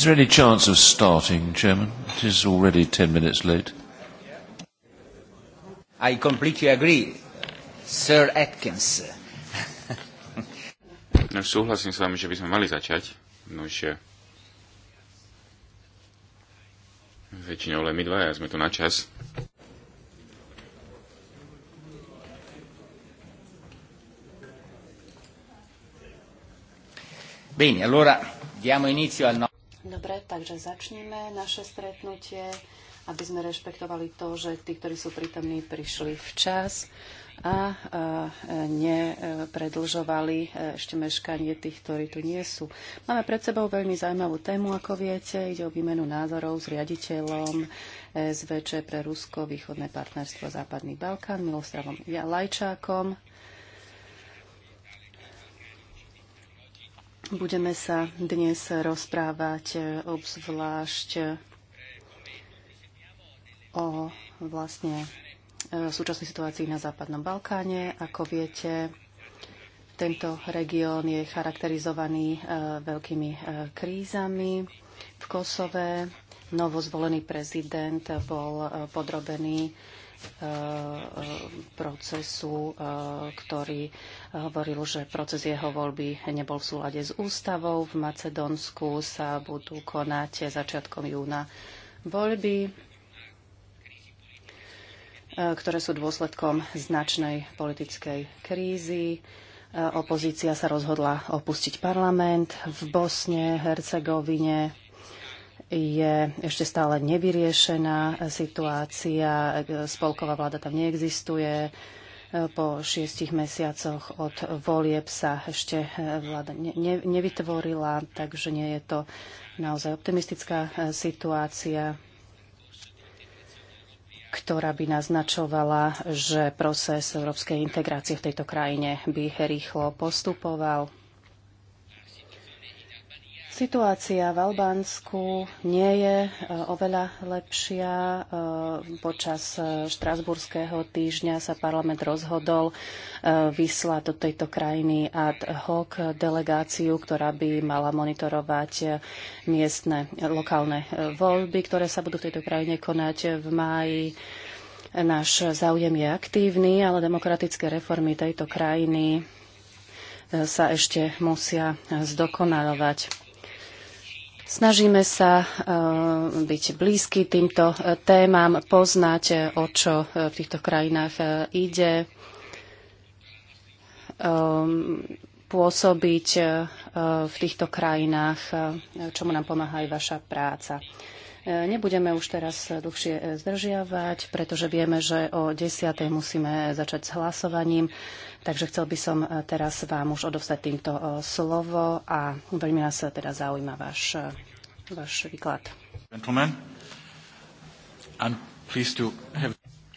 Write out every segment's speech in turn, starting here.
Is there any chance of starting, Chairman? It is already ten minutes late. I completely agree, Sir Atkins. no, súhlasím s vami, že by sme mali začať. No, že väčšinou len my dva, dvaja sme tu na čas. Bene, allora diamo inizio al no- Dobre, takže začneme naše stretnutie, aby sme rešpektovali to, že tí, ktorí sú prítomní, prišli včas a, e, nepredlžovali e, ešte meškanie tých, ktorí tu nie sú. Máme pred sebou veľmi zaujímavú tému, ako viete. Ide o výmenu názorov s riaditeľom SVČ e, pre Rusko, Východné partnerstvo, Západný Balkán, Milostravom Lajčákom, Budeme sa dnes rozprávať e, obzvlášť e, o vlastne e, súčasnej situácii na Západnom Balkáne. Ako viete, tento región je charakterizovaný veľkými krízami. V Kosove novozvolený prezident bol podrobený Eh, procesu, eh, ktorý hovoril, že proces jeho voľby nebol v súlade s ústavou. V Macedónsku sa budú konať začiatkom júna voľby, eh, ktoré sú dôsledkom značnej politickej krízy. Opozícia sa rozhodla opustiť parlament. V Bosne, Hercegovine je ešte stále nevyriešená situácia, spolková vláda tam neexistuje. Po šiestich mesiacoch od volieb sa ešte vláda ne- nevytvorila, takže nie je to naozaj optimistická e, situácia ktorá by naznačovala, že proces európskej integrácie v tejto krajine by rýchlo postupoval. Situácia v Albánsku nie je e, oveľa lepšia. E, počas e, štrasburského týždňa sa parlament rozhodol vyslať do tejto krajiny ad hoc delegáciu, ktorá by mala monitorovať miestne lokálne voľby, ktoré sa budú v tejto krajine konať v máji. Náš záujem je aktívny, ale demokratické reformy tejto krajiny sa ešte musia zdokonalovať. Snažíme sa e, byť blízky týmto e, témam, poznať, e, o čo v týchto krajinách ide, ehm, pôsobiť v týchto krajinách, čomu nám pomáha aj vaša práca. Nebudeme už teraz dlhšie zdržiavať, pretože vieme, že o desiatej musíme začať s hlasovaním. Takže chcel by som eh, teraz vám už odovstať týmto eh, slovo a veľmi nás eh, teda zaujíma váš, váš výklad.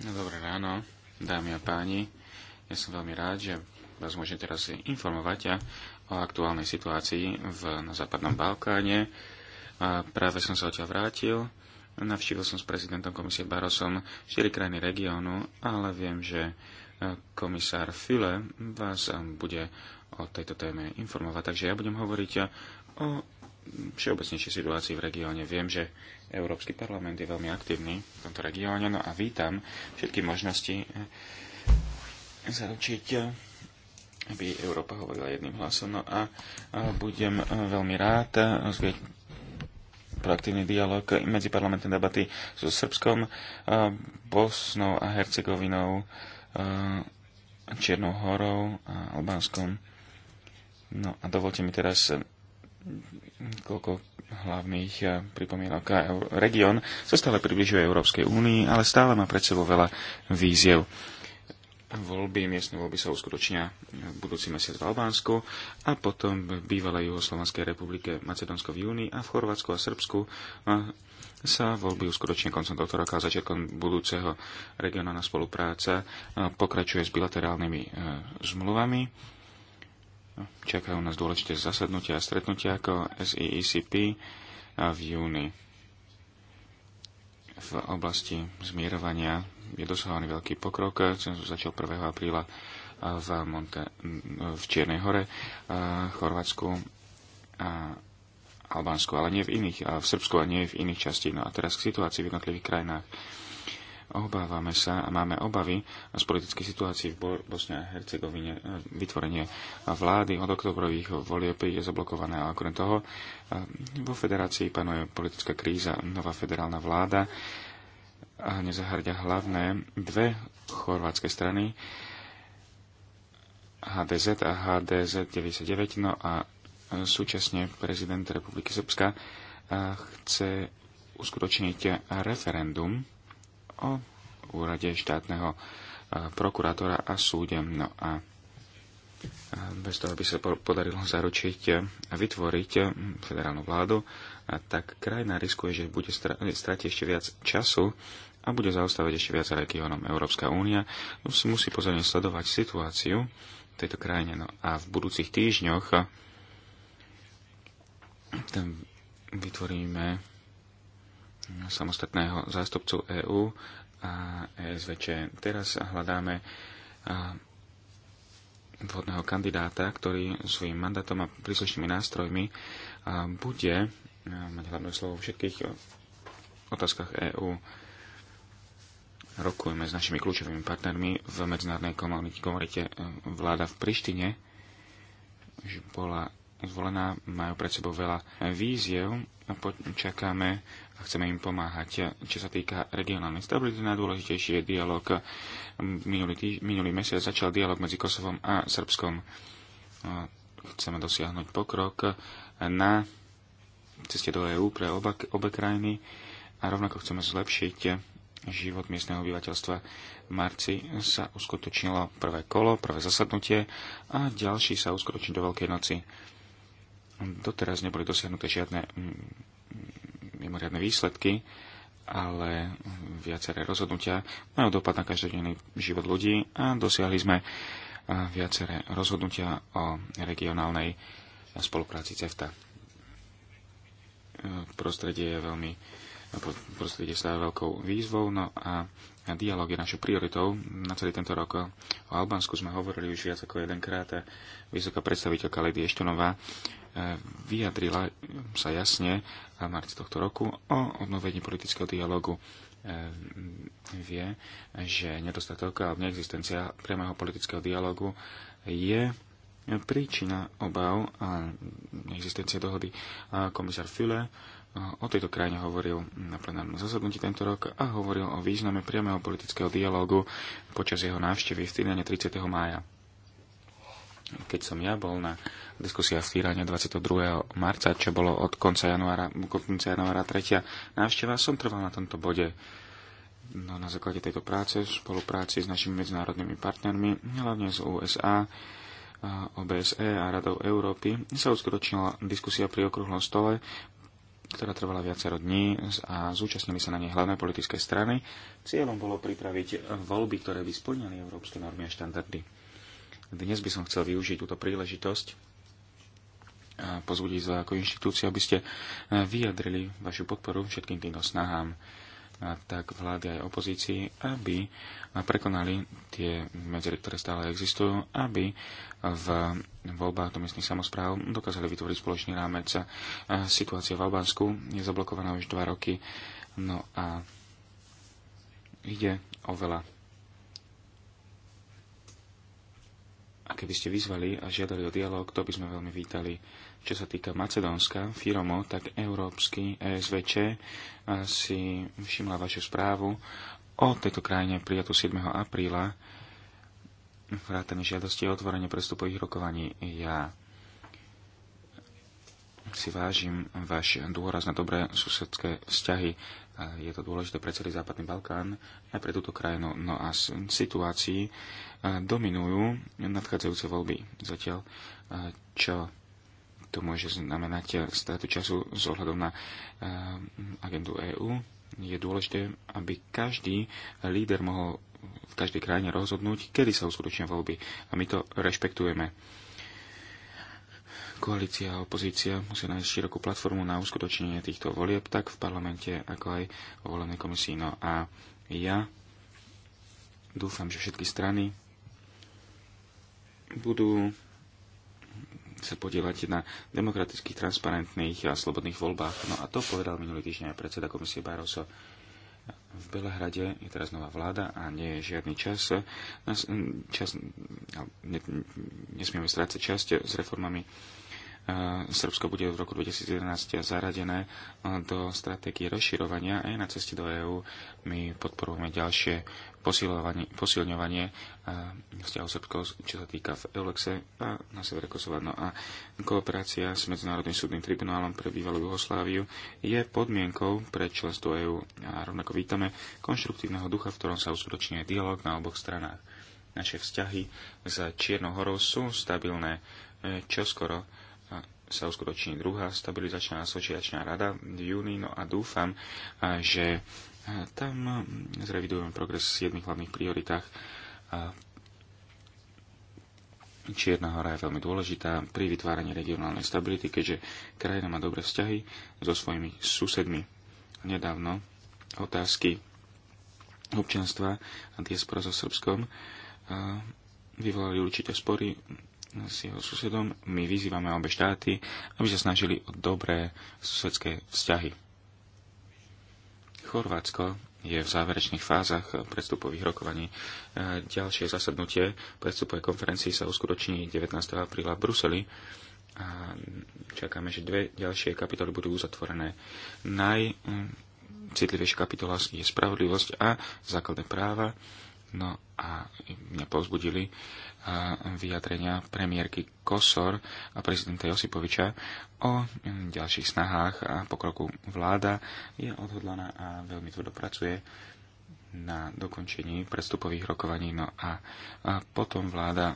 No, dobré ráno, dámy a páni. Ja som veľmi rád, že vás môžem teraz informovať o aktuálnej situácii v, na Západnom Balkáne. A práve som sa odtiaľ vrátil. Navštívil som s prezidentom komisie Barosom 4 krajiny regiónu, ale viem, že komisár File vás eh, bude o tejto téme informovať. Takže ja budem hovoriť eh, o všeobecnejšej situácii v regióne. Viem, že Európsky parlament je veľmi aktívny v tomto regióne no a vítam všetky možnosti eh, zaručiť, aby Európa hovorila jedným hlasom. No a budem veľmi rád rozvieť proaktívny dialog parlamentné debaty so Srbskom, Bosnou a Hercegovinou, Čiernou horou a Albánskom. No a dovolte mi teraz eh, koľko hlavných eh, pripomienok a region sa stále približuje Európskej únii, ale stále má pred sebou veľa víziev. Voľby, miestne voľby sa uskutočnia budúci mesiac v Albánsku a potom v bývalej Juhoslovanskej republike Macedónsko v júni a v Chorvátsku a Srbsku sa voľby uskutočne koncom tohto roka a začiatkom budúceho regionálna spolupráca e, pokračuje s bilaterálnymi e, zmluvami. Čakajú nás dôležité zasadnutia a stretnutia ako SEECP e, v júni. V oblasti zmierovania je dosahovaný veľký pokrok. Cenzus začal 1. apríla v, Monte, v Čiernej hore, v Chorvátsku a Albánsku, ale nie v iných, v Srbsku a nie v iných častí. No a teraz k situácii v jednotlivých krajinách. Obávame sa a máme obavy z politickej situácii v Bosne a Hercegovine. E, vytvorenie vlády od oktobrových volieb je zablokované, ale okrem toho e, vo federácii panuje politická kríza, nová federálna vláda a nezahrdia hlavné dve chorvátske strany, HDZ a HDZ 99, no a súčasne prezident Republiky Srbska chce uskutočniť referendum o úrade štátneho prokurátora a súde. No a bez toho aby sa podarilo zaručiť a vytvoriť federálnu vládu, a tak krajina riskuje, že bude stratiť ešte viac času a bude zaostávať ešte viac regiónom. Európska únia musí pozorne sledovať situáciu v tejto krajine. No a v budúcich týždňoch tam vytvoríme samostatného zástupcu EÚ a ESVČ. Teraz hľadáme vhodného kandidáta, ktorý svojim mandátom a príslušnými nástrojmi bude mať hlavné slovo v všetkých otázkach EÚ. Rokujeme s našimi kľúčovými partnermi v medzinárodnej komunite e, vláda v Prištine, že bola zvolená, majú pred sebou veľa víziev a čakáme a chceme im pomáhať. Čo sa týka regionálnej stability, najdôležitejší je dialog. Minulý, týž, minulý mesiac začal dialog medzi Kosovom a Srbskom. Chceme dosiahnuť pokrok na ceste do EÚ pre oba, obe krajiny a rovnako chceme zlepšiť život miestneho obyvateľstva. V marci sa uskutočnilo prvé kolo, prvé zasadnutie a ďalší sa uskutoční do Veľkej noci. Doteraz neboli dosiahnuté žiadne mm, mm, mimoriadne výsledky, ale viaceré rozhodnutia majú dopad na každodenný život ľudí a dosiahli sme eh, viaceré rozhodnutia o regionálnej spolupráci CEFTA. Eh, prostredie je veľmi eh, prostredie sa veľkou výzvou, no a dialog je našou prioritou. Na celý tento rok o Albánsku sme hovorili už viac ako jedenkrát. Vysoká predstaviteľka Lady Eštonová eh, vyjadrila sa jasne v marci tohto roku o obnovení politického dialogu eh, vie, že nedostatok alebo neexistencia priamého politického dialogu je príčina obav a neexistencie dohody. Komisár Füle o tejto krajine hovoril na plenárnom zasadnutí tento rok a hovoril o význame priameho politického dialógu počas jeho návštevy v Týrane 30. mája. Keď som ja bol na diskusia v Týrane 22. marca, čo bolo od konca januára, konca januára 3. návšteva, som trval na tomto bode. No, na základe tejto práce, v spolupráci s našimi medzinárodnými partnermi, hlavne z USA, OBSE a Radou Európy sa uskutočnila diskusia pri okrúhlom stole ktorá trvala viacero dní a zúčastnili sa na nej hlavné politické strany. Cieľom bolo pripraviť voľby, ktoré by splňali európske normy a štandardy. Dnes by som chcel využiť túto príležitosť a pozvúdiť vás ako inštitúciu, aby ste eh, vyjadrili vašu podporu všetkým týmto snahám tak vlády aj opozícii, aby prekonali tie medzery, ktoré stále existujú, aby v voľbách do miestnych samozpráv dokázali vytvoriť spoločný rámec. Situácia v Albánsku je zablokovaná už dva roky, no a ide o veľa. A keby ste vyzvali a žiadali o dialog, to by sme veľmi vítali. Čo sa týka Macedónska, Firomo, tak Európsky ESVČ eh, si všimla vašu správu o tejto krajine prijatú 7. apríla vrátane žiadosti o otvorenie prestupových rokovaní. Ja si vážim váš dôraz na dobré susedské vzťahy. Je to dôležité pre celý Západný Balkán, aj pre túto krajinu. No a situácii eh, dominujú nadchádzajúce voľby. Zatiaľ, eh, čo to môže znamenať eh, stratu času z ohľadom na eh, agendu EÚ. Je dôležité, aby každý líder mohol v každej krajine rozhodnúť, kedy sa uskutočnia voľby. A my to rešpektujeme. Koalícia a opozícia musia nájsť širokú platformu na uskutočnenie týchto volieb, tak v parlamente, ako aj v volenej komisii. No a ja dúfam, že všetky strany budú sa podielať na demokratických, transparentných a slobodných voľbách. No a to povedal minulý týždeň aj predseda komisie Barroso. V Belehrade je teraz nová vláda a nie je žiadny čas. Nás, čas no, ne, nesmieme strácať časť s reformami Srbsko bude v roku 2011 zaradené e, do stratégie rozširovania aj na ceste do EÚ. My podporujeme ďalšie posilňovanie vzťahov Srbsko, čo sa týka v Eulexe a na severe Kosova. No a kooperácia s Medzinárodným súdnym tribunálom pre bývalú Jugosláviu je podmienkou pre členstvo EÚ a rovnako vítame konštruktívneho ducha, v ktorom sa uskutočňuje dialog na oboch stranách. Naše vzťahy s Čiernou horou sú stabilné. E, čo skoro sa uskutoční druhá stabilizačná asociačná rada v júni, no a dúfam, že tam zrevidujeme progres v jedných hlavných prioritách. Čierna hora je veľmi dôležitá pri vytváraní regionálnej stability, keďže krajina má dobré vzťahy so svojimi susedmi. Nedávno otázky občianstva a diaspora so Srbskom vyvolali určité spory s jeho susedom, my vyzývame obe štáty, aby sa snažili o dobré susedské vzťahy. Chorvátsko je v záverečných fázach predstupových rokovaní. Ďalšie zasadnutie predstupovej konferencii sa uskutoční 19. apríla v Bruseli a čakáme, že dve ďalšie kapitoly budú uzatvorené. Najcitlivejšia kapitola je spravodlivosť a základné práva No a mňa povzbudili vyjadrenia premiérky Kosor a prezidenta Josipoviča o ďalších snahách a pokroku vláda je odhodlaná a veľmi tvrdo pracuje na dokončení predstupových rokovaní. No a, potom vláda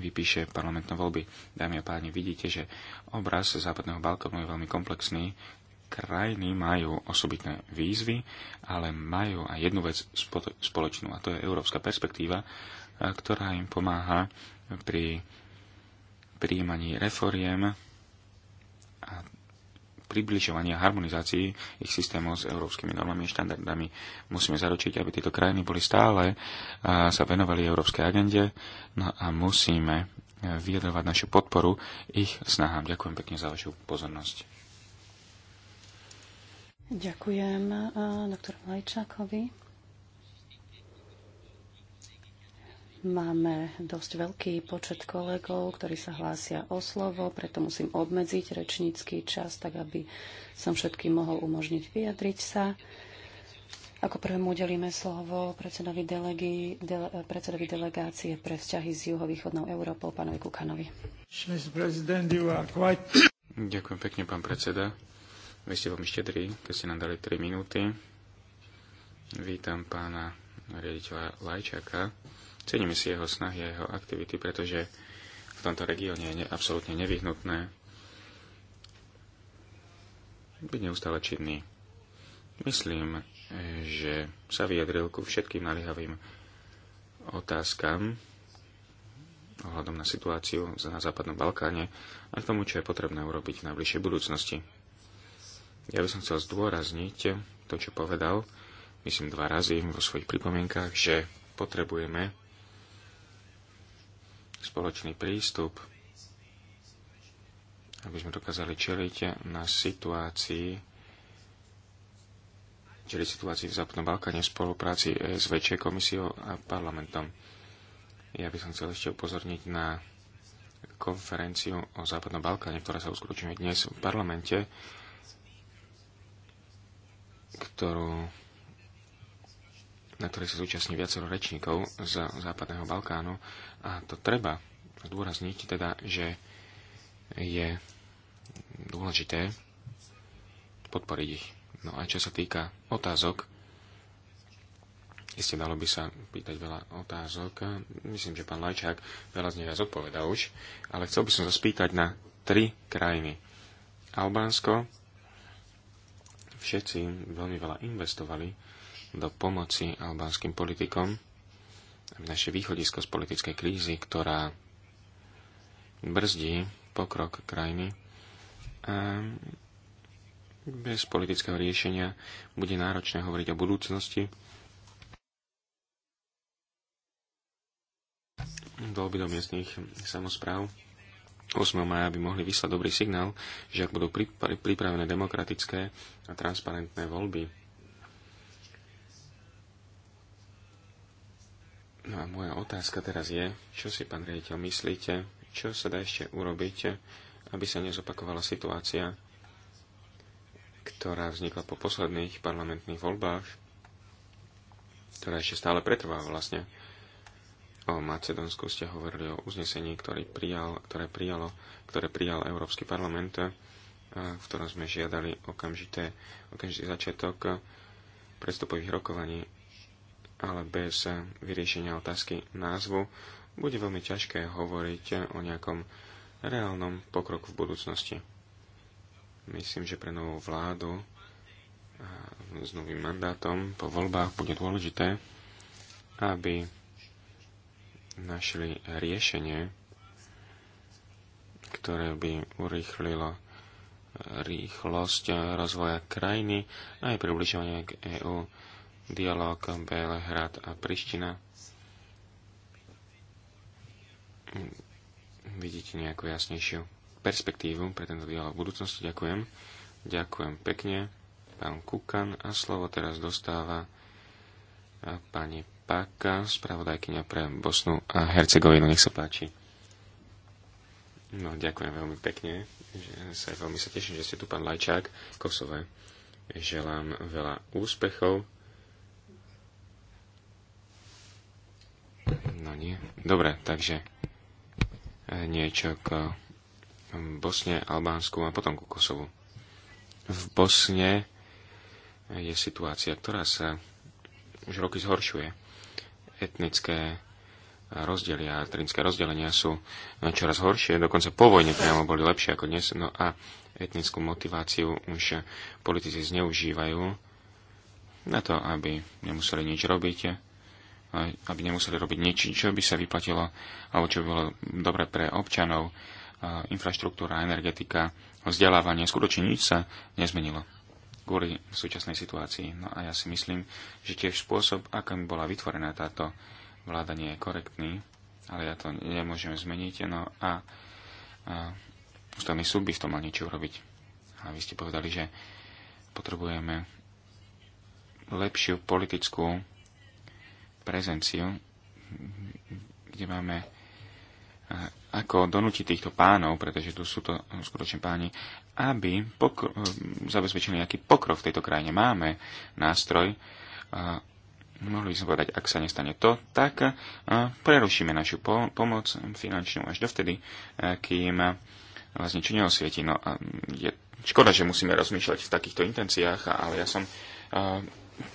vypíše parlamentné voľby. Dámy a páni, vidíte, že obraz Západného Balkánu je veľmi komplexný krajiny majú osobitné výzvy, ale majú aj jednu vec spoločnú, a to je európska perspektíva, e, ktorá im pomáha pri príjmaní reforiem a približovaní a harmonizácii ich systémov s európskymi normami a štandardami. Musíme zaručiť, aby tieto krajiny boli stále a e, sa venovali európskej agende no a musíme e, vyjadrovať našu podporu ich snahám. Ďakujem pekne za vašu pozornosť. Ďakujem eh, doktoru Lajčákovi. Máme dosť veľký počet kolegov, ktorí sa hlásia o slovo, preto musím obmedziť rečnícky čas, tak aby som všetkým mohol umožniť vyjadriť sa. Ako prvému udelíme slovo predsedovi, delegi, dele, eh, predsedovi delegácie pre vzťahy s juhovýchodnou Európou, pánovi Kukanovi. Ďakujem pekne, pán predseda. Vy ste veľmi štedrí, keď ste nám dali 3 minúty. Vítam pána riaditeľa Lajčaka. Ceníme si jeho snahy a jeho aktivity, pretože v tomto regióne je absolútne nevyhnutné byť neustále činný. Myslím, že sa vyjadril ku všetkým naliehavým otázkam ohľadom na situáciu na Západnom Balkáne a k tomu, čo je potrebné urobiť v najbližšej budúcnosti. Ja by som chcel zdôrazniť to, čo povedal, myslím dva razy vo svojich pripomienkach, že potrebujeme spoločný prístup, aby sme dokázali čeliť na situácii, čeliť situácii v Západnom Balkáne v spolupráci s väčšej komisiou a parlamentom. Ja by som chcel ešte upozorniť na konferenciu o Západnom Balkáne, ktorá sa uskutočňuje dnes v parlamente ktorú, na ktorej sa zúčastní viacero rečníkov z Západného Balkánu. A to treba zdôrazniť, teda, že je dôležité podporiť ich. No a čo sa týka otázok, Isté dalo by sa pýtať veľa otázok. Myslím, že pán Lajčák veľa z nich aj zodpovedal už, ale chcel by som sa spýtať na tri krajiny. Albánsko, všetci veľmi veľa investovali do pomoci albánskym politikom. Naše východisko z politickej krízy, ktorá brzdí pokrok krajiny a bez politického riešenia bude náročné hovoriť o budúcnosti. Voľby do miestných samozpráv 8. maja by mohli vyslať dobrý signál, že ak budú pripravené demokratické a transparentné voľby. No a moja otázka teraz je, čo si pán riaditeľ myslíte, čo sa dá ešte urobiť, aby sa nezopakovala situácia, ktorá vznikla po posledných parlamentných voľbách, ktorá ešte stále pretrvá vlastne o Macedónsku ste hovorili o uznesení, ktoré, prijal, ktoré, prijalo, ktoré prijal Európsky parlament, e, v ktorom sme žiadali okamžité, okamžitý začiatok predstupových rokovaní, ale bez vyriešenia otázky názvu bude veľmi ťažké hovoriť o nejakom reálnom pokroku v budúcnosti. Myslím, že pre novú vládu a s novým mandátom po voľbách bude dôležité, aby našli riešenie, ktoré by urýchlilo eh, rýchlosť eh, rozvoja krajiny a aj približovanie k EÚ, dialog Belehrad a Priština. Vidíte nejakú jasnejšiu perspektívu pre tento dialog v budúcnosti. Ďakujem. Ďakujem pekne. Pán Kukan a slovo teraz dostáva eh, pani Páka, spravodajkyňa pre Bosnu a Hercegovinu. Nech sa páči. No, ďakujem veľmi pekne. Že sa, veľmi sa teším, že ste tu, pán Lajčák, Kosové. Želám veľa úspechov. No nie. Dobre, takže e, niečo k Bosne, Albánsku a potom ku Kosovu. V Bosne je situácia, ktorá sa už roky zhoršuje etnické rozdiely a etnické rozdelenia sú no, čoraz horšie, dokonca po vojne priamo boli lepšie ako dnes, no a etnickú motiváciu už politici zneužívajú na to, aby nemuseli nič robiť, aby nemuseli robiť nič, čo by sa vyplatilo, alebo čo by bolo dobre pre občanov, infraštruktúra, energetika, vzdelávanie, skutočne nič sa nezmenilo kvôli súčasnej situácii. No a ja si myslím, že tiež spôsob, akým bola vytvorená táto vláda, nie je korektný, ale ja to nemôžem zmeniť. No a, a ústavný súd by v tom mal niečo urobiť. A vy ste povedali, že potrebujeme lepšiu politickú prezenciu, kde máme ako donútiť týchto pánov, pretože tu sú to skutočne páni, aby eh, zabezpečili nejaký pokrok v tejto krajine. Máme nástroj, mohli by sme povedať, ak sa nestane to, tak eh, prerušíme našu po- pomoc finančnú až dovtedy, eh, kým vás vlastne niečo neosvieti. No a je škoda, že musíme rozmýšľať v takýchto intenciách, ale ja som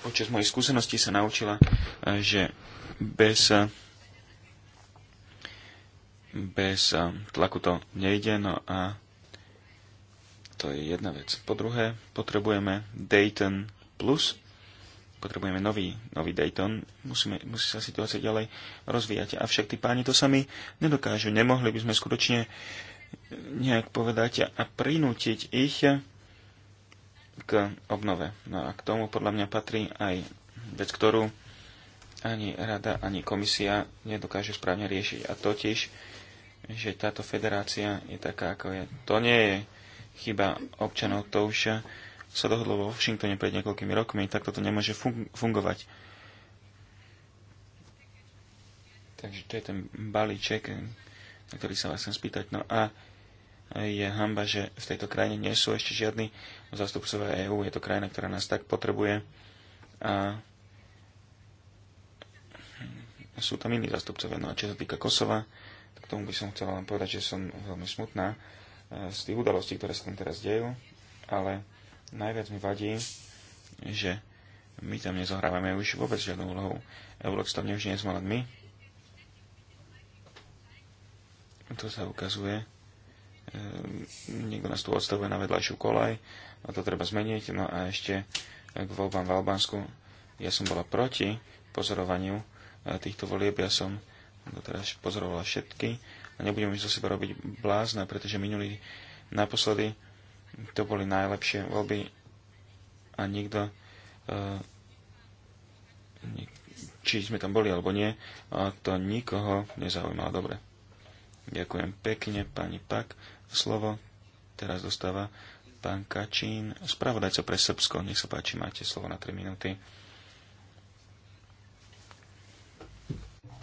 počas mojej skúsenosti sa naučila, že bez bez tlaku to nejde, no a to je jedna vec. Po druhé, potrebujeme Dayton plus, potrebujeme nový, nový Dayton, musíme, musí sa situácia ďalej rozvíjať. Avšak tí páni to sami nedokážu. Nemohli by sme skutočne nejak povedať a prinútiť ich k obnove. No a k tomu podľa mňa patrí aj vec, ktorú ani rada, ani komisia nedokáže správne riešiť. A totiž, že táto federácia je taká, ako je. To nie je chyba občanov, to už sa dohodlo vo Washingtone pred niekoľkými rokmi, tak toto nemôže fun- fungovať. Takže to je ten balíček, na ktorý sa vás chcem spýtať. No a je hamba, že v tejto krajine nie sú ešte žiadni zastupcovia EÚ. Je to krajina, ktorá nás tak potrebuje. A sú tam iní zastupcovia. No a čo sa týka Kosova, tak tomu by som chcela vám povedať, že som veľmi smutná z tých udalostí, ktoré sa tam teraz dejú, ale najviac mi vadí, že my tam nezohrávame už vôbec žiadnu úlohu. Eurox tam už nie sme len my. To sa ukazuje. Ehm, niekto nás tu odstavuje na vedľajšiu kolaj a to treba zmeniť. No a ešte k voľbám v Albánsku. Ja som bola proti pozorovaniu eh, týchto volieb. Ja som doteraz pozorovala všetky a nebudeme zo seba robiť blázna, pretože minulý naposledy to boli najlepšie voľby a nikto e, či sme tam boli alebo nie, to nikoho nezaujímalo. Dobre. Ďakujem pekne, pani Pak. Slovo teraz dostáva pán Kačín, spravodajco pre Srbsko. Nech sa páči, máte slovo na 3 minúty.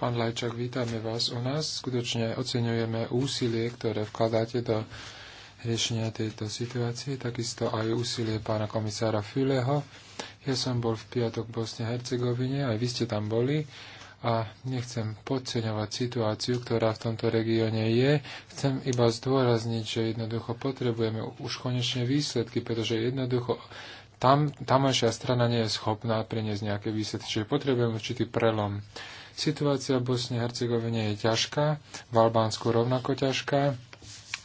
Pán Lajčák, vítame vás u nás. Skutočne oceňujeme úsilie, ktoré vkladáte do riešenia tejto situácie, takisto aj úsilie pána komisára Fileho. Ja som bol v piatok v Bosne Hercegovine, aj vy ste tam boli a nechcem podceňovať situáciu, ktorá v tomto regióne je. Chcem iba zdôrazniť, že jednoducho potrebujeme už konečne výsledky, pretože jednoducho tam, tamajšia strana nie je schopná priniesť nejaké výsledky, čiže potrebujeme určitý prelom. Situácia v Bosne a Hercegovine je ťažká, v Albánsku rovnako ťažká,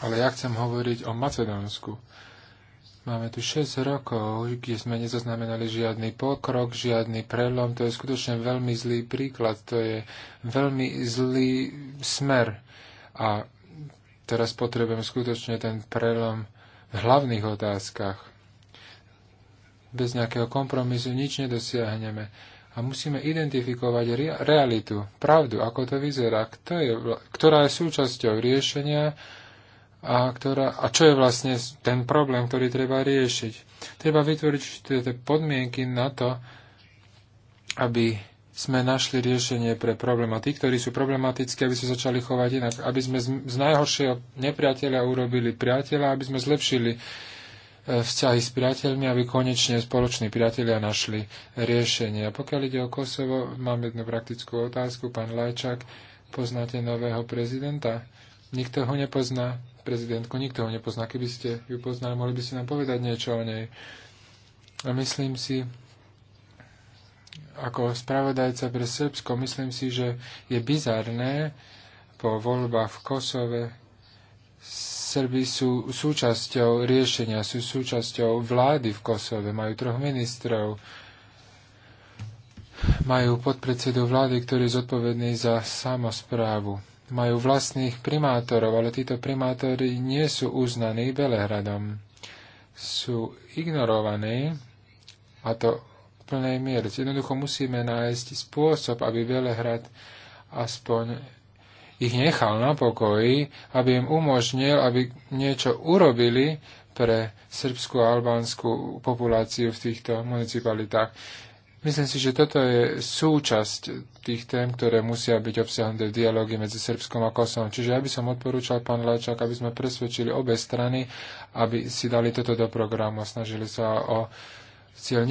ale ja chcem hovoriť o Macedónsku. Máme tu 6 rokov, kde sme nezaznamenali žiadny pokrok, žiadny prelom. To je skutočne veľmi zlý príklad, to je veľmi zlý smer. A teraz potrebujeme skutočne ten prelom v hlavných otázkach. Bez nejakého kompromisu nič nedosiahneme a musíme identifikovať realitu, pravdu, ako to vyzerá, kto je, ktorá je súčasťou riešenia a, ktorá, a čo je vlastne ten problém, ktorý treba riešiť. Treba vytvoriť tieto podmienky na to, aby sme našli riešenie pre problém. A tí, ktorí sú problematickí, aby sa začali chovať inak. Aby sme z, z najhoršieho nepriateľa urobili priateľa, aby sme zlepšili uh, vzťahy s priateľmi, aby konečne spoloční priatelia našli riešenie. A pokiaľ ide o Kosovo, mám jednu praktickú otázku. Pán Lajčák, poznáte nového prezidenta? Nikto ho nepozná, prezidentku, nikto ho nepozná. Keby ste ju poznali, mohli by ste nám povedať niečo o nej. A myslím si, ako spravodajca pre Srbsko, myslím si, že je bizarné po voľbách v Kosove Srbi sú súčasťou riešenia, sú súčasťou vlády v Kosove, majú troch ministrov, majú podpredsedu vlády, ktorý je zodpovedný za samosprávu. Majú vlastných primátorov, ale títo primátori nie sú uznaní Belehradom. Sú ignorovaní a to v plnej miere. Jednoducho musíme nájsť spôsob, aby Belehrad aspoň ich nechal na pokoji, aby im umožnil, aby niečo urobili pre srbskú a albánsku populáciu v týchto municipalitách. Myslím si, že toto je súčasť tých tém, ktoré musia byť obsiahnuté v dialógy medzi Srbskom a Kosovom. Čiže ja by som odporúčal, pán Lajčák, aby sme presvedčili obe strany, aby si dali toto do programu a snažili sa o cieľ.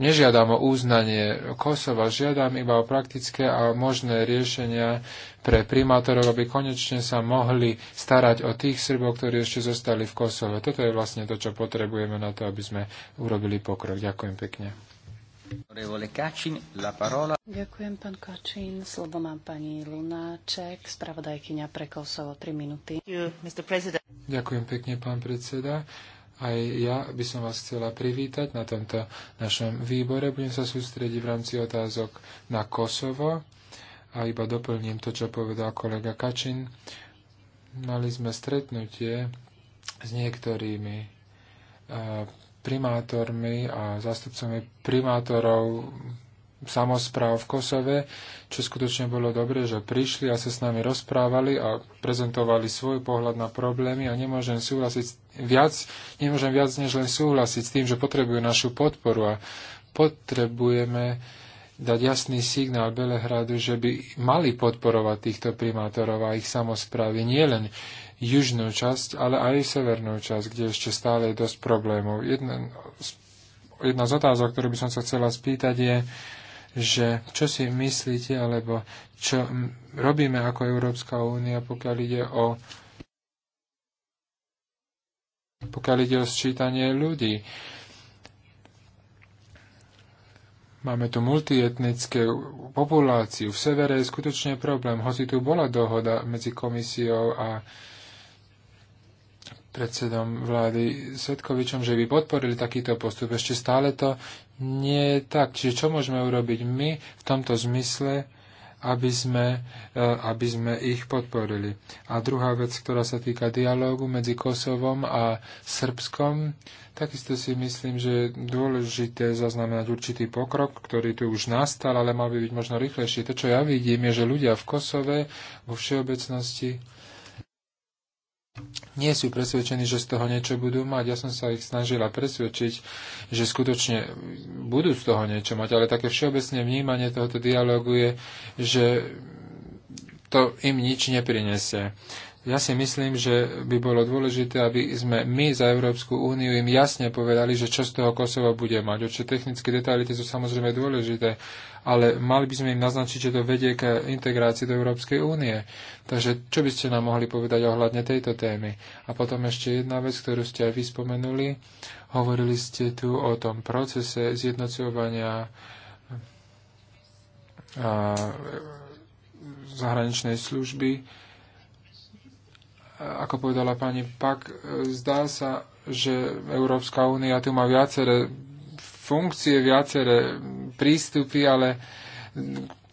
nežiadam o uznanie Kosova, žiadam iba o praktické a možné riešenia pre primátorov, aby konečne sa mohli starať o tých Srbov, ktorí ešte zostali v Kosove. Toto je vlastne to, čo potrebujeme na to, aby sme urobili pokrok. Ďakujem pekne. Ďakujem, pán Kačín. Slovo má pani Lunáček, spravodajkyňa pre Kosovo, 3 minúty. Ďakujem pekne, pán predseda. Aj ja by som vás chcela privítať na tomto našom výbore. Budem sa sústrediť v rámci otázok na Kosovo a iba doplním to, čo povedal kolega Kačin. Mali sme stretnutie s niektorými eh, primátormi a zástupcami primátorov samozpráv v Kosove, čo skutočne bolo dobre, že prišli a sa s nami rozprávali a prezentovali svoj pohľad na problémy a nemôžem súhlasiť viac, nemôžem viac než len súhlasiť s tým, že potrebujú našu podporu a potrebujeme dať jasný signál Belehradu, že by mali podporovať týchto primátorov a ich samozprávy, nie len južnú časť, ale aj severnú časť, kde ešte stále je dosť problémov. Jedna z, jedna z otázok, ktorú by som sa chcela spýtať je, že čo si myslíte, alebo čo robíme ako Európska únia, pokiaľ ide o pokiaľ ide o sčítanie ľudí. Máme tu multietnické populáciu. V severe je skutočne problém. Hoci tu bola dohoda medzi komisiou a predsedom vlády Svetkovičom, že by podporili takýto postup. Ešte stále to nie je tak. Čiže čo môžeme urobiť my v tomto zmysle, aby sme, eh, aby sme ich podporili. A druhá vec, ktorá sa týka dialógu medzi Kosovom a Srbskom, takisto si myslím, že je dôležité zaznamenať určitý pokrok, ktorý tu už nastal, ale mal by byť možno rýchlejší. To, čo ja vidím, je, že ľudia v Kosove vo všeobecnosti nie sú presvedčení, že z toho niečo budú mať. Ja som sa ich snažila presvedčiť, že skutočne budú z toho niečo mať, ale také všeobecné vnímanie tohoto dialogu je, že to im nič neprinesie ja si myslím, že by bolo dôležité, aby sme my za Európsku úniu im jasne povedali, že čo z toho Kosova bude mať. Čo technické detaily sú samozrejme dôležité, ale mali by sme im naznačiť, že to vedie k integrácii do Európskej únie. Takže čo by ste nám mohli povedať ohľadne tejto témy? A potom ešte jedna vec, ktorú ste aj vyspomenuli. Hovorili ste tu o tom procese zjednocovania e, zahraničnej služby ako povedala pani Pak, e, zdá sa, že Európska únia tu má viaceré funkcie, viaceré prístupy, ale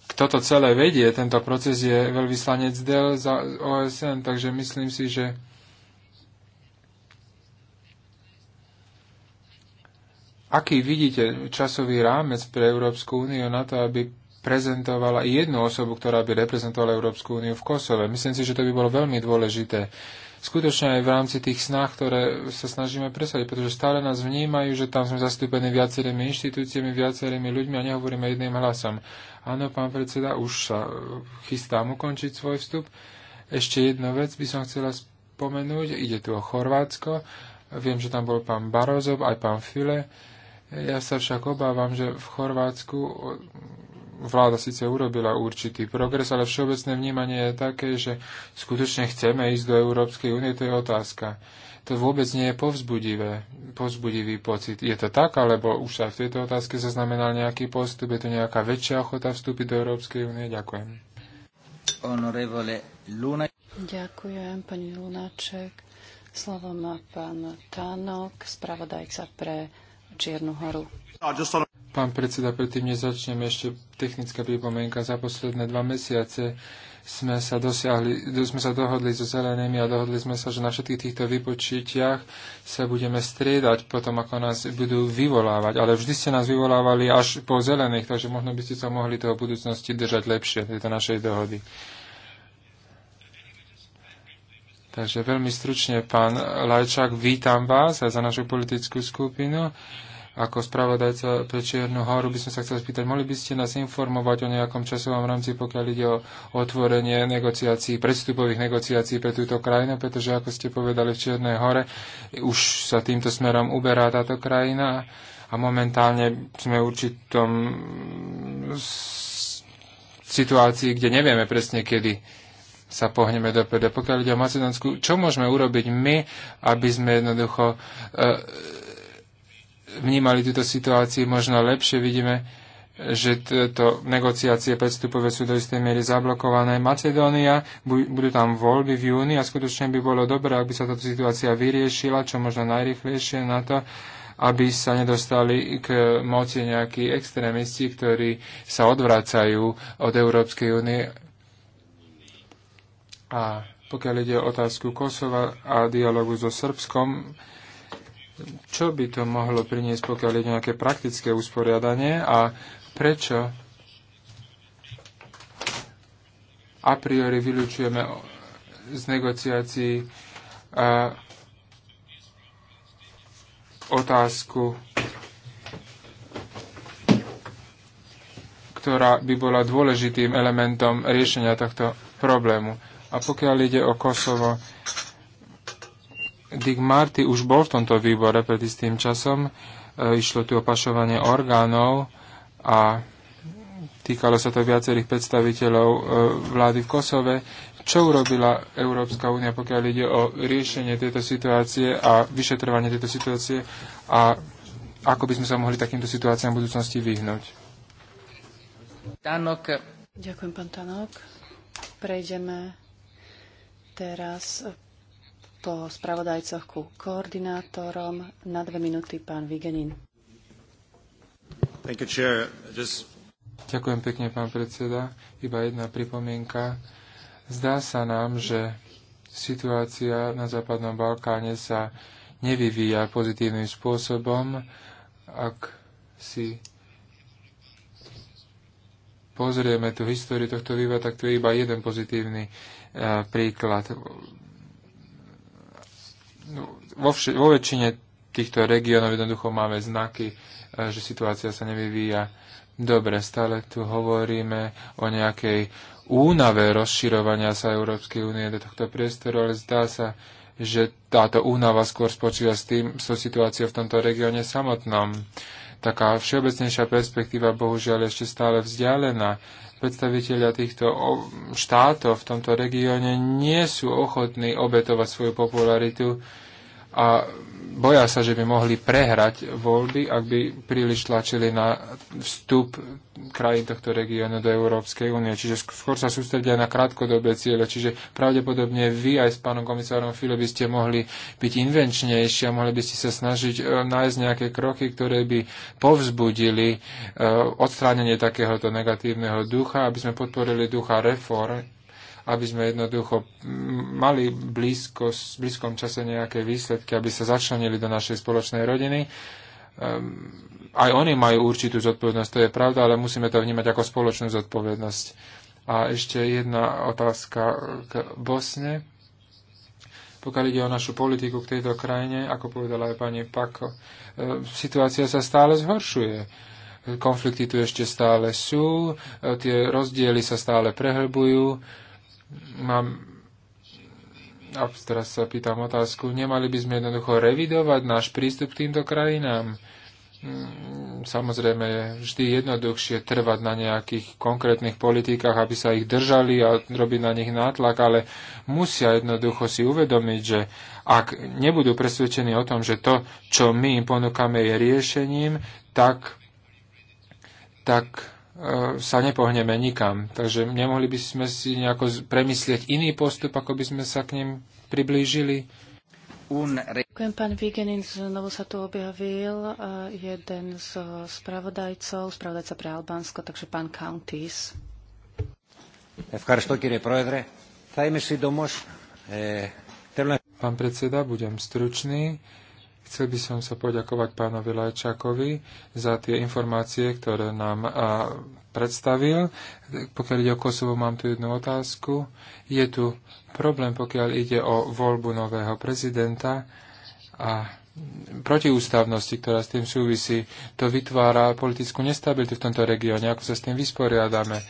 kto to celé vedie, tento proces je veľvyslanec DEL za OSN, takže myslím si, že aký vidíte časový rámec pre Európsku úniu na to, aby prezentovala i jednu osobu, ktorá by reprezentovala Európsku úniu v Kosove. Myslím si, že to by bolo veľmi dôležité. Skutočne aj v rámci tých snah, ktoré sa snažíme presadiť, pretože stále nás vnímajú, že tam sme zastúpení viacerými inštitúciami, viacerými ľuďmi a nehovoríme jedným hlasom. Áno, pán predseda, už sa chystám ukončiť svoj vstup. Ešte jednu vec by som chcela spomenúť. Ide tu o Chorvátsko. Viem, že tam bol pán Barozov, aj pán File. Ja sa však obávam, že v Chorvátsku vláda síce urobila určitý progres, ale všeobecné vnímanie je také, že skutočne chceme ísť do Európskej únie, to je otázka. To vôbec nie je povzbudivé, povzbudivý pocit. Je to tak, alebo už sa v tejto otázke zaznamenal nejaký postup? Je to nejaká väčšia ochota vstúpiť do Európskej únie? Ďakujem. Luna... Ďakujem, pani Lunáček. Slovo má pán Tánok, spravodajca pre Čiernu horu. No, Pán predseda, predtým nezačneme ešte technická pripomienka. Za posledné dva mesiace sme sa, dosiahli, sme sa dohodli so zelenými a dohodli sme sa, že na všetkých týchto vypočítiach sa budeme striedať potom, ako nás budú vyvolávať. Ale vždy ste nás vyvolávali až po zelených, takže možno by ste sa mohli toho budúcnosti držať lepšie, tejto našej dohody. Takže veľmi stručne, pán Lajčák, vítam vás aj za našu politickú skupinu. Ako spravodajca pre Čiernu horu by som sa chcel spýtať, mohli by ste nás informovať o nejakom časovom rámci, pokiaľ ide o otvorenie negociácií, predstupových negociácií pre túto krajinu, pretože ako ste povedali v Čiernej hore, už sa týmto smerom uberá táto krajina a momentálne sme v určitom situácii, kde nevieme presne kedy sa pohneme PD. Pokiaľ ide o Macedónsku, čo môžeme urobiť my, aby sme jednoducho uh, vnímali túto situáciu možno lepšie. Vidíme, že tieto negociácie predstupové sú do istej miery zablokované. Macedónia, budú tam voľby v júni a skutočne by bolo dobré, aby sa táto situácia vyriešila, čo možno najrychlejšie na to, aby sa nedostali k moci nejakí extrémisti, ktorí sa odvracajú od Európskej únie. A pokiaľ ide o otázku Kosova a dialogu so Srbskom, čo by to mohlo priniesť, pokiaľ je nejaké praktické usporiadanie a prečo a priori vylučujeme z negociácií a, otázku, ktorá by bola dôležitým elementom riešenia tohto problému. A pokiaľ ide o Kosovo, Dick Marty už bol v tomto výbore pred istým časom. E, išlo tu opašovanie orgánov a týkalo sa to viacerých predstaviteľov e, vlády v Kosove. Čo urobila Európska únia, pokiaľ ide o riešenie tejto situácie a vyšetrovanie tejto situácie a ako by sme sa mohli takýmto situáciám v budúcnosti vyhnúť? Tanok. Ďakujem, pán Tanok. Prejdeme teraz po spravodajcoch ku koordinátorom. Na dve minúty pán Vigenin. You, Just... Ďakujem pekne, pán predseda. Iba jedna pripomienka. Zdá sa nám, že situácia na Západnom Balkáne sa nevyvíja pozitívnym spôsobom, ak si pozrieme tú históriu tohto vývoja, tak to je iba jeden pozitívny eh, príklad. No, vo, vš- vo väčšine týchto regiónov jednoducho máme znaky, e, že situácia sa nevyvíja dobre. Stále tu hovoríme o nejakej únave rozširovania sa Európskej únie do tohto priestoru, ale zdá sa, že táto únava skôr spočíva s tým, so situáciou v tomto regióne samotnom. Taká všeobecnejšia perspektíva bohužiaľ ešte stále vzdialená predstaviteľia týchto štátov v tomto regióne nie sú ochotní obetovať svoju popularitu a boja sa, že by mohli prehrať voľby, ak by príliš tlačili na vstup krajín tohto regiónu do Európskej únie. Čiže skôr sa sústredia na krátkodobé ciele. Čiže pravdepodobne vy aj s pánom komisárom File by ste mohli byť invenčnejší a mohli by ste sa snažiť e, nájsť nejaké kroky, ktoré by povzbudili e, odstránenie takéhoto negatívneho ducha, aby sme podporili ducha reform aby sme jednoducho mali blízko, v blízkom čase nejaké výsledky, aby sa začlenili do našej spoločnej rodiny. Ehm, aj oni majú určitú zodpovednosť, to je pravda, ale musíme to vnímať ako spoločnú zodpovednosť. A ešte jedna otázka k Bosne. Pokiaľ ide o našu politiku k tejto krajine, ako povedala aj pani Pako, ehm, situácia sa stále zhoršuje konflikty tu ešte stále sú, e, tie rozdiely sa stále prehlbujú Mám, a teraz sa pýtam otázku, nemali by sme jednoducho revidovať náš prístup k týmto krajinám? Mm, samozrejme je vždy jednoduchšie trvať na nejakých konkrétnych politikách, aby sa ich držali a robiť na nich nátlak, ale musia jednoducho si uvedomiť, že ak nebudú presvedčení o tom, že to, čo my im ponúkame, je riešením, tak, tak E, sa nepohneme nikam. Takže nemohli by sme si nejako premyslieť iný postup, ako by sme sa k ním priblížili. Ďakujem, pán Vigenin, znovu sa tu objavil e, jeden z spravodajcov, spravodajca pre Albánsko, takže pán Countis. E, pán predseda, budem stručný. Chcel by som sa poďakovať pánovi Lajčákovi za tie informácie, ktoré nám a, predstavil. Pokiaľ ide o Kosovo, mám tu jednu otázku. Je tu problém, pokiaľ ide o voľbu nového prezidenta a protiústavnosti, ktorá s tým súvisí, to vytvára politickú nestabilitu v tomto regióne. Ako sa s tým vysporiadame?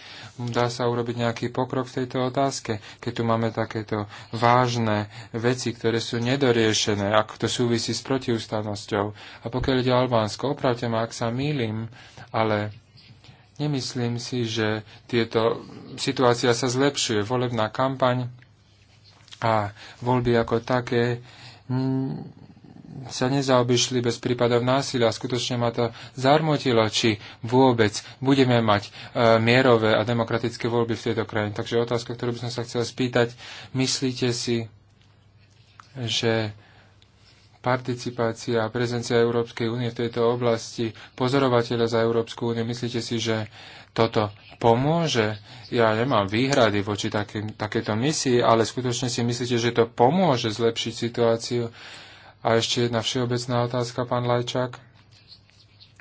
Dá sa urobiť nejaký pokrok v tejto otázke, keď tu máme takéto vážne veci, ktoré sú nedoriešené, ako to súvisí s protiústavnosťou. A pokiaľ ide Albánsko, opravte ma, ak sa mýlim, ale nemyslím si, že tieto situácia sa zlepšuje. Volebná kampaň a voľby ako také sa nezaobišli bez prípadov násilia. Skutočne ma to zarmotilo, či vôbec budeme mať e, mierové a demokratické voľby v tejto krajine. Takže otázka, ktorú by som sa chcel spýtať, myslíte si, že participácia a prezencia Európskej únie v tejto oblasti, pozorovateľa za Európsku úniu, myslíte si, že toto pomôže? Ja nemám výhrady voči takým, takéto misii, ale skutočne si myslíte, že to pomôže zlepšiť situáciu a ešte jedna všeobecná otázka, pán Lajčák.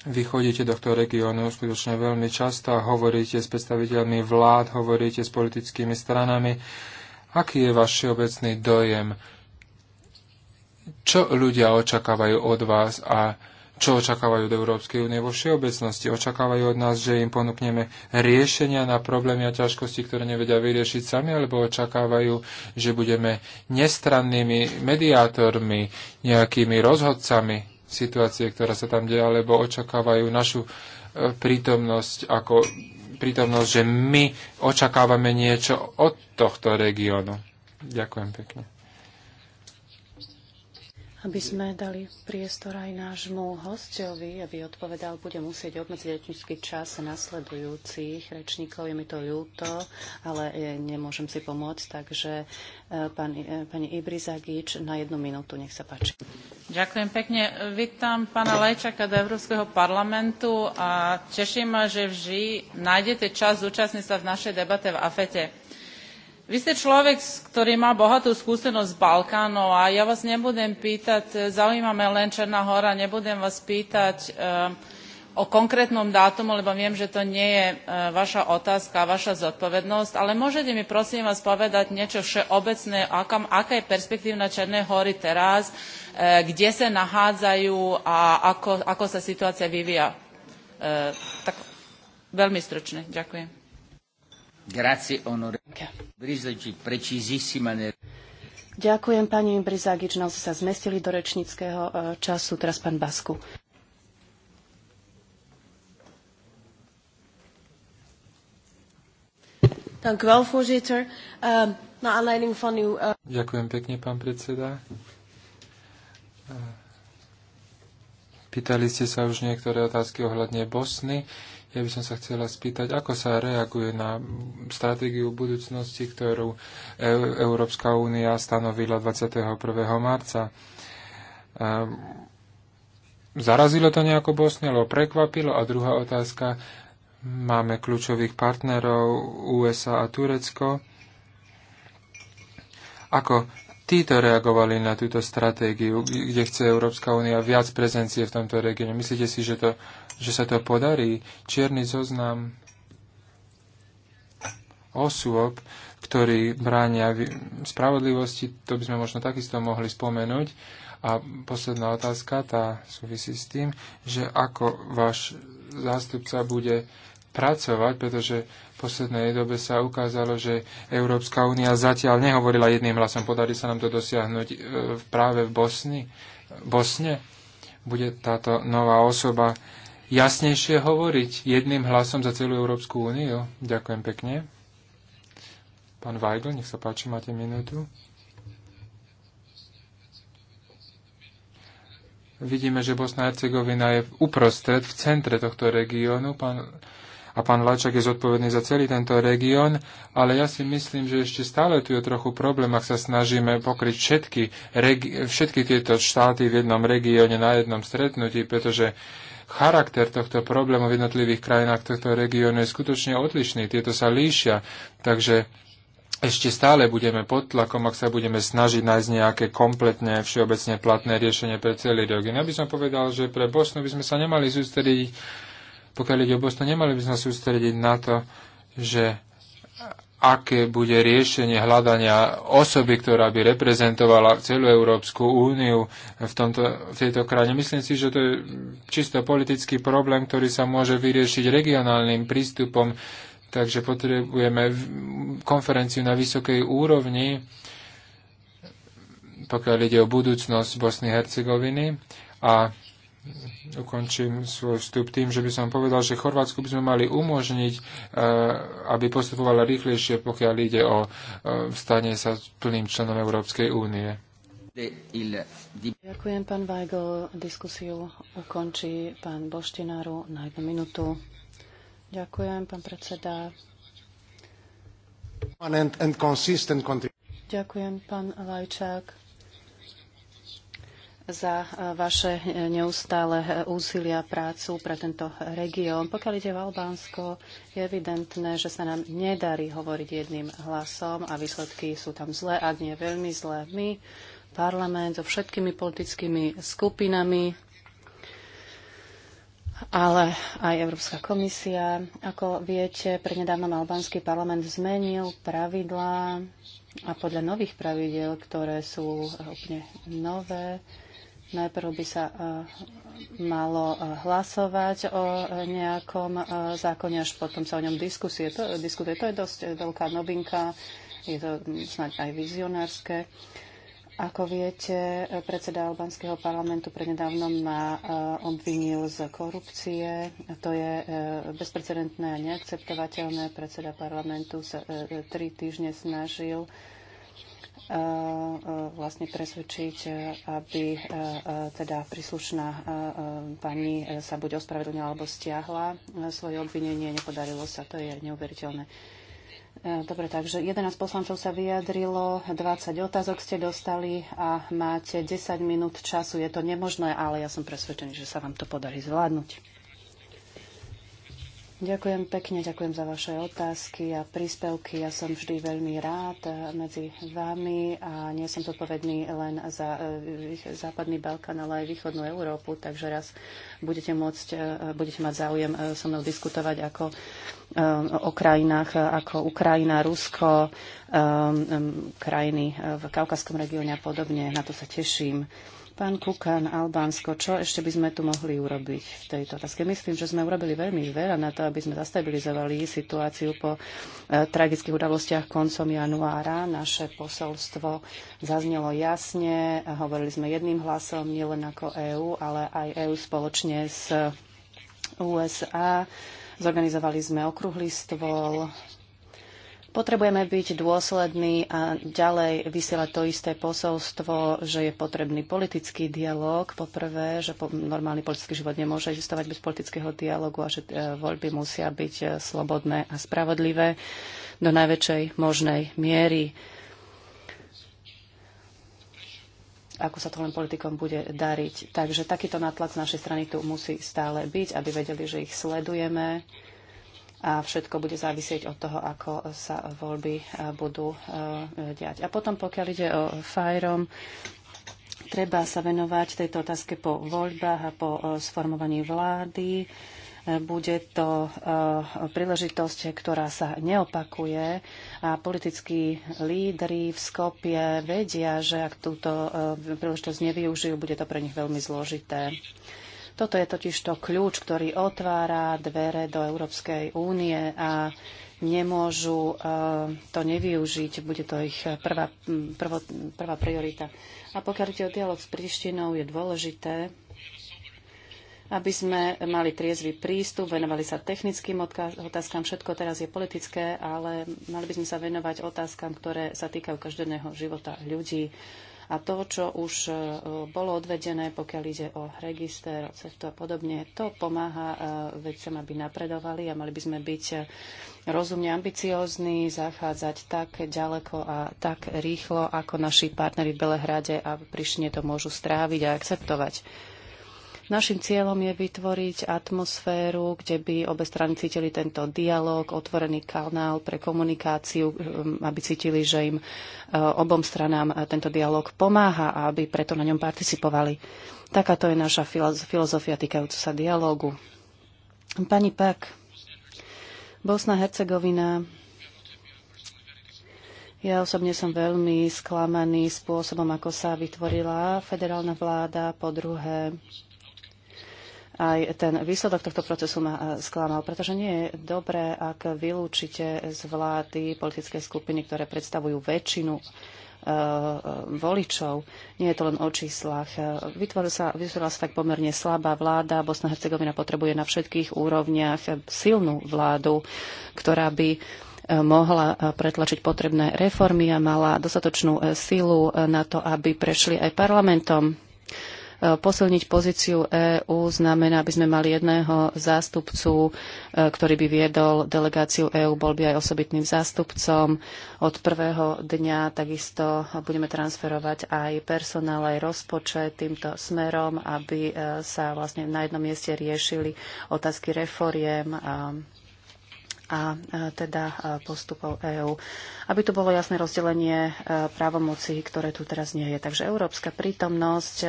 Vy chodíte do tohto regiónu skutočne veľmi často a hovoríte s predstaviteľmi vlád, hovoríte s politickými stranami. Aký je váš všeobecný dojem? Čo ľudia očakávajú od vás a čo očakávajú od Európskej únie vo všeobecnosti. Očakávajú od nás, že im ponúkneme riešenia na problémy a ťažkosti, ktoré nevedia vyriešiť sami, alebo očakávajú, že budeme nestrannými mediátormi, nejakými rozhodcami situácie, ktorá sa tam deje, alebo očakávajú našu e, prítomnosť ako prítomnosť, že my očakávame niečo od tohto regiónu. Ďakujem pekne. Aby sme dali priestor aj nášmu hostovi, aby odpovedal, bude musieť obmedziť rečnícky čas nasledujúcich rečníkov. Je mi to ľúto, ale e, nemôžem si pomôcť, takže e, pani, e, pani Ibrizagič na jednu minútu, nech sa páči. Ďakujem pekne. Vítam pána Lejčaka do Európskeho parlamentu a teším ma, že vždy nájdete čas zúčastniť sa v našej debate v AFETE Vi ste človek ktorý má bohatú skúsenosť s Balkánom a ja vás nebudem pýtať, e, zaujíma ma len Černá hora, nebudem vás pýtať e, o konkrétnom dátumu, lebo viem, že to nie je e, vaša otázka, vaša zodpovednosť, ale môžete mi prosím vás povedať niečo všeobecné, aká, je perspektívna Černé hory teraz, kde sa nachádzajú a ako, ako sa situácia vyvíja. Tak veľmi stručne. Ďakujem. Grazie, Ďakujem pani Brizagič, nás sa zmestili do rečníckého e, času. Teraz pán Basku. Dank wel, voorzitter. Uh, aanleiding van uw... Uh... Ďakujem pekne, pán predseda. Pýtali ste sa už niektoré otázky ohľadne Bosny. Uh, ja by som sa chcela spýtať, ako sa reaguje na stratégiu budúcnosti, ktorú Európska únia stanovila 21. marca. Ehm, zarazilo to nejako Bosne, alebo prekvapilo? A druhá otázka, máme kľúčových partnerov USA a Turecko. Ako títo reagovali na túto stratégiu, kde chce Európska únia viac prezencie v tomto regióne. Myslíte si, že, to, že sa to podarí? Čierny zoznam osôb, ktorí bránia spravodlivosti, to by sme možno takisto mohli spomenúť. A posledná otázka, tá súvisí s tým, že ako váš zástupca bude pracovať, pretože v poslednej dobe sa ukázalo, že Európska únia zatiaľ nehovorila jedným hlasom. Podarí sa nám to dosiahnuť e, práve v Bosni. Bosne bude táto nová osoba jasnejšie hovoriť jedným hlasom za celú Európsku úniu. Ďakujem pekne. Pán Weigl, nech sa páči, máte minútu. vidíme, že Bosna a Hercegovina je uprostred, v centre tohto regiónu. Pán a pán Lačak je zodpovedný za celý tento región, ale ja si myslím, že ešte stále tu je trochu problém, ak sa snažíme pokryť všetky, všetky tieto štáty v jednom regióne na jednom stretnutí, pretože charakter tohto problému v jednotlivých krajinách tohto regiónu je skutočne odlišný. Tieto sa líšia, takže ešte stále budeme pod tlakom, ak sa budeme snažiť nájsť nejaké kompletne všeobecne platné riešenie pre celý region. Ja by som povedal, že pre Bosnu by sme sa nemali sústrediť pokiaľ ide o Bosnu, nemali by sme sústrediť na to, že aké bude riešenie hľadania osoby, ktorá by reprezentovala celú Európsku úniu v, tomto, v tejto krajine. Myslím si, že to je čisto politický problém, ktorý sa môže vyriešiť regionálnym prístupom, takže potrebujeme konferenciu na vysokej úrovni, pokiaľ ide o budúcnosť Bosny Hercegoviny. A ukončím svoj vstup tým, že by som povedal, že Chorvátsku by sme mali umožniť, e, aby postupovala rýchlejšie, pokiaľ ide o e, stane sa plným členom Európskej únie. Ďakujem, pán Weigl. Diskusiu ukončí pán Boštinaru na jednu minútu. Ďakujem, pán predseda. Ďakujem, pán Lajčák za e, vaše neustále e, úsilia a prácu pre tento región. Pokiaľ ide v Albánsko, je evidentné, že sa nám nedarí hovoriť jedným hlasom a výsledky sú tam zlé, ak nie veľmi zlé. My, parlament so všetkými politickými skupinami, ale aj Európska komisia. Ako viete, prednedávnom albánsky parlament zmenil pravidlá a podľa nových pravidel, ktoré sú úplne nové, Najprv by sa e, malo e, hlasovať o e, nejakom zákone, až potom sa o ňom diskusie, to, diskutuje. To je dosť veľká novinka, je to snáď aj vizionárske. Ako viete, predseda Albánskeho parlamentu prednedávnom ma obvinil z korupcie. To je bezprecedentné a neakceptovateľné. Predseda parlamentu sa tri týždne snažil Eh, vlastne presvedčiť, eh, aby eh, teda príslušná pani sa buď ospravedlnila alebo stiahla svoje obvinenie. Nepodarilo sa, to je neuveriteľné. Dobre, takže 11 poslancov sa vyjadrilo, 20 otázok ste dostali a máte 10 minút času. Je to nemožné, ale ja som presvedčený, že sa vám to podarí zvládnuť. Ďakujem pekne, ďakujem za vaše otázky a príspevky. Ja som vždy veľmi rád medzi vami a nie som zodpovedný len za eh, západný Balkán, ale aj východnú Európu, takže raz budete, môcť, eh, budete mať záujem eh, so mnou diskutovať ako o krajinách ako Ukrajina, Rusko, krajiny v Kaukaskom regióne a podobne. Na to sa teším. Pán Kukan, Albánsko, čo ešte by sme tu mohli urobiť v tejto otázke? Myslím, že sme urobili veľmi veľa na to, aby sme zastabilizovali situáciu po e, tragických udalostiach koncom januára. Naše posolstvo zaznelo jasne, hovorili sme jedným hlasom, nielen ako EÚ, ale aj EÚ spoločne s USA. Zorganizovali sme okrúhly stôl, Potrebujeme byť dôslední a ďalej vysielať to isté posolstvo, že je potrebný politický dialog. Poprvé, že po, normálny politický život nemôže existovať bez politického dialogu a že e, voľby musia byť e, slobodné a spravodlivé do najväčšej možnej miery. ako sa to len politikom bude dariť. Takže takýto natlak z našej strany tu musí stále byť, aby vedeli, že ich sledujeme a všetko bude závisieť od toho, ako sa voľby eh, budú eh, diať. A potom, pokiaľ ide o FAJROM, treba sa venovať tejto otázke po voľbách a po eh, sformovaní vlády. Bude to príležitosť, ktorá sa neopakuje a politickí lídry v Skopie vedia, že ak túto príležitosť nevyužijú, bude to pre nich veľmi zložité. Toto je totiž to kľúč, ktorý otvára dvere do Európskej únie a nemôžu eh, to nevyužiť. Bude to ich prvá, prvo, prvá priorita. A pokiaľ ide o dialog s Prištinou, je dôležité, aby sme mali triezvy prístup, venovali sa technickým otázkam, všetko teraz je politické, ale mali by sme sa venovať otázkam, ktoré sa týkajú každodenného života ľudí. A to, čo už e, bolo odvedené, pokiaľ ide o register, o cestu a podobne, to pomáha e, vedcem, aby napredovali a mali by sme byť e, rozumne ambiciózni, zachádzať tak ďaleko a tak rýchlo, ako naši partneri v Belehrade a prišne to môžu stráviť a akceptovať. Našim cieľom je vytvoriť atmosféru, kde by obe strany cítili tento dialog, otvorený kanál pre komunikáciu, um, aby cítili, že im uh, obom stranám uh, tento dialog pomáha a aby preto na ňom participovali. Takáto je naša filozofia týkajúca sa dialogu. Pani Pak, Bosna-Hercegovina ja osobne som veľmi sklamaný spôsobom, ako sa vytvorila federálna vláda, po druhé aj ten výsledok tohto procesu ma eh, sklamal, pretože nie je dobré, ak vylúčite z vlády politické skupiny, ktoré predstavujú väčšinu eh, eh, voličov. Nie je to len o číslach. Vytvorila sa, vytvorila sa tak pomerne slabá vláda. Bosna Hercegovina potrebuje na všetkých úrovniach silnú vládu, ktorá by mohla pretlačiť potrebné reformy a mala dostatočnú silu na to, aby prešli aj parlamentom Posilniť pozíciu EÚ znamená, aby sme mali jedného zástupcu, e, ktorý by viedol delegáciu EÚ, bol by aj osobitným zástupcom. Od prvého dňa takisto budeme transferovať aj personál, aj rozpočet týmto smerom, aby e, sa vlastne na jednom mieste riešili otázky reforiem a a teda postupov EÚ. Aby tu bolo jasné rozdelenie e, právomocí, ktoré tu teraz nie je. Takže európska prítomnosť e,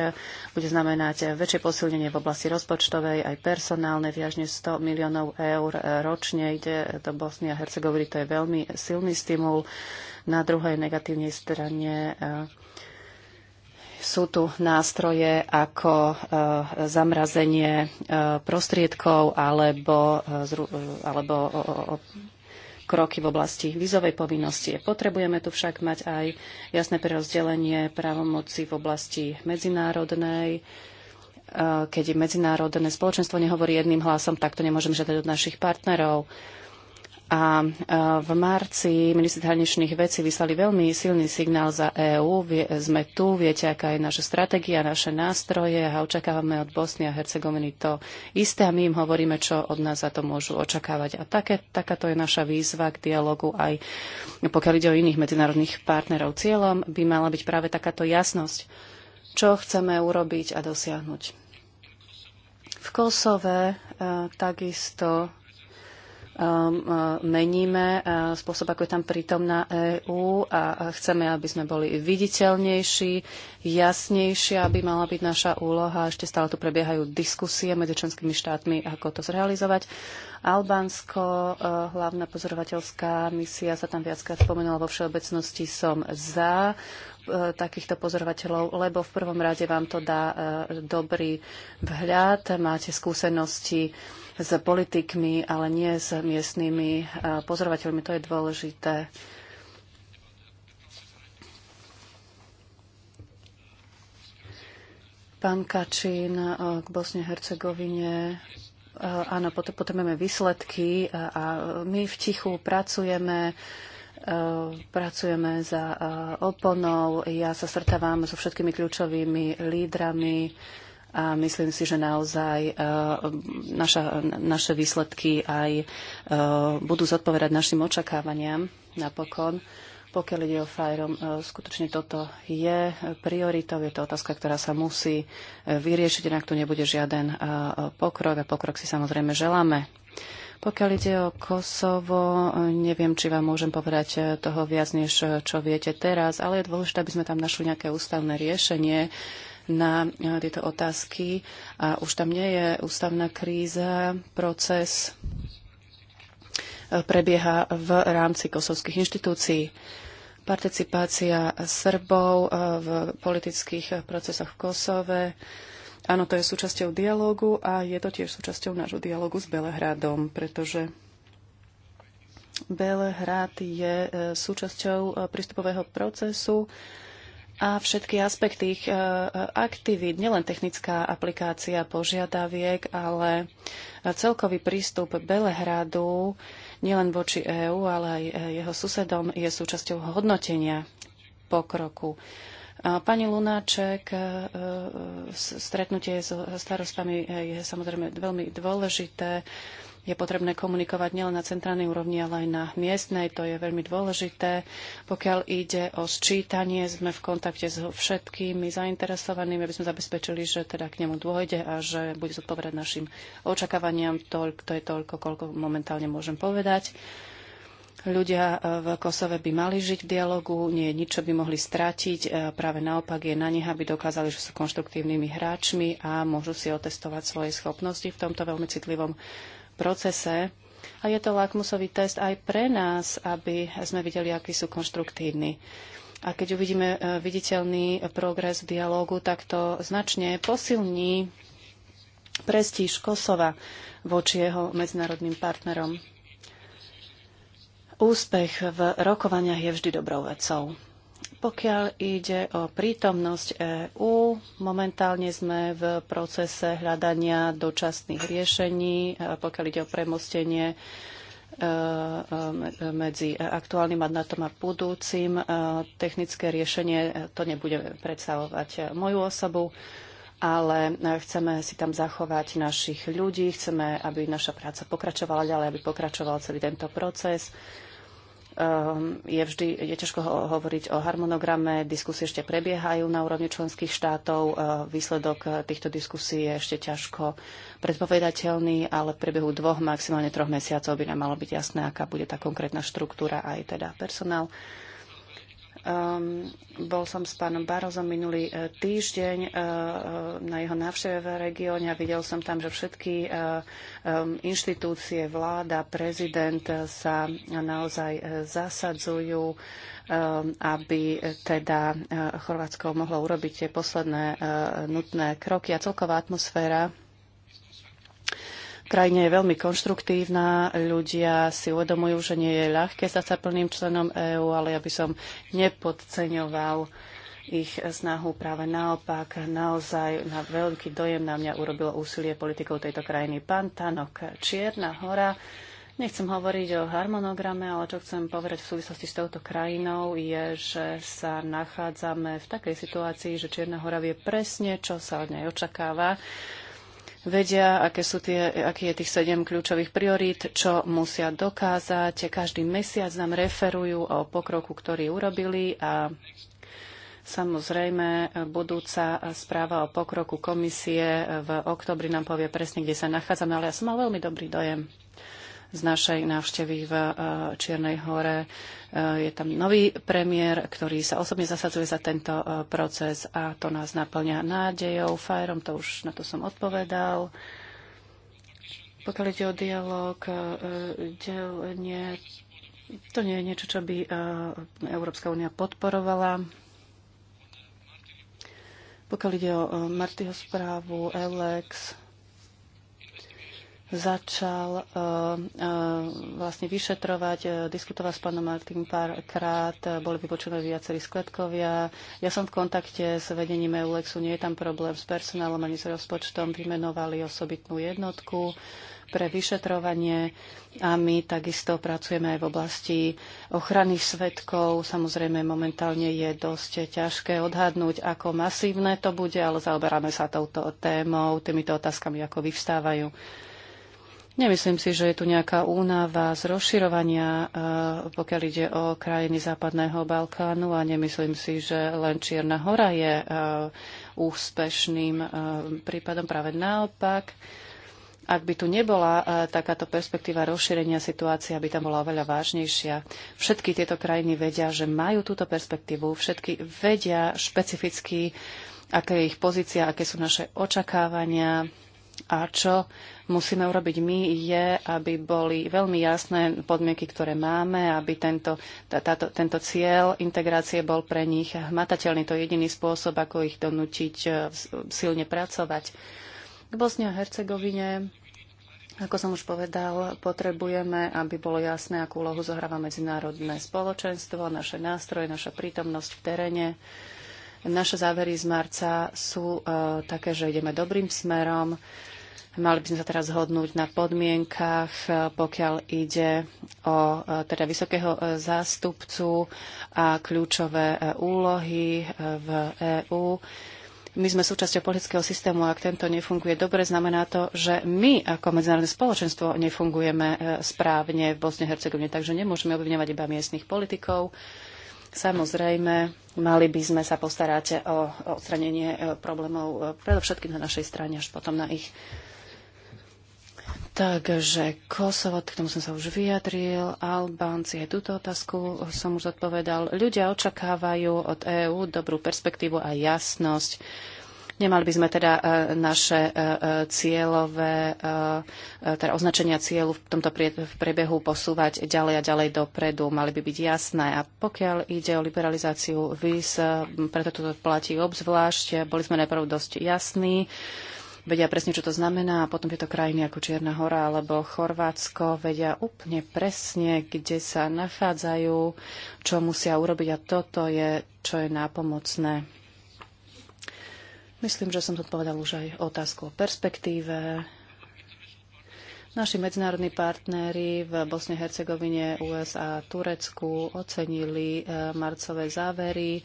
bude znamenať väčšie posilnenie v oblasti rozpočtovej, aj personálne, viažne 100 miliónov eur e, ročne ide do Bosny a Hercegoviny. To je veľmi silný stimul. Na druhej negatívnej strane sú tu nástroje ako e, zamrazenie e, prostriedkov alebo, e, alebo kroky v oblasti vízovej povinnosti. Potrebujeme tu však mať aj jasné prerozdelenie právomoci v oblasti medzinárodnej. Keď medzinárodné spoločenstvo nehovorí jedným hlasom, tak to nemôžeme žiadať od našich partnerov. A v marci ministri zahraničných vecí vyslali veľmi silný signál za EÚ. Sme tu, viete, aká je naša stratégia, naše nástroje a očakávame od Bosny a Hercegoviny to isté a my im hovoríme, čo od nás za to môžu očakávať. A také, takáto je naša výzva k dialogu aj pokiaľ ide o iných medzinárodných partnerov. Cieľom by mala byť práve takáto jasnosť, čo chceme urobiť a dosiahnuť. V Kosove e, takisto Ehm, e, meníme e, spôsob, ako je tam prítomná EÚ a chceme, aby sme boli viditeľnejší, jasnejšia, aby mala byť naša úloha. Ešte stále tu prebiehajú diskusie medzi členskými štátmi, ako to zrealizovať. Albánsko, e, hlavná pozorovateľská misia sa tam viackrát spomenula, vo všeobecnosti som za takýchto pozorovateľov, lebo v prvom rade vám to dá dobrý vhľad, máte skúsenosti s politikmi, ale nie s miestnymi eh, pozorovateľmi. To je dôležité. Pán Kačín eh, k Bosne-Hercegovine. Eh, áno, potrebujeme výsledky a my v tichu pracujeme pracujeme za oponou. Ja sa stretávam so všetkými kľúčovými lídrami a myslím si, že naozaj e, naša, naše výsledky aj e, budú zodpovedať našim očakávaniam napokon. Pokiaľ ide o Fajrom, e, skutočne toto je prioritou, je to otázka, ktorá sa musí vyriešiť, inak tu nebude žiaden pokrok a pokrok si samozrejme želáme. Pokiaľ ide o Kosovo, neviem, či vám môžem povedať toho viac, než čo viete teraz, ale je dôležité, aby sme tam našli nejaké ústavné riešenie, na tieto otázky a už tam nie je ústavná kríza, proces eh, prebieha v rámci kosovských inštitúcií. Participácia Srbov eh, v politických procesoch v Kosove. Áno, to je súčasťou dialogu a je to tiež súčasťou nášho dialogu s Belehradom, pretože Belehrad je eh, súčasťou prístupového procesu a všetky aspekty ich e, e, aktivít, nielen technická aplikácia požiadaviek, ale e, celkový prístup Belehradu nielen voči EÚ, ale aj jeho susedom je súčasťou hodnotenia pokroku. Pani Lunáček, stretnutie so starostami je samozrejme veľmi dôležité je potrebné komunikovať nielen na centrálnej úrovni, ale aj na miestnej. To je veľmi dôležité. Pokiaľ ide o sčítanie, sme v kontakte so všetkými zainteresovanými, aby sme zabezpečili, že teda k nemu dôjde a že bude zodpovedať našim očakávaniam. To, to je toľko, koľko momentálne môžem povedať. Ľudia eh, v Kosove by mali žiť v dialogu, nie je nič, čo by mohli stratiť. Eh, práve naopak je na nich, aby dokázali, že sú konštruktívnymi hráčmi a môžu si otestovať svoje schopnosti v tomto veľmi citlivom procese. A je to lakmusový test aj pre nás, aby sme videli, akí sú konštruktívni. A keď uvidíme e, viditeľný progres v dialógu, tak to značne posilní prestíž Kosova voči jeho medzinárodným partnerom. Úspech v rokovaniach je vždy dobrou vecou. Pokiaľ ide o prítomnosť EÚ, momentálne sme v procese hľadania dočasných riešení, pokiaľ ide o premostenie e, e, medzi aktuálnym mandátom a budúcim. E, technické riešenie to nebude predstavovať moju osobu, ale chceme si tam zachovať našich ľudí, chceme, aby naša práca pokračovala ďalej, aby pokračoval celý tento proces Ehm, je vždy, je ťažko hovoriť o harmonograme, diskusie ešte prebiehajú na úrovni členských štátov, ehm, výsledok eh, týchto diskusí je ešte ťažko predpovedateľný, ale v priebehu dvoch, maximálne troch mesiacov by nám malo byť jasné, aká bude tá konkrétna štruktúra aj teda personál. Um, bol som s pánom Barozom minulý e, týždeň uh, na jeho návšteve v regióne a videl som tam, že všetky uh, um, inštitúcie, vláda, prezident sa naozaj zasadzujú, um, aby teda Chorvátsko mohlo urobiť tie posledné uh, nutné kroky a celková atmosféra krajine je veľmi konštruktívna. Ľudia si uvedomujú, že nie je ľahké stať sa plným členom EÚ, ale ja by som nepodceňoval ich snahu. Práve naopak, naozaj na veľký dojem na mňa urobilo úsilie politikov tejto krajiny. Pán Tanok, Čierna hora. Nechcem hovoriť o harmonograme, ale čo chcem povedať v súvislosti s touto krajinou je, že sa nachádzame v takej situácii, že Čierna hora vie presne, čo sa od nej očakáva vedia, aké sú tie, aký je tých sedem kľúčových priorít, čo musia dokázať. Každý mesiac nám referujú o pokroku, ktorý urobili a Samozrejme, budúca správa o pokroku komisie v oktobri nám povie presne, kde sa nachádzame, ale ja som mal veľmi dobrý dojem z našej návštevy v eh, Čiernej hore. Eh, je tam nový premiér, ktorý sa osobne zasadzuje za tento eh, proces a to nás naplňa nádejou. Fajrom to už na to som odpovedal. Pokiaľ ide o dialog, delenie, to nie je niečo, čo by Európska únia podporovala. Pokiaľ ide o Martyho správu, Elex, začal eh, eh, vlastne vyšetrovať, eh, diskutovať s pánom Martin párkrát, boli vypočúvané viacerí skvetkovia. Ja som v kontakte s vedením Eulexu, nie je tam problém s personálom ani s rozpočtom, vymenovali osobitnú jednotku pre vyšetrovanie a my takisto pracujeme aj v oblasti ochrany svetkov. Samozrejme, momentálne je dosť ťažké odhadnúť, ako masívne to bude, ale zaoberáme sa touto témou, týmito otázkami, ako vyvstávajú. Nemyslím si, že je tu nejaká únava z rozširovania, e, pokiaľ ide o krajiny Západného Balkánu a nemyslím si, že len Čierna hora je e, úspešným e, prípadom. Práve naopak, ak by tu nebola takáto perspektíva rozšírenia situácia, by tam bola oveľa vážnejšia. Všetky tieto krajiny vedia, že majú túto perspektívu, všetky vedia špecificky, aké je ich pozícia, aké sú naše očakávania, a čo musíme urobiť my je, aby boli veľmi jasné podmienky, ktoré máme, aby tento, tá, táto, tento cieľ integrácie bol pre nich hmatateľný. To je jediný spôsob, ako ich donútiť e, silne pracovať. K Bosne a Hercegovine, ako som už povedal, potrebujeme, aby bolo jasné, akú úlohu zohráva medzinárodné spoločenstvo, naše nástroje, naša prítomnosť v teréne. Naše závery z marca sú uh, také, že ideme dobrým smerom. Mali by sme sa teraz zhodnúť na podmienkach, e, pokiaľ ide o e, teda vysokého e, zástupcu a kľúčové úlohy v EÚ. My sme súčasťou politického systému a ak tento nefunguje dobre, znamená to, že my ako medzinárodné spoločenstvo nefungujeme správne v Bosne Hercegovine, takže nemôžeme obvňovať iba miestnych politikov, Samozrejme, mali by sme sa postarať o odstranenie e, problémov e, predovšetkým na našej strane, až potom na ich. Takže Kosovo, k tomu som sa už vyjadril, Albánci, aj túto otázku som už odpovedal. Ľudia očakávajú od EÚ dobrú perspektívu a jasnosť Nemali by sme teda e, naše e, e, cieľové, teda označenia cieľu v tomto priebehu posúvať ďalej a ďalej dopredu. Mali by byť jasné. A pokiaľ ide o liberalizáciu víz, preto toto platí obzvlášť. Boli sme najprv dosť jasní vedia presne, čo to znamená a potom tieto krajiny ako Čierna hora alebo Chorvátsko vedia úplne presne, kde sa nachádzajú, čo musia urobiť a toto je, čo je nápomocné. Myslím, že som zodpovedal už aj otázku o perspektíve. Naši medzinárodní partnery v Bosne, Hercegovine, USA a Turecku ocenili eh, marcové závery. Eh,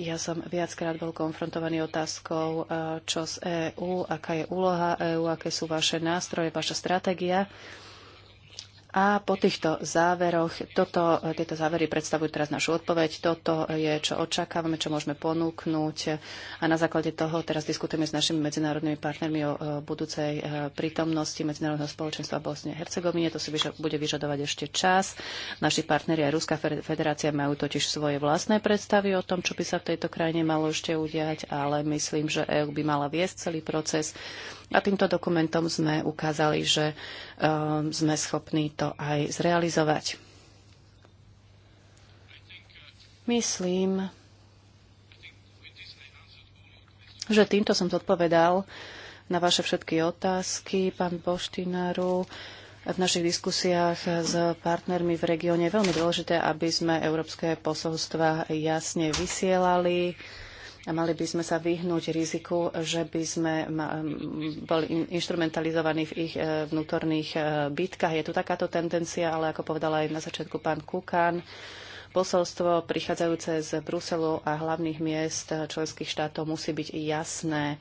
ja som viackrát bol konfrontovaný otázkou, eh, čo z EÚ, aká je úloha EÚ, aké sú vaše nástroje, vaša stratégia. A po týchto záveroch, toto, tieto závery predstavujú teraz našu odpoveď, toto je, čo očakávame, čo môžeme ponúknuť a na základe toho teraz diskutujeme s našimi medzinárodnými partnermi o budúcej e, prítomnosti Medzinárodného spoločenstva Bosne a Hercegovine. To si bude vyžadovať ešte čas. Naši partneri aj Ruská federácia majú totiž svoje vlastné predstavy o tom, čo by sa v tejto krajine malo ešte udiať, ale myslím, že EU by mala viesť celý proces a týmto dokumentom sme ukázali, že um, sme schopní to aj zrealizovať. Myslím, že týmto som zodpovedal na vaše všetky otázky, pán Boštinaru. V našich diskusiách s partnermi v regióne je veľmi dôležité, aby sme európske posolstva jasne vysielali a mali by sme sa vyhnúť riziku, že by sme boli instrumentalizovaní v ich e, vnútorných e, bitkách. Je tu takáto tendencia, ale ako povedal aj na začiatku pán Kukan, posolstvo prichádzajúce z Bruselu a hlavných miest členských štátov musí byť jasné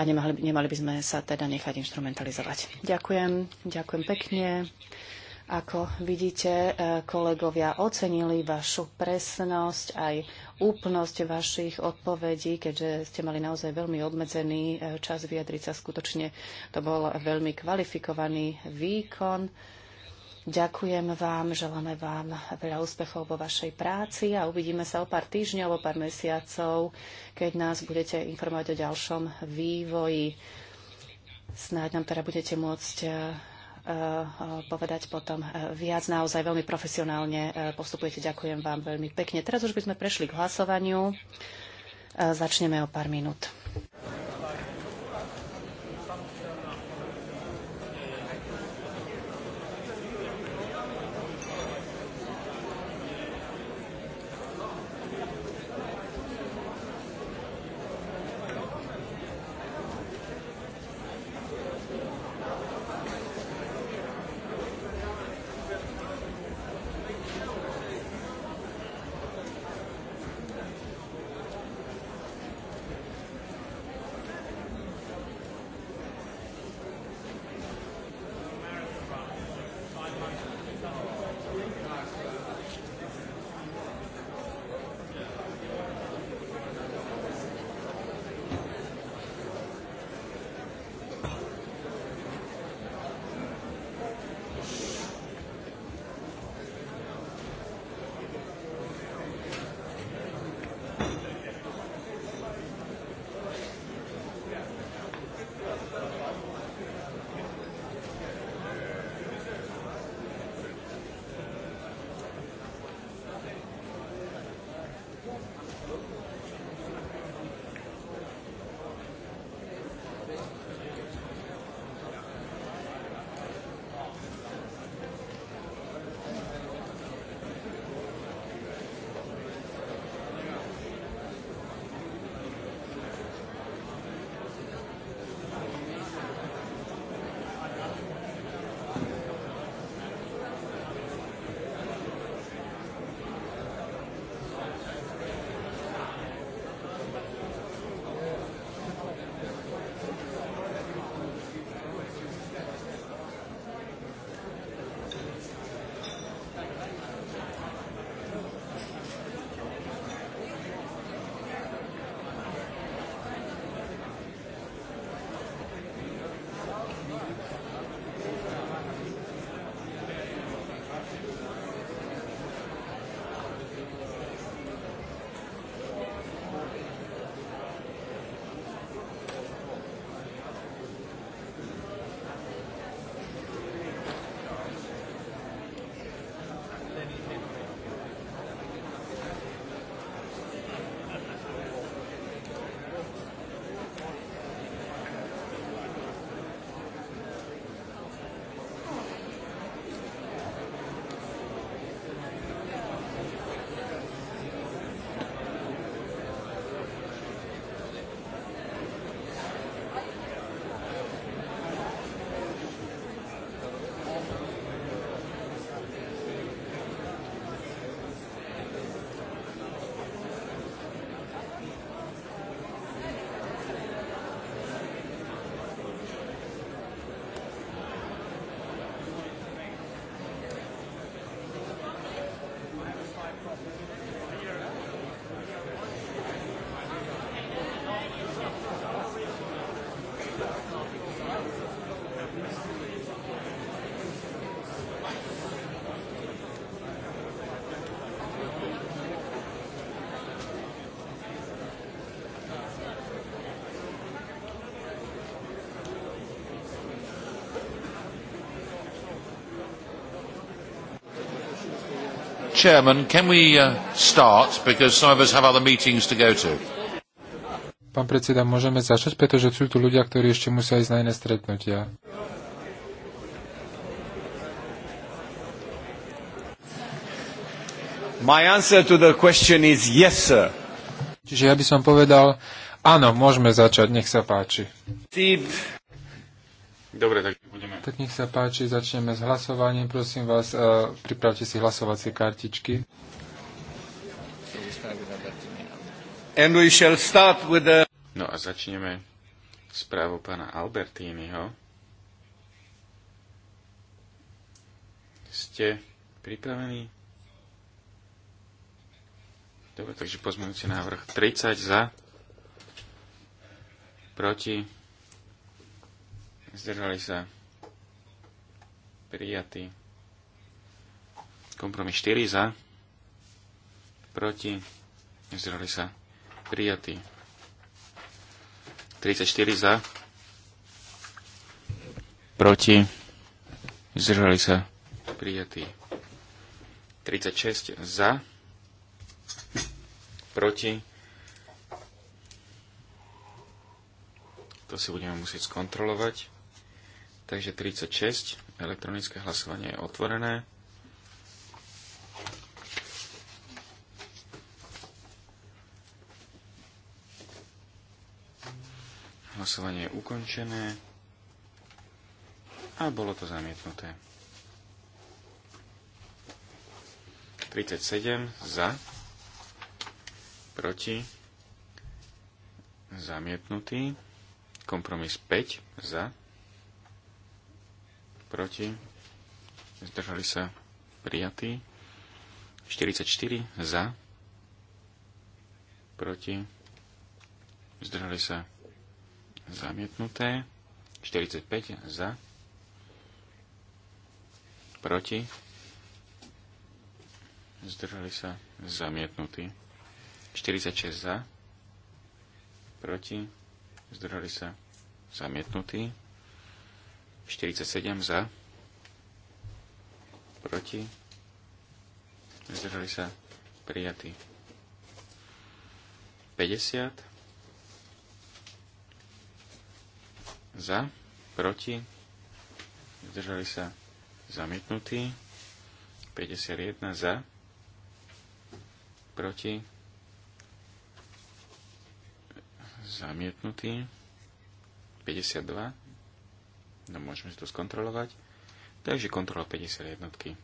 a nemali, nemali by sme sa teda nechať instrumentalizovať. Ďakujem, ďakujem pekne. Ako vidíte, e, kolegovia ocenili vašu presnosť aj úplnosť vašich odpovedí, keďže ste mali naozaj veľmi obmedzený e, čas vyjadriť sa skutočne. To bol veľmi kvalifikovaný výkon. Ďakujem vám, želáme vám veľa úspechov vo vašej práci a uvidíme sa o pár týždňov, o pár mesiacov, keď nás budete informovať o ďalšom vývoji. Snáď nám teda budete môcť e, Eh, povedať potom eh, viac. Naozaj veľmi profesionálne eh, postupujete. Ďakujem vám veľmi pekne. Teraz už by sme prešli k hlasovaniu. Začneme o pár minút. Chairman, can we uh, start because some of us have other meetings to go to? Pán predseda, môžeme začať, pretože sú tu ľudia, ktorí ešte musia ísť na iné stretnutia. My answer to the question is yes, sir. Čiže ja by som povedal, áno, môžeme začať, nech sa páči. Dobre, tak budeme. Tak nech sa páči, začneme s hlasovaním. Prosím vás, e, pripravte si hlasovacie kartičky. And we shall start with the... No a začneme správu pána Albertínyho. Ste pripravení? Dobre, takže pozmeňujúci návrh 30 za, proti Zdržali sa. Prijatý. Kompromis 4 za. Proti. Zdržali sa. Prijatý. 34 za. Proti. Zdržali sa. Prijatý. 36 za. Proti. To si budeme musieť skontrolovať. Takže 36, elektronické hlasovanie je otvorené. Hlasovanie je ukončené a bolo to zamietnuté. 37 za, proti, zamietnutý, kompromis 5 za, proti, zdržali sa prijatí, 44 za, proti, zdržali sa zamietnuté, 45 za, proti, zdržali sa zamietnutí, 46 za, proti, zdržali sa zamietnutí, 47 za, proti, zdržali sa prijatí. 50 za, proti, zdržali sa zamietnutí. 51 za, proti, zamietnutý. 52 No môžeme si to skontrolovať. Takže kontrola 50 jednotky.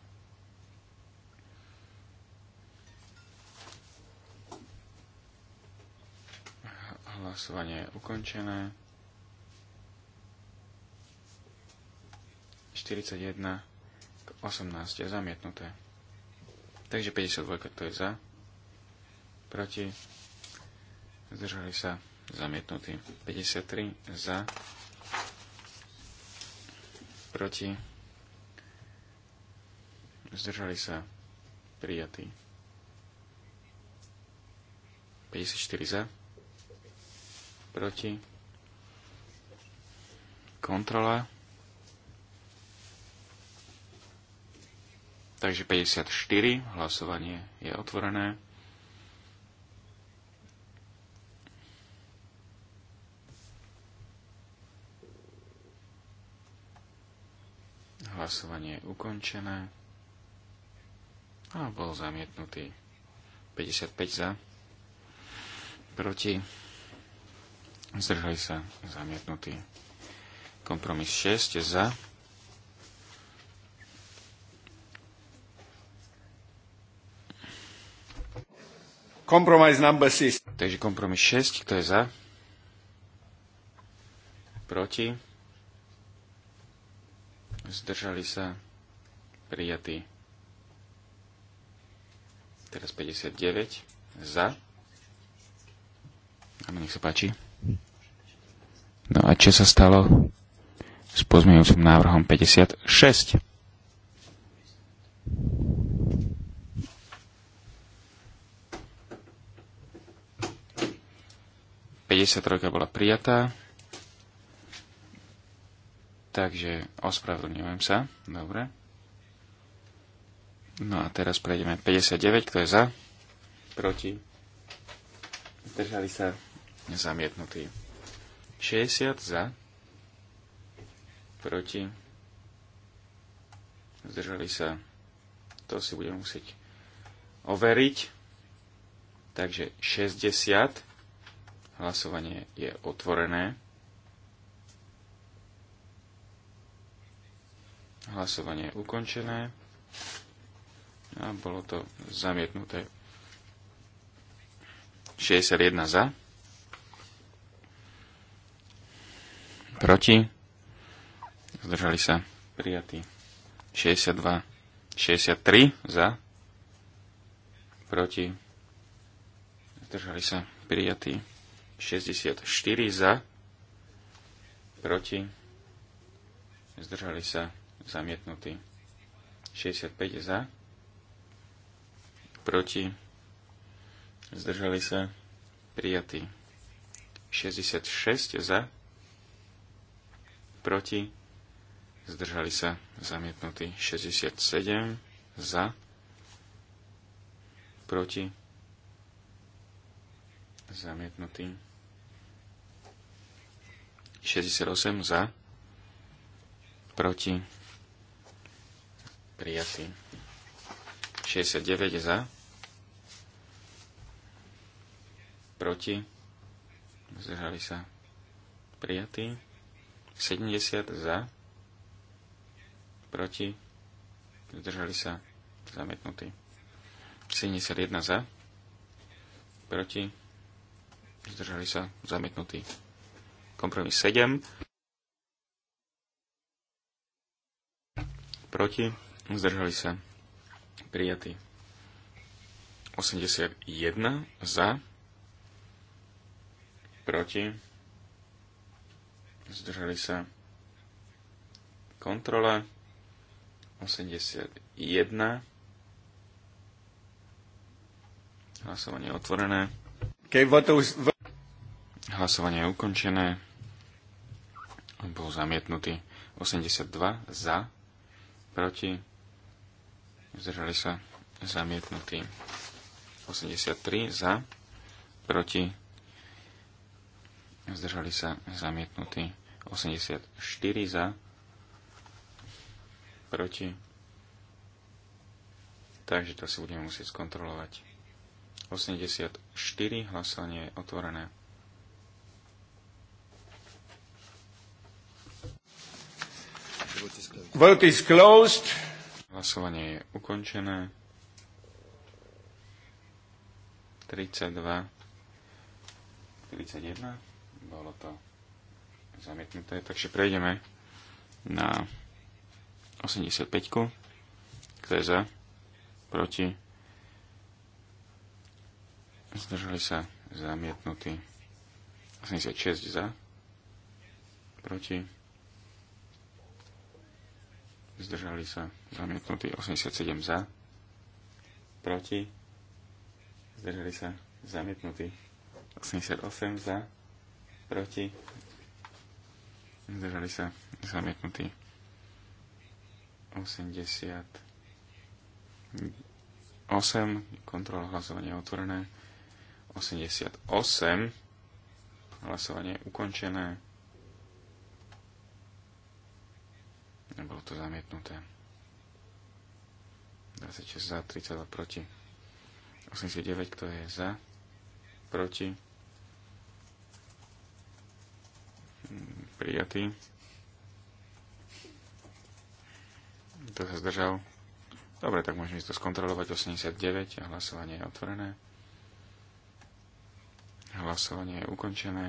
Hlasovanie je ukončené. 41 k 18 je zamietnuté. Takže 52 to je za. Proti. Zdržali sa zamietnutí. 53 za proti, zdržali sa prijatí. 54 za, proti, kontrola, takže 54, hlasovanie je otvorené. Hlasovanie je ukončené. A bol zamietnutý. 55 za. Proti. Zdržali sa. Zamietnutý. Kompromis 6 za. Compromise number 6. Takže kompromis 6, kto je za? Proti? zdržali sa, prijatý. Teraz 59 za. A nech sa páči. No a čo sa stalo s pozmeňujúcim návrhom 56? Päťdesiat bola prijatá. Takže ospravedlňujem sa. Dobre. No a teraz prejdeme 59, kto je za? Proti. Zdržali sa zamietnutí. 60 za. Proti. Zdržali sa. To si budem musieť overiť. Takže 60. Hlasovanie je otvorené. Hlasovanie je ukončené. A bolo to zamietnuté. 61 za. Proti. Zdržali sa prijatí. 62. 63 za. Proti. Zdržali sa prijatí. 64 za. Proti. Zdržali sa zamietnutý. 65 za, proti, zdržali sa, prijatý. 66 za, proti, zdržali sa, zamietnutý. 67 za, proti, zamietnutý. 68 za, proti, prijatý. 69 za, proti, zdržali sa, prijatý. 70 za, proti, zdržali sa, Zametnutý. 71 za, proti, zdržali sa, Zametnutý. Kompromis 7, proti, zdržali sa, prijatý. 81 za, proti, zdržali sa, kontrola, 81, hlasovanie otvorené, hlasovanie je ukončené, bol zamietnutý, 82 za, proti, zdržali sa zamietnutí. 83 za, proti, zdržali sa zamietnutí. 84 za, proti. Takže to si budeme musieť skontrolovať. 84 hlasovanie je otvorené. Vote is closed. Hlasovanie je ukončené. 32, 31, bolo to zamietnuté, takže prejdeme na 85. -ku. Kto je za? Proti? Zdržali sa zamietnutí. 86 za. Proti? Zdržali sa zamietnutý 87 za, proti, zdržali sa, zamietnutý 88 za, proti, zdržali sa, zamietnutý 88, kontrola hlasovania otvorené, 88, hlasovanie ukončené, nebolo to zamietnuté. 26 za, 32 proti. 89, kto je za, proti. Mm, prijatý. Kto sa zdržal? Dobre, tak môžeme to skontrolovať. 89 a hlasovanie je otvorené. Hlasovanie je ukončené.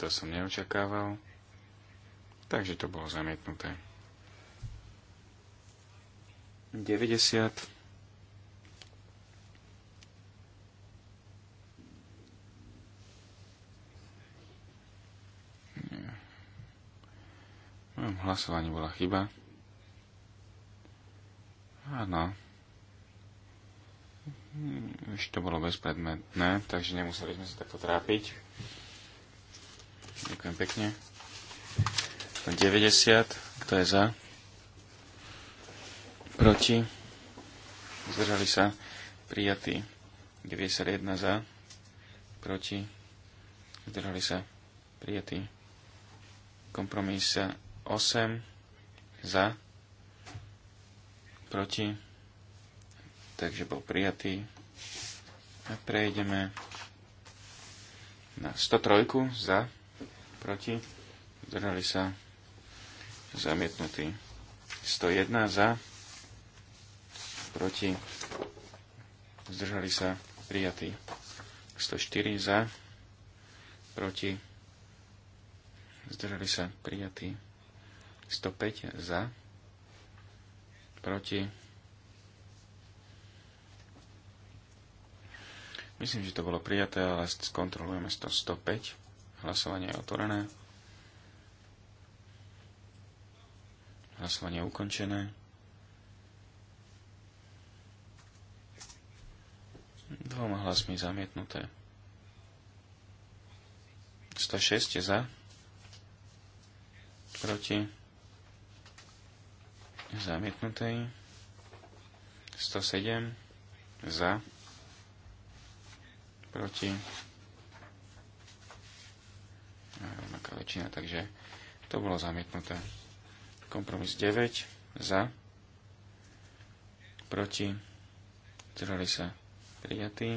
To som neočakával. Takže to bolo zamietnuté. 90. V mojom hlasovaní bola chyba. Áno. Hm, už to bolo bezpredmetné, takže nemuseli sme sa takto trápiť. Ďakujem pekne. 90, kto je za? Proti? Zdržali sa? Prijatí. 91 za? Proti? Zdržali sa? Prijatí. Kompromis 8 za? Proti? Takže bol prijatý. A prejdeme na 103 za? proti, zdržali sa zamietnutí. 101 za, proti, zdržali sa prijatí. 104 za, proti, zdržali sa prijatí. 105 za, proti. Myslím, že to bolo prijaté, ale skontrolujeme 105. Hlasovanie je otvorené. Hlasovanie je ukončené. Dvoma hlasmi zamietnuté. 106 je za. Proti. Zamietnutý. 107 za. Proti rovnaká väčšina, takže to bolo zamietnuté. Kompromis 9 za, proti, zdržali sa prijatí.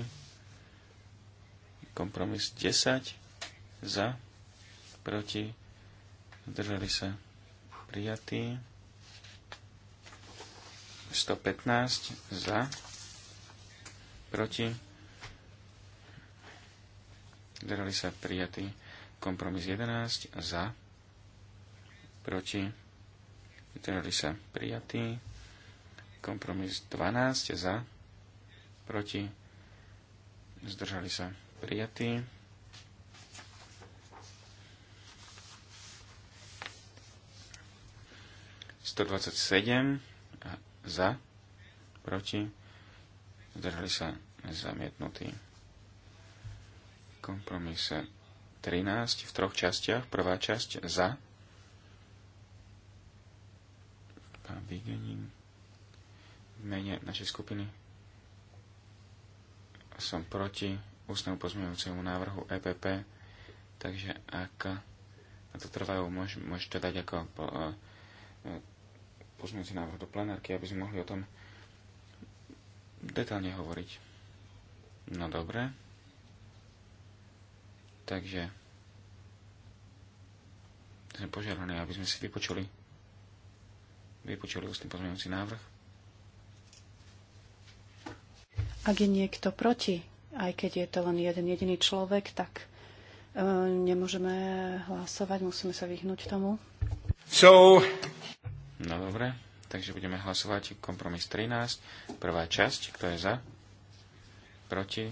Kompromis 10 za, proti, zdržali sa prijatí. 115 za, proti, zdržali sa prijatí. Kompromis 11 za. Proti. vytrhli sa prijatí. Kompromis 12 za. Proti. Zdržali sa prijatí. Sto sedem za, proti, zdržali sa zamietnutý. Kompromis 13 v troch častiach. Prvá časť za. Pán Vigenin v mene našej skupiny som proti ústnemu pozmeňujúcemu návrhu EPP, takže ak na to trvajú, môž, môžete dať ako po, e, e, pozmeňujúci návrh do plenárky, aby sme mohli o tom detálne hovoriť. No dobre. Takže sme požiadaní, aby sme si vypočuli vypočuli ústny pozmeňujúci návrh. Ak je niekto proti, aj keď je to len jeden jediný človek, tak e, nemôžeme hlasovať, musíme sa vyhnúť tomu. So... No dobre, takže budeme hlasovať kompromis 13, prvá časť, kto je za, proti,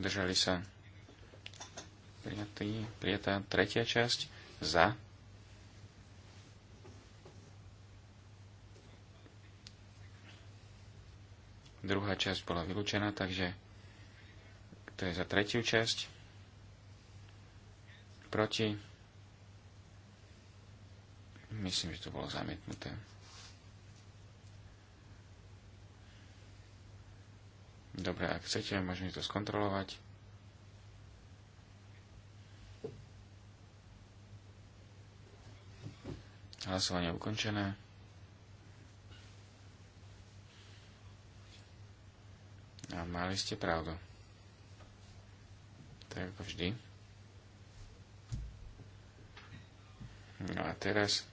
Držali sa. Prijatý, prijatá tretia časť. Za. Druhá časť bola vylúčená, takže to je za tretiu časť. Proti. Myslím, že to bolo zamietnuté. Dobre, ak chcete, môžeme to skontrolovať. Hlasovanie ukončené. A mali ste pravdu. Tak ako vždy. No a teraz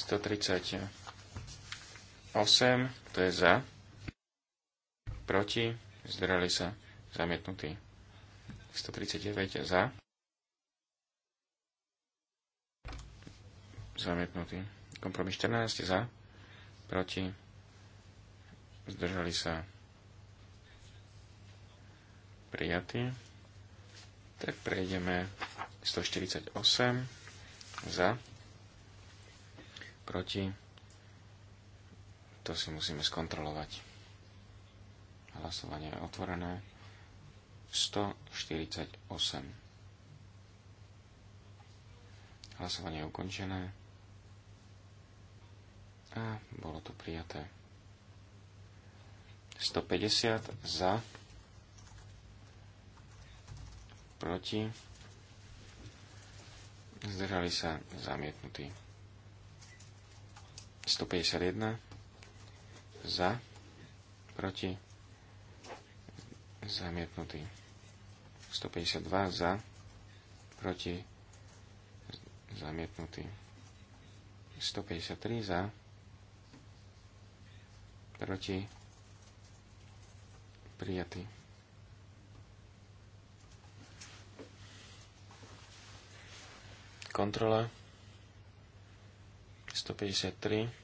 130 8, to je za, proti, zdržali sa, zamietnutý. 139 za, zamietnutý. Kompromis 14 za, proti, zdržali sa, prijatý. Tak prejdeme 148 za, proti, to si musíme skontrolovať. Hlasovanie je otvorené. 148. Hlasovanie je ukončené. A bolo to prijaté. 150 za. Proti. Zdržali sa zamietnutí. 151 za, proti, zamietnutý. 152 za, proti, zamietnutý. 153 za, proti, prijatý. Kontrola 153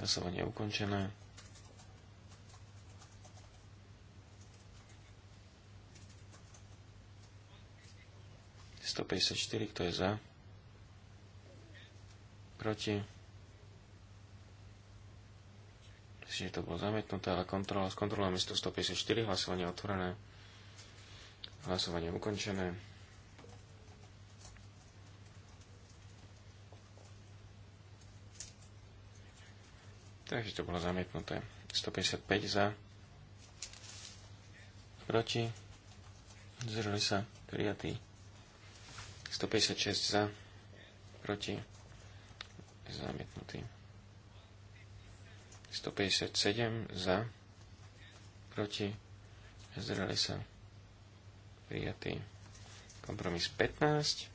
Hlasovanie ukončené. Sto kto je za? Proti? Myslím, že to bolo zametnuté, ale kontrola, skontrolujeme 154, hlasovanie otvorené, hlasovanie ukončené. Takže to bolo zamietnuté. 155 za. Proti. Zdržali sa. Prijatý. 156 za. Proti. Zamietnutý. 157 za. Proti. Zdržali sa. Prijatý. Kompromis 15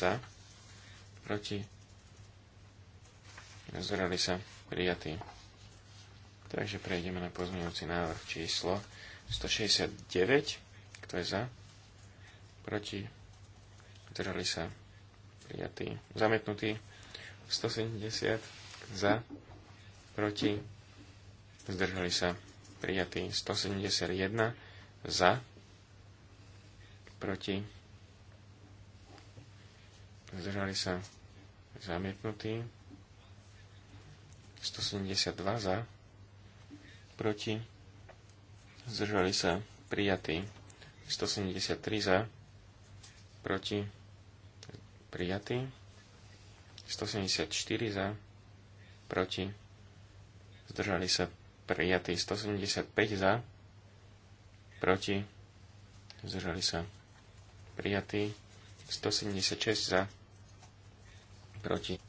za. Proti. Zdržali sa prijatý. Takže prejdeme na pozmeňujúci návrh číslo 169. Kto je za? Proti? Zdržali sa? Prijatý. Zamietnutý. 170. Za? Proti? Zdržali sa? Prijatý. 171. Za? Proti? Zdržali sa? Zamietnutý. 172 za, proti, zdržali sa prijatí 173 za, proti, prijatí 174 za, proti, zdržali sa prijatí 175 za, proti, zdržali sa prijatí 176 za, proti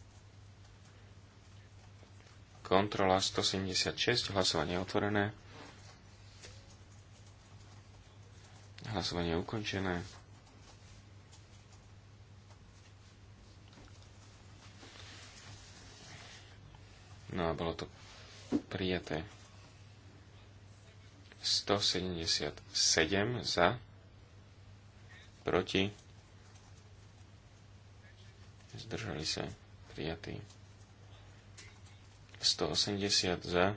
kontrola 176, hlasovanie otvorené. Hlasovanie ukončené. No a bolo to prijaté 177 za, proti, zdržali sa prijatí. 180 za,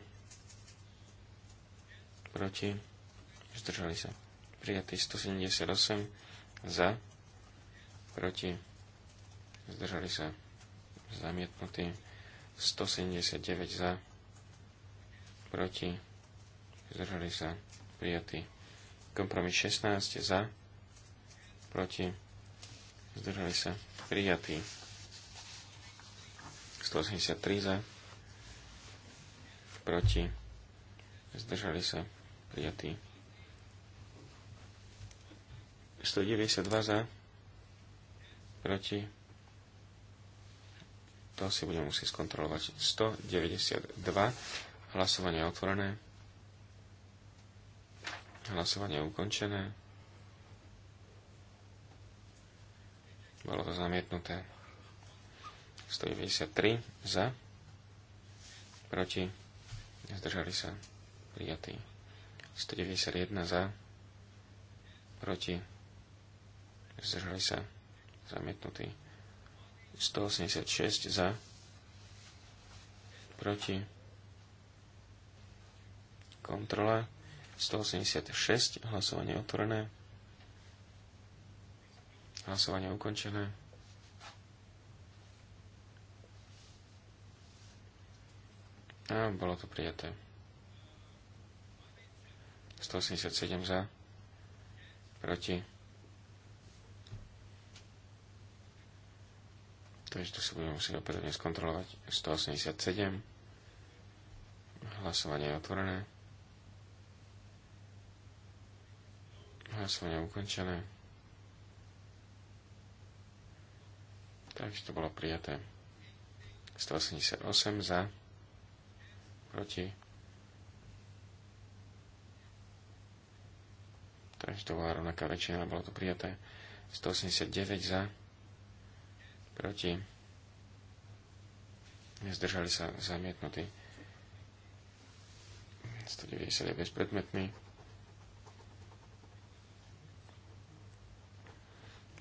proti, zdržali sa. Prijatý 178 za, proti, zdržali sa. Zamietnutý 179 za, proti, zdržali sa. Prijatý kompromis 16 za, proti, zdržali sa. Prijatý 183 za, proti, zdržali sa, prijatí. 192 za, proti, to si budeme musieť skontrolovať, 192, hlasovanie otvorené, hlasovanie ukončené, bolo to zamietnuté. 193 za, proti zdržali sa, prijatí 191 za, proti, zdržali sa, zamietnutí, 186 za, proti, kontrola, 186, hlasovanie otvorené, hlasovanie ukončené. A bolo to prijaté. 187 za. Proti. Takže to si budeme musieť opätovne skontrolovať. 187. Hlasovanie je otvorené. Hlasovanie je ukončené. Takže to bolo prijaté. 188 za proti. Takže to bola rovnaká väčšina, bolo to prijaté 189 za, proti. Nezdržali sa zamietnutí. 190 je bezpredmetný.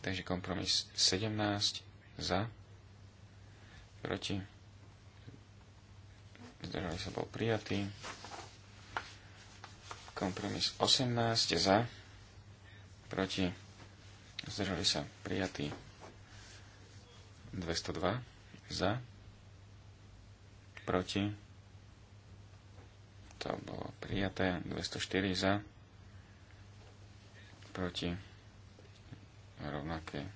Takže kompromis 17 za, proti zdržali sa bol prijatý. Kompromis 18 za, proti, zdržali sa prijatý. 202 za, proti, to bolo prijaté, 204 za, proti, rovnaké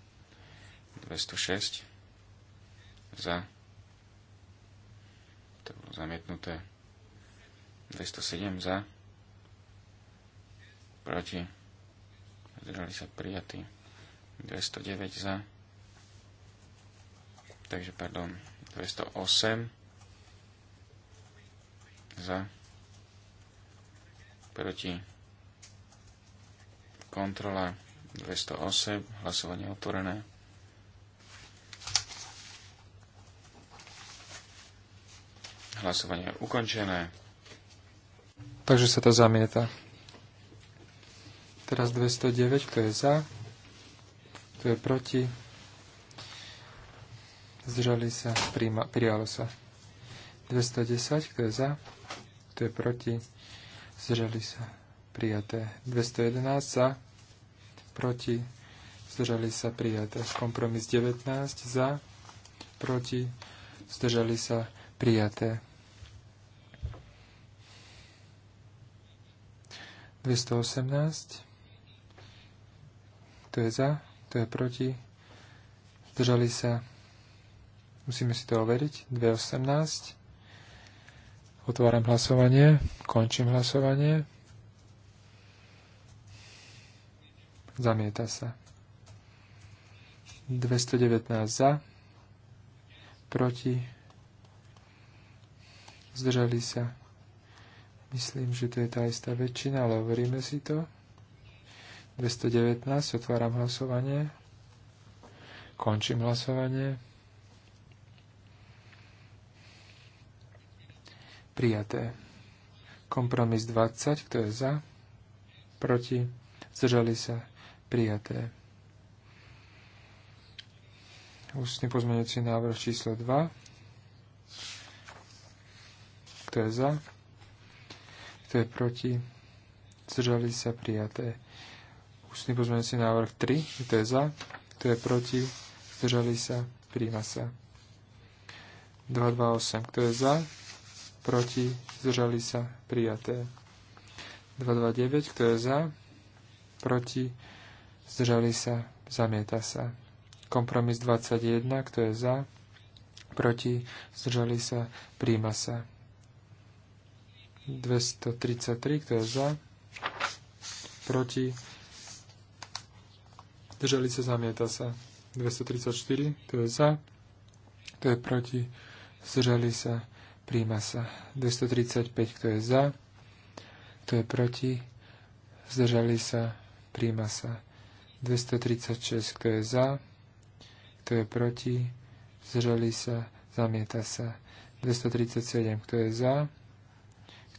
206 za, to bolo zamietnuté 207 za, proti, zdržali sa prijatí 209 za, takže pardon, 208 za, proti, kontrola 208, hlasovanie otvorené. Hlasovanie je ukončené. Takže sa to zamieta. Teraz 209, kto je za, kto je proti. Zdržali sa, príjma, prijalo sa. 210, kto je za, kto je proti. Zdržali sa, prijaté. 211 za, proti. Zdržali sa, prijaté. Kompromis 19 za, proti. Zdržali sa, prijaté. 218. To je za, to je proti. Zdržali sa. Musíme si to overiť. 218. Otváram hlasovanie. Končím hlasovanie. Zamieta sa. 219 za. Proti. Zdržali sa Myslím, že to je tá istá väčšina, ale overíme si to. 219, otváram hlasovanie. Končím hlasovanie. Prijaté. Kompromis 20, kto je za? Proti? Zdržali sa? Prijaté. Ústny pozmeňujúci návrh číslo 2. Kto je za? Kto je proti? Zdržali sa prijaté. Ústny pozmeňujúci návrh 3. Kto je za? Kto je proti? Zdržali sa. Príjma sa. 228. Kto je za? Proti? Zdržali sa. Prijaté. 229. Kto je za? Proti? Zdržali sa. Zamieta sa. Kompromis 21. Kto je za? Proti? Zdržali sa. Príjma sa. 233, kto je za, proti, drželi sa, zamieta sa. 234, kto je za, kto je proti, zdržali sa, príjma sa. 235, kto je za, kto je proti, zdržali sa, príjma sa. 236, kto je za, kto je proti, zdržali sa, zamieta sa. 237, kto je za,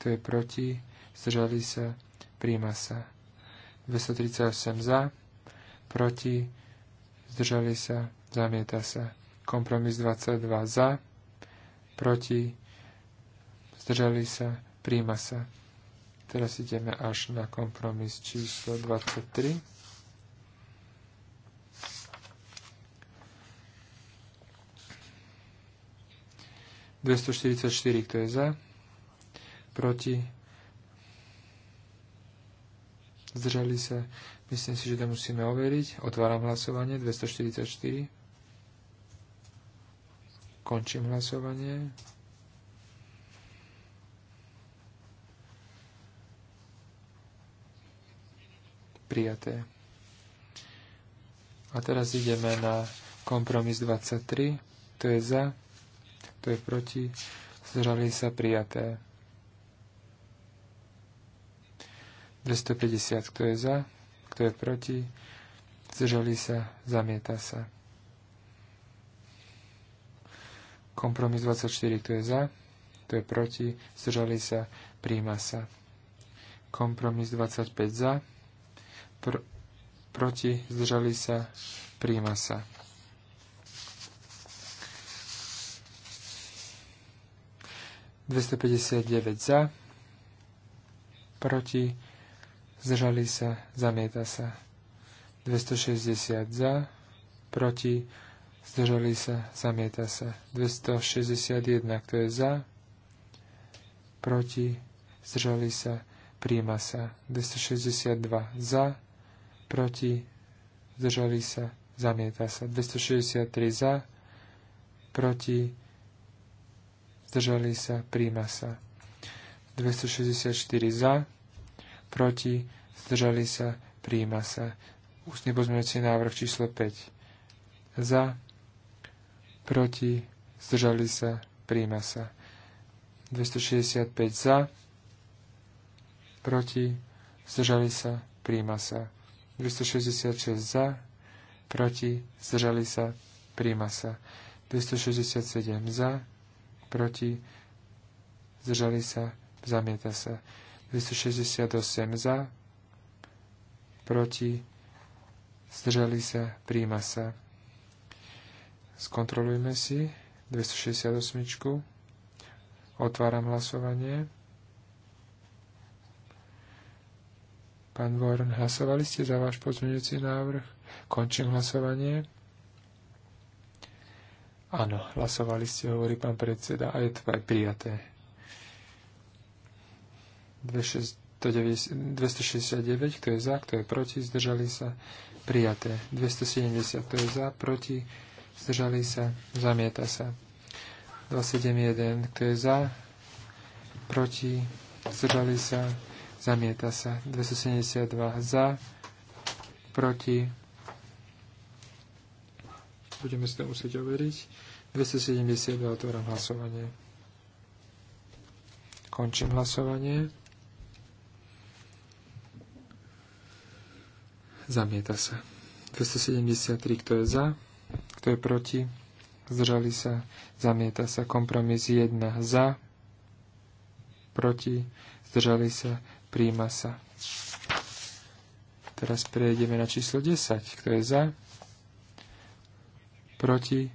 kto je proti? Zdržali sa? Príjma sa. 238 za, proti, zdržali sa, zamieta sa. Kompromis 22 za, proti, zdržali sa, príjma sa. Teraz ideme až na kompromis číslo 23. 244, kto je za? proti, zdržali sa, myslím si, že to musíme overiť. Otváram hlasovanie 244. Končím hlasovanie. Prijaté. A teraz ideme na kompromis 23. To je za, to je proti, zdržali sa prijaté. 250, kto je za, kto je proti, zdržali sa, zamieta sa. Kompromis 24, kto je za, kto je proti, zdržali sa, príjma sa. Kompromis 25 za, pr- proti, zdržali sa, príjma sa. Dvestopäťdesiatdeväť za, proti, zdržali sa, zamieta sa. 260 za, proti, zdržali sa, zamieta sa. 261, kto je za, proti, zdržali sa, príjma sa. 262 za, proti, zdržali sa, zamieta sa. 263 za, proti, zdržali sa, príjma sa. 264 za, proti, zdržali sa, príjma sa. Ústne pozmeňujúci návrh číslo 5. Za, proti, zdržali sa, príjma sa. 265 za, proti, zdržali sa, príjma sa. 266 za, proti, zdržali sa, príjma sa. 267 za, proti, zdržali sa, zamieta sa. 268 za, proti, zdržali sa, príjma sa. Skontrolujme si 268. Otváram hlasovanie. Pán Vorn, hlasovali ste za váš pozmeňujúci návrh? Končím hlasovanie. Áno, hlasovali ste, hovorí pán predseda, a je to aj prijaté. 269, kto je za, kto je proti, zdržali sa, prijaté. 270, kto je za, proti, zdržali sa, zamieta sa. 271, kto je za, proti, zdržali sa, zamieta sa. 272 za, proti, budeme si to musieť overiť. 272 otváram hlasovanie. Končím hlasovanie. Zamieta sa. 273, kto je za, kto je proti, zdržali sa, zamieta sa. Kompromis 1 za, proti, zdržali sa, príjma sa. Teraz prejdeme na číslo 10, kto je za, proti,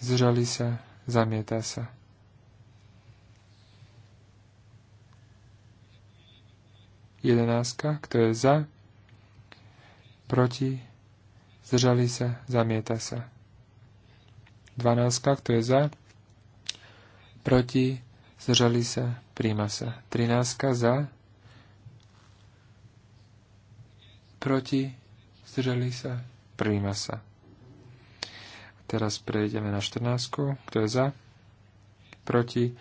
zdržali sa, zamieta sa. Jedenáctka, kto je za, proti, zdržali sa, zamieta sa. 12, kto je za, proti, zdržali sa, príjma sa. 13 za, proti, zdržali sa, príjma sa. A teraz prejdeme na 14, kto je za, proti,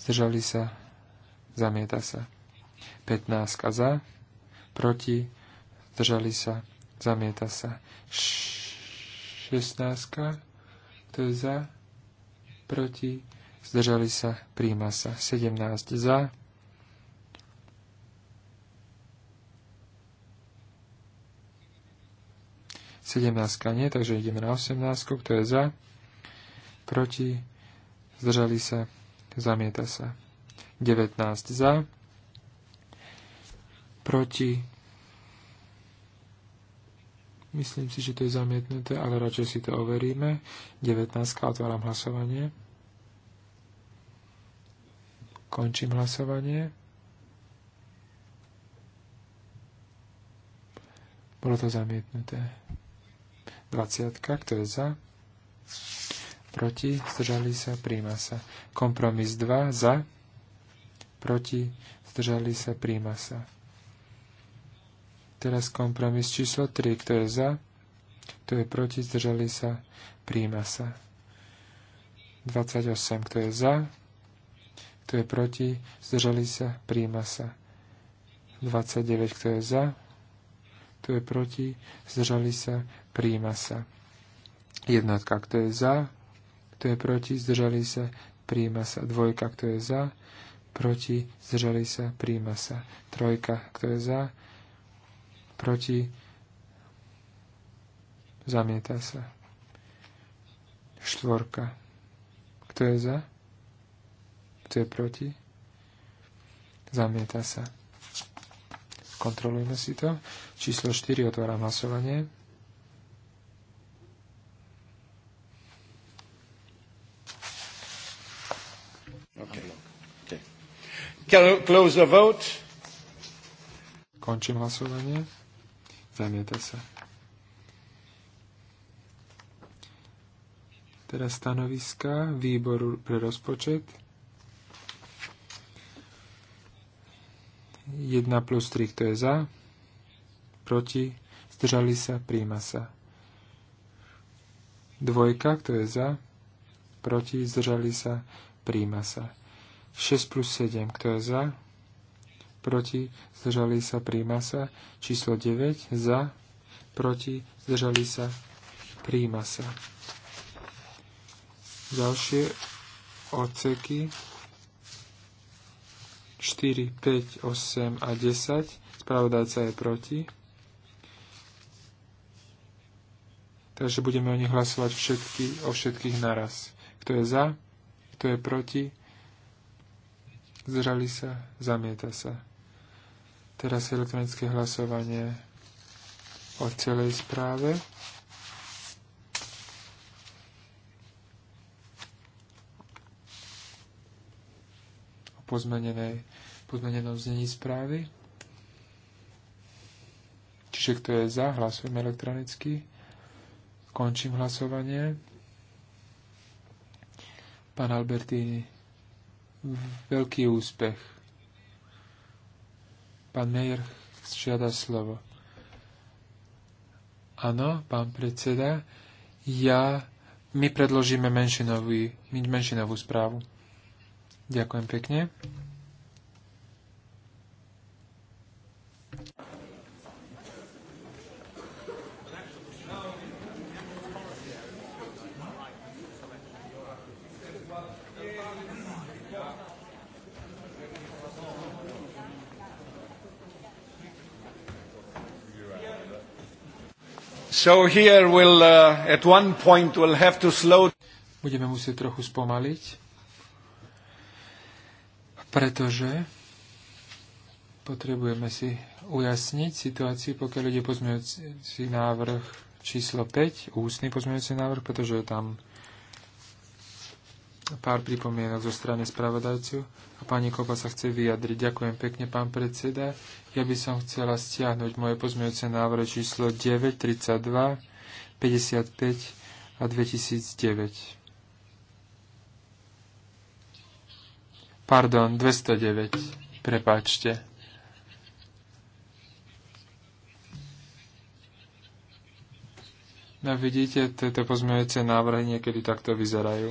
zdržali sa, zamieta sa. 15 za, proti, Držali sa, zamieta sa. 16, to je za, proti, zdržali sa, príjma sa. 17 za, Sedemnáctka nie, takže ideme na osemnáctku, kto je za, proti, zdržali sa, zamieta sa. 19 za, proti, Myslím si, že to je zamietnuté, ale radšej si to overíme. 19. Otváram hlasovanie. Končím hlasovanie. Bolo to zamietnuté. 20. Kto je za? Proti. Zdržali sa. Príjma sa. Kompromis 2. Za. Proti. Zdržali sa. Príjma sa. Teraz kompromis číslo 3, kto je za, kto je proti, zdržali sa, príjma sa. 28, kto je za, kto je proti, zdržali sa, príjma sa. 29, kto je za, kto je proti, zdržali sa, príjma sa. Jednotka, kto je za, kto je proti, zdržali sa, príjma sa. Dvojka, kto je za, proti, zdržali sa, príjma sa. Trojka, kto je za, proti, zamieta sa. Štvorka. Kto je za? Kto je proti? Zamieta sa. Kontrolujme si to. Číslo 4 otváram hlasovanie. Okay. Okay. Close the vote. Končím hlasovanie. Zamieta sa. Teraz stanoviska výboru pre rozpočet. 1 plus 3, kto je za, proti, zdržali sa, príjma sa. Dvojka, kto je za, proti, zdržali sa, príjma sa. 6 plus 7, kto je za, proti, zdržali sa, príjma sa. Číslo 9, za, proti, zdržali sa, príjma sa. Ďalšie odseky 4, 5, 8 a 10. Spravodajca je proti. Takže budeme o nich hlasovať všetky, o všetkých naraz. Kto je za, kto je proti, zdržali sa, zamieta sa. Teraz elektronické hlasovanie o celej správe. O pozmenenej, pozmenenom znení správy. Čiže kto je za, hlasujem elektronicky. Končím hlasovanie. Pán Albertini, veľký úspech. Pán Mejer žiada slovo. Áno, pán predseda, ja, my predložíme menšinovú, menšinovú správu. Ďakujem pekne. So here we'll, uh, at one point we'll have to slow... Budeme musieť trochu spomaliť, pretože potrebujeme si ujasniť situáciu, pokiaľ ide pozmeňujúci návrh číslo 5, ústny pozmeňujúci návrh, pretože je tam pár pripomienok zo strany spravodajcu a pani Kopa sa chce vyjadriť. Ďakujem pekne, pán predseda. Ja by som chcela stiahnuť moje pozmeňujúce návrhy číslo 9, 32, 55 a 2009. Pardon, 209. Prepáčte. No vidíte, tieto pozmeňujúce návrhy niekedy takto vyzerajú.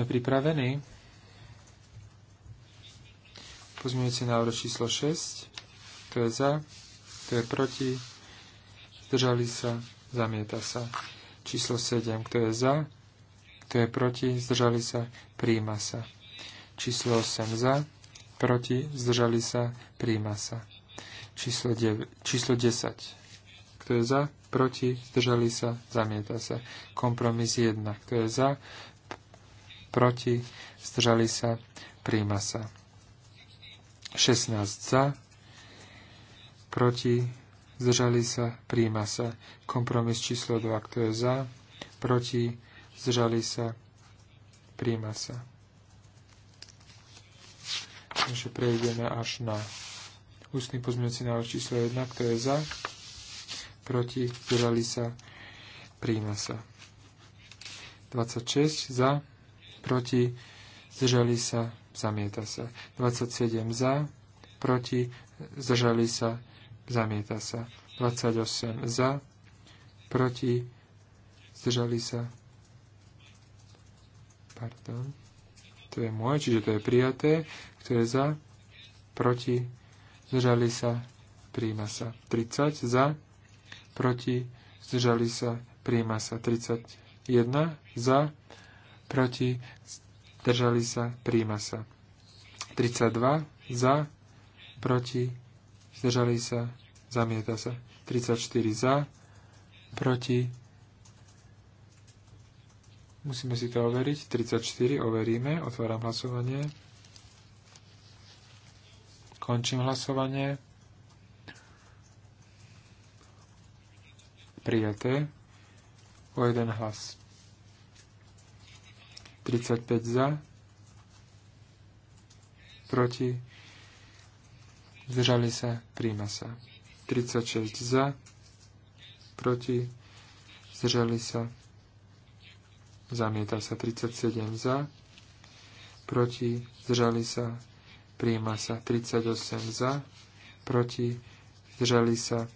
Sme pripravení? Pozmienujúci návrh číslo 6. To je za, to je proti, zdržali sa, zamieta sa. Číslo 7. Kto je za, kto je proti, zdržali sa, príjma sa. Číslo 8 za, proti, zdržali sa, príjma sa. Číslo, 9, číslo 10. Kto je za, proti, zdržali sa, zamieta sa. Kompromis 1. Kto je za, proti, zdržali sa, príjma sa. 16 za, proti, zdržali sa, príjma sa. Kompromis číslo 2, kto je za, proti, zdržali sa, príjma sa. Takže prejdeme až na ústny pozmeňujúci návrh číslo 1, kto je za, proti, zdržali sa, príjma sa. 26 za, proti, zdržali sa, zamieta sa. 27 za, proti, zdržali sa, zamieta sa. 28 za, proti, zdržali sa, pardon, to je môj, čiže to je prijaté, ktoré za, proti, zdržali sa, príjma sa. 30 za, proti, zdržali sa, príjma sa. 31 za, proti, zdržali sa, príjma sa. 32 za, proti, zdržali sa, zamieta sa. 34 za, proti, musíme si to overiť, 34 overíme, otváram hlasovanie, končím hlasovanie, prijaté, o jeden hlas. 35 za, proti, zdržali sa, príjma sa. 36 za, proti, zdržali sa, zamieta sa. 37 za, proti, zdržali sa, príjma sa. 38 za, proti, zdržali sa,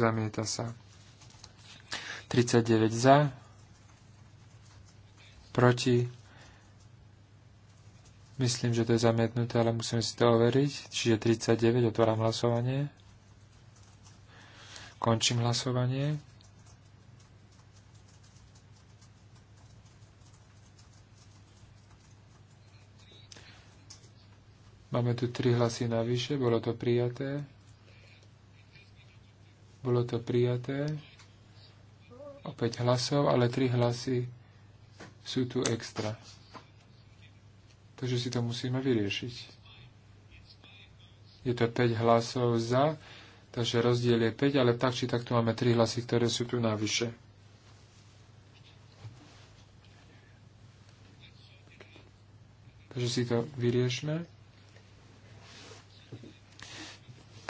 zamieta sa. 39 za, proti, Myslím, že to je zamietnuté, ale musíme si to overiť. Čiže 39, otváram hlasovanie. Končím hlasovanie. Máme tu tri hlasy navyše, bolo to prijaté. Bolo to prijaté. Opäť hlasov, ale tri hlasy sú tu extra. Takže si to musíme vyriešiť. Je to 5 hlasov za, takže rozdiel je 5, ale tak či tak tu máme 3 hlasy, ktoré sú tu navyše. Takže si to vyriešme.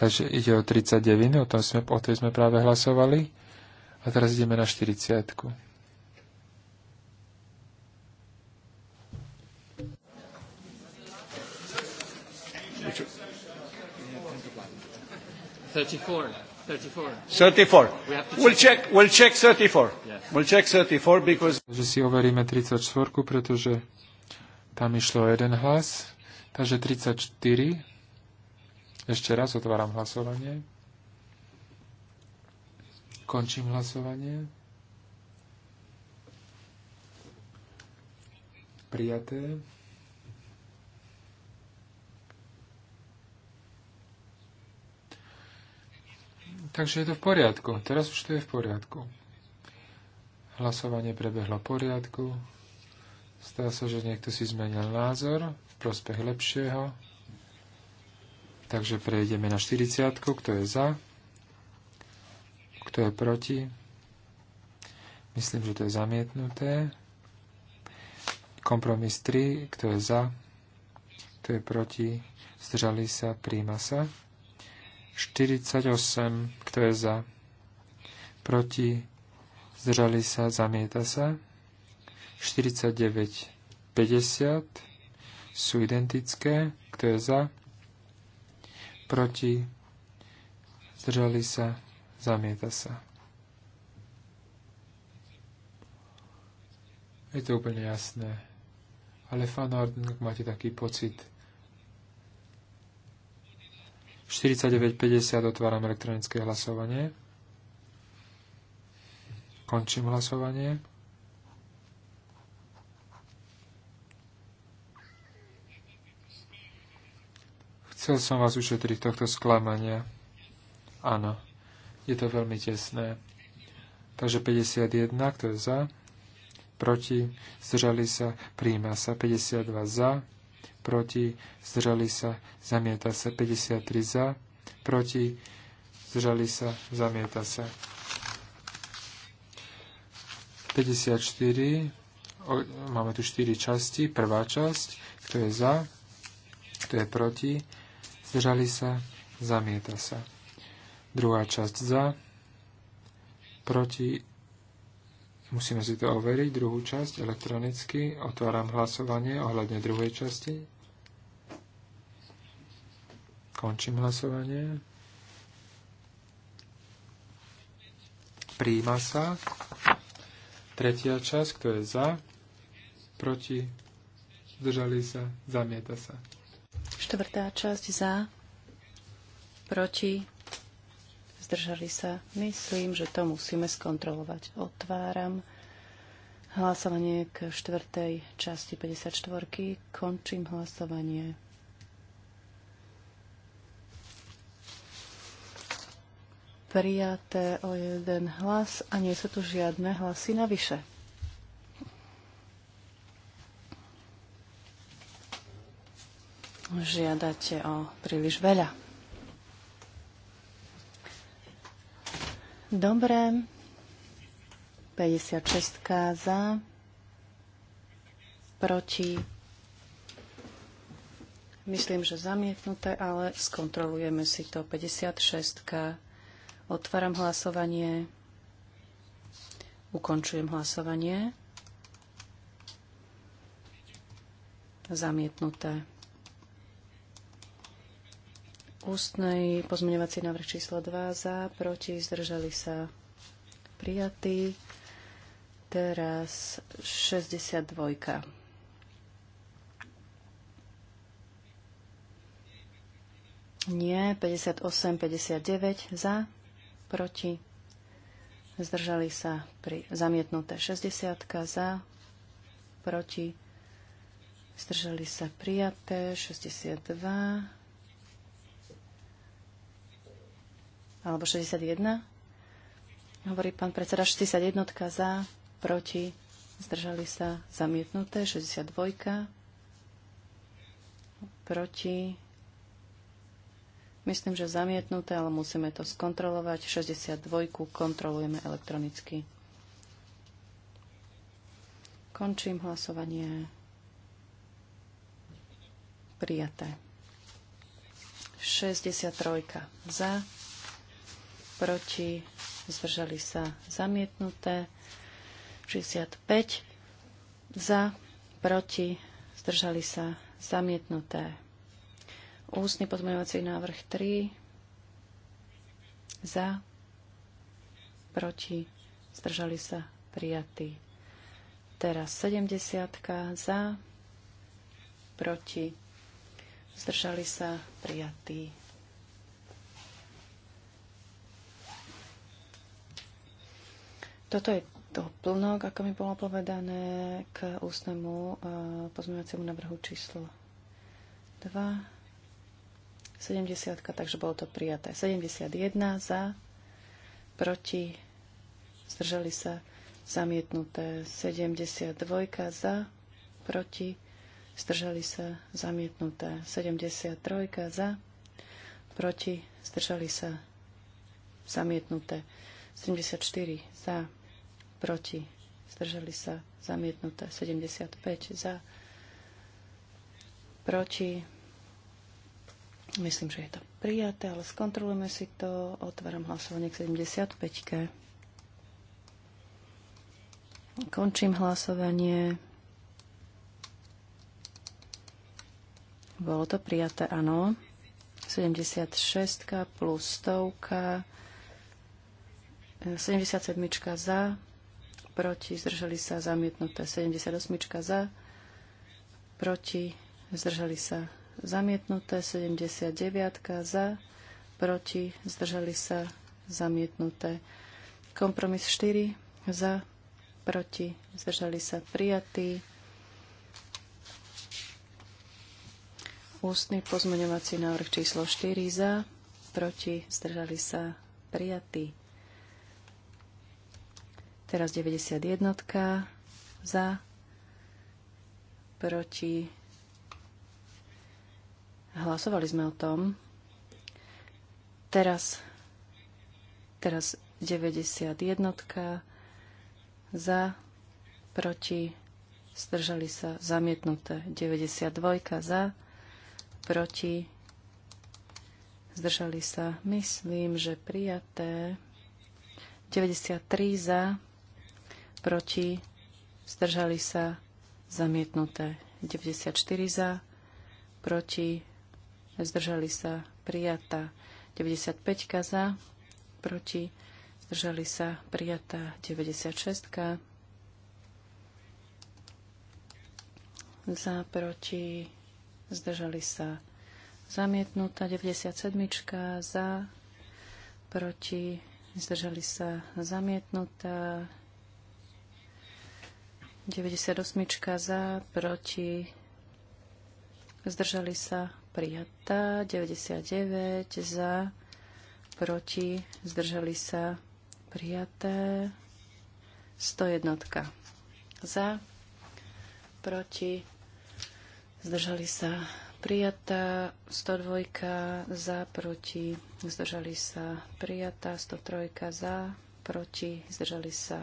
Takže ide o 39, o, tom sme, o tej sme práve hlasovali. A teraz ideme na 40. 34. 34. we'll check, we'll check 34. We'll check 34 because... si overíme 34, pretože tam išlo jeden hlas. Takže 34. Ešte raz otváram hlasovanie. Končím hlasovanie. Prijaté. Takže je to v poriadku. Teraz už to je v poriadku. Hlasovanie prebehlo v poriadku. Stá sa, že niekto si zmenil názor v prospech lepšieho. Takže prejdeme na 40. Kto je za? Kto je proti? Myslím, že to je zamietnuté. Kompromis 3. Kto je za? Kto je proti? Zdržali sa? Príjma sa. 48, kto je za, proti, zdržali sa, zamieta sa. 49, 50 sú identické, kto je za, proti, zdržali sa, zamieta sa. Je to úplne jasné. Ale fanart, ak máte taký pocit, 49.50 otváram elektronické hlasovanie. Končím hlasovanie. Chcel som vás ušetriť tohto sklamania. Áno, je to veľmi tesné. Takže 51, kto je za? Proti? Zdržali sa? Príjma sa. 52 za? proti, zdržali sa, zamieta sa. 53 za, proti, zdržali sa, zamieta sa. 54, o, máme tu 4 časti, prvá časť, kto je za, kto je proti, zdržali sa, zamieta sa. Druhá časť za, proti, musíme si to overiť, druhú časť elektronicky, otváram hlasovanie ohľadne druhej časti. Končím hlasovanie. Príjima sa. Tretia časť, kto je za, proti, zdržali sa, zamieta sa. Štvrtá časť za, proti, zdržali sa. Myslím, že to musíme skontrolovať. Otváram hlasovanie k štvrtej časti 54. Končím hlasovanie. prijaté o jeden hlas a nie sú tu žiadne hlasy navyše. Žiadate o príliš veľa. Dobre. 56 za. Proti. Myslím, že zamietnuté, ale skontrolujeme si to. 56. Otváram hlasovanie. Ukončujem hlasovanie. Zamietnuté. Ústnej pozmeňovací návrh číslo 2 za, proti, zdržali sa prijatí. Teraz 62. Nie, 58, 59 za, proti, zdržali sa pri zamietnuté 60 za, proti, zdržali sa prijaté 62 alebo 61. Hovorí pán predseda 61 za, proti, zdržali sa zamietnuté 62 proti, Myslím, že zamietnuté, ale musíme to skontrolovať. 62 kontrolujeme elektronicky. Končím hlasovanie. Prijaté. 63 za, proti, zdržali sa zamietnuté. 65 za, proti, zdržali sa zamietnuté. Ústny pozmeňovací návrh 3. Za. Proti. Zdržali sa. Prijatý. Teraz 70. Za. Proti. Zdržali sa. Prijatý. Toto je doplnok, ako mi bolo povedané, k ústnemu e, pozmeňovaciemu návrhu číslo 2. 70, takže bolo to prijaté. 71 za, proti, zdržali sa zamietnuté. 72 za, proti, zdržali sa zamietnuté. 73 za, proti, zdržali sa zamietnuté. 74 za, proti, zdržali sa zamietnuté. 75 za, proti, Myslím, že je to prijaté, ale skontrolujeme si to. Otváram hlasovanie k 75 Končím hlasovanie. Bolo to prijaté, áno. 76 plus 100. 77 za, proti, zdržali sa zamietnuté. 78 za, proti, zdržali sa zamietnuté, 79 za, proti, zdržali sa, zamietnuté. Kompromis 4 za, proti, zdržali sa, prijatý. Ústny pozmeňovací návrh číslo 4 za, proti, zdržali sa, prijatý. Teraz 91 za, proti, Hlasovali sme o tom. Teraz, teraz 91 za, proti, zdržali sa, zamietnuté. 92 za, proti, zdržali sa, myslím, že prijaté. 93 za, proti, zdržali sa, zamietnuté. 94 za, proti, zdržali sa prijatá 95 za, proti zdržali sa prijatá 96 za, proti zdržali sa zamietnutá 97 za, proti zdržali sa zamietnutá 98 za, proti zdržali sa prijatá. 99 za, proti, zdržali sa, prijaté. 101 za, proti, zdržali sa, prijatá. 102 za, proti, zdržali sa, prijatá. 103 za, proti, zdržali sa,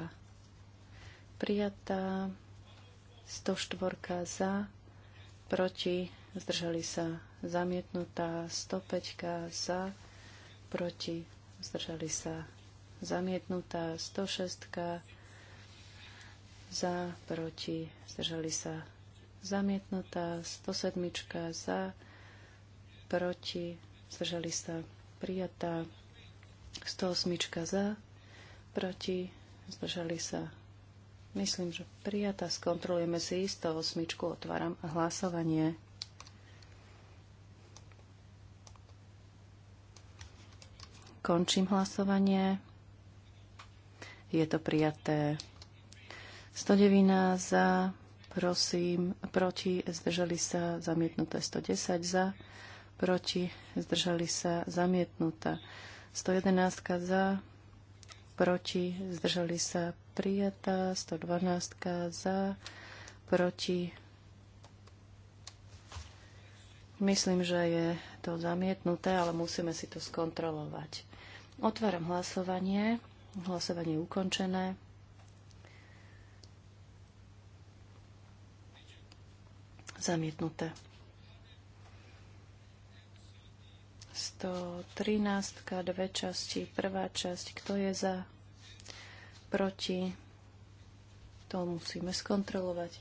prijatá. 104 za, proti, zdržali sa zamietnutá, 105 za, proti, zdržali sa zamietnutá, 106 za, proti, zdržali sa zamietnutá, 107 za, proti, zdržali sa prijatá, 108 za, proti, zdržali sa Myslím, že prijatá, Skontrolujeme si osmičku. Otváram hlasovanie. Končím hlasovanie. Je to prijaté. 119 za, prosím, proti, zdržali sa, zamietnuté 110 za, proti, zdržali sa, zamietnuté 111 za, proti, zdržali sa, prijatá 112 za, proti. Myslím, že je to zamietnuté, ale musíme si to skontrolovať. Otváram hlasovanie. Hlasovanie je ukončené. Zamietnuté. 113, dve časti, prvá časť, kto je za, proti, to musíme skontrolovať.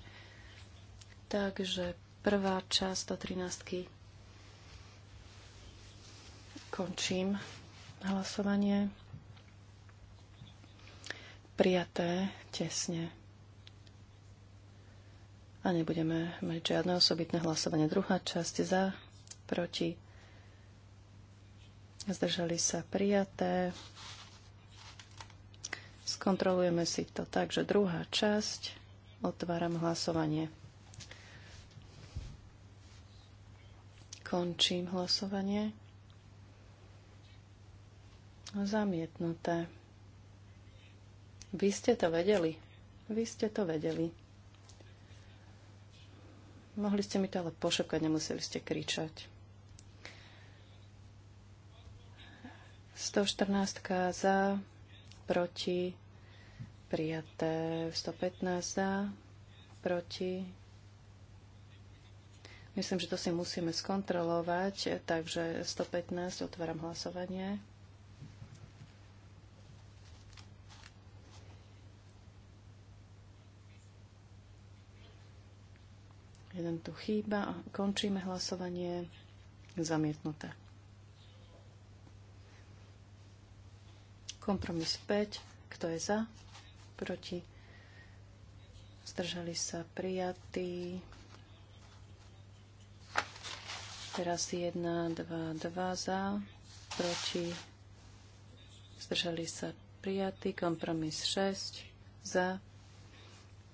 Takže prvá časť 113 končím hlasovanie. Prijaté tesne. A nebudeme mať žiadne osobitné hlasovanie. Druhá časť za, proti. Zdržali sa prijaté. Skontrolujeme si to tak, že druhá časť. Otváram hlasovanie. Končím hlasovanie. Zamietnuté. Vy ste to vedeli. Vy ste to vedeli. Mohli ste mi to ale pošepkať, nemuseli ste kričať. 114 za, proti, prijaté. 115 za, proti. Myslím, že to si musíme skontrolovať, takže 115 otváram hlasovanie. tu chýba. Končíme hlasovanie. Zamietnuté. Kompromis 5. Kto je za? Proti? Zdržali sa prijatí. Teraz 1, 2, 2 za, proti, zdržali sa prijatí, kompromis 6 za,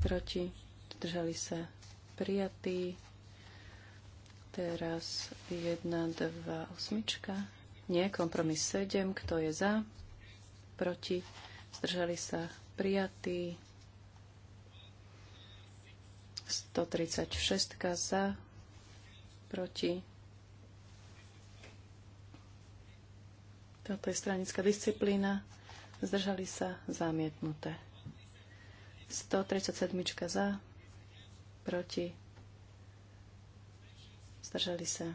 proti, zdržali sa prijatý. Teraz 1, 2, 8. Nie, kompromis 7. Kto je za? Proti? Zdržali sa prijatý. 136 za? Proti? Toto je stranická disciplína. Zdržali sa zamietnuté. 137 za, proti, zdržali sa.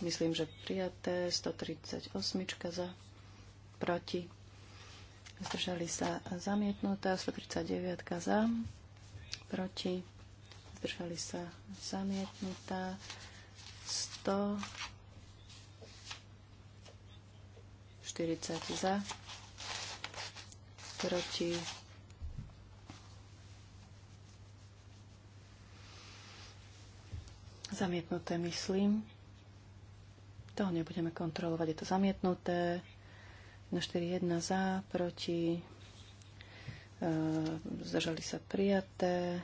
Myslím, že prijaté 138 za, proti, zdržali sa zamietnutá 139 za, proti, zdržali sa zamietnutá 100 40 za, proti Zamietnuté, myslím. To nebudeme kontrolovať, je to zamietnuté. 1,41 za, proti. E, zdržali sa prijaté.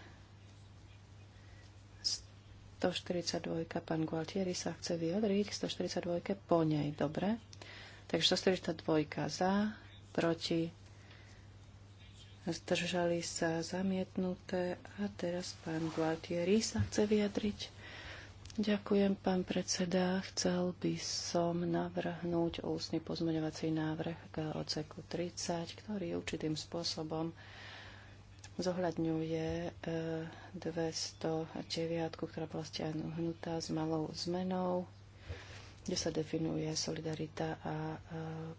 142, pán Gualtieri sa chce vyjadriť, 142 po nej, dobre. Takže 142 za, proti, zdržali sa zamietnuté a teraz pán Gualtieri sa chce vyjadriť. Ďakujem, pán predseda. Chcel by som navrhnúť ústny pozmeňovací návrh k odseku 30, ktorý určitým spôsobom zohľadňuje 209, eh, ktorá bola stiahnutá s malou zmenou kde sa definuje solidarita a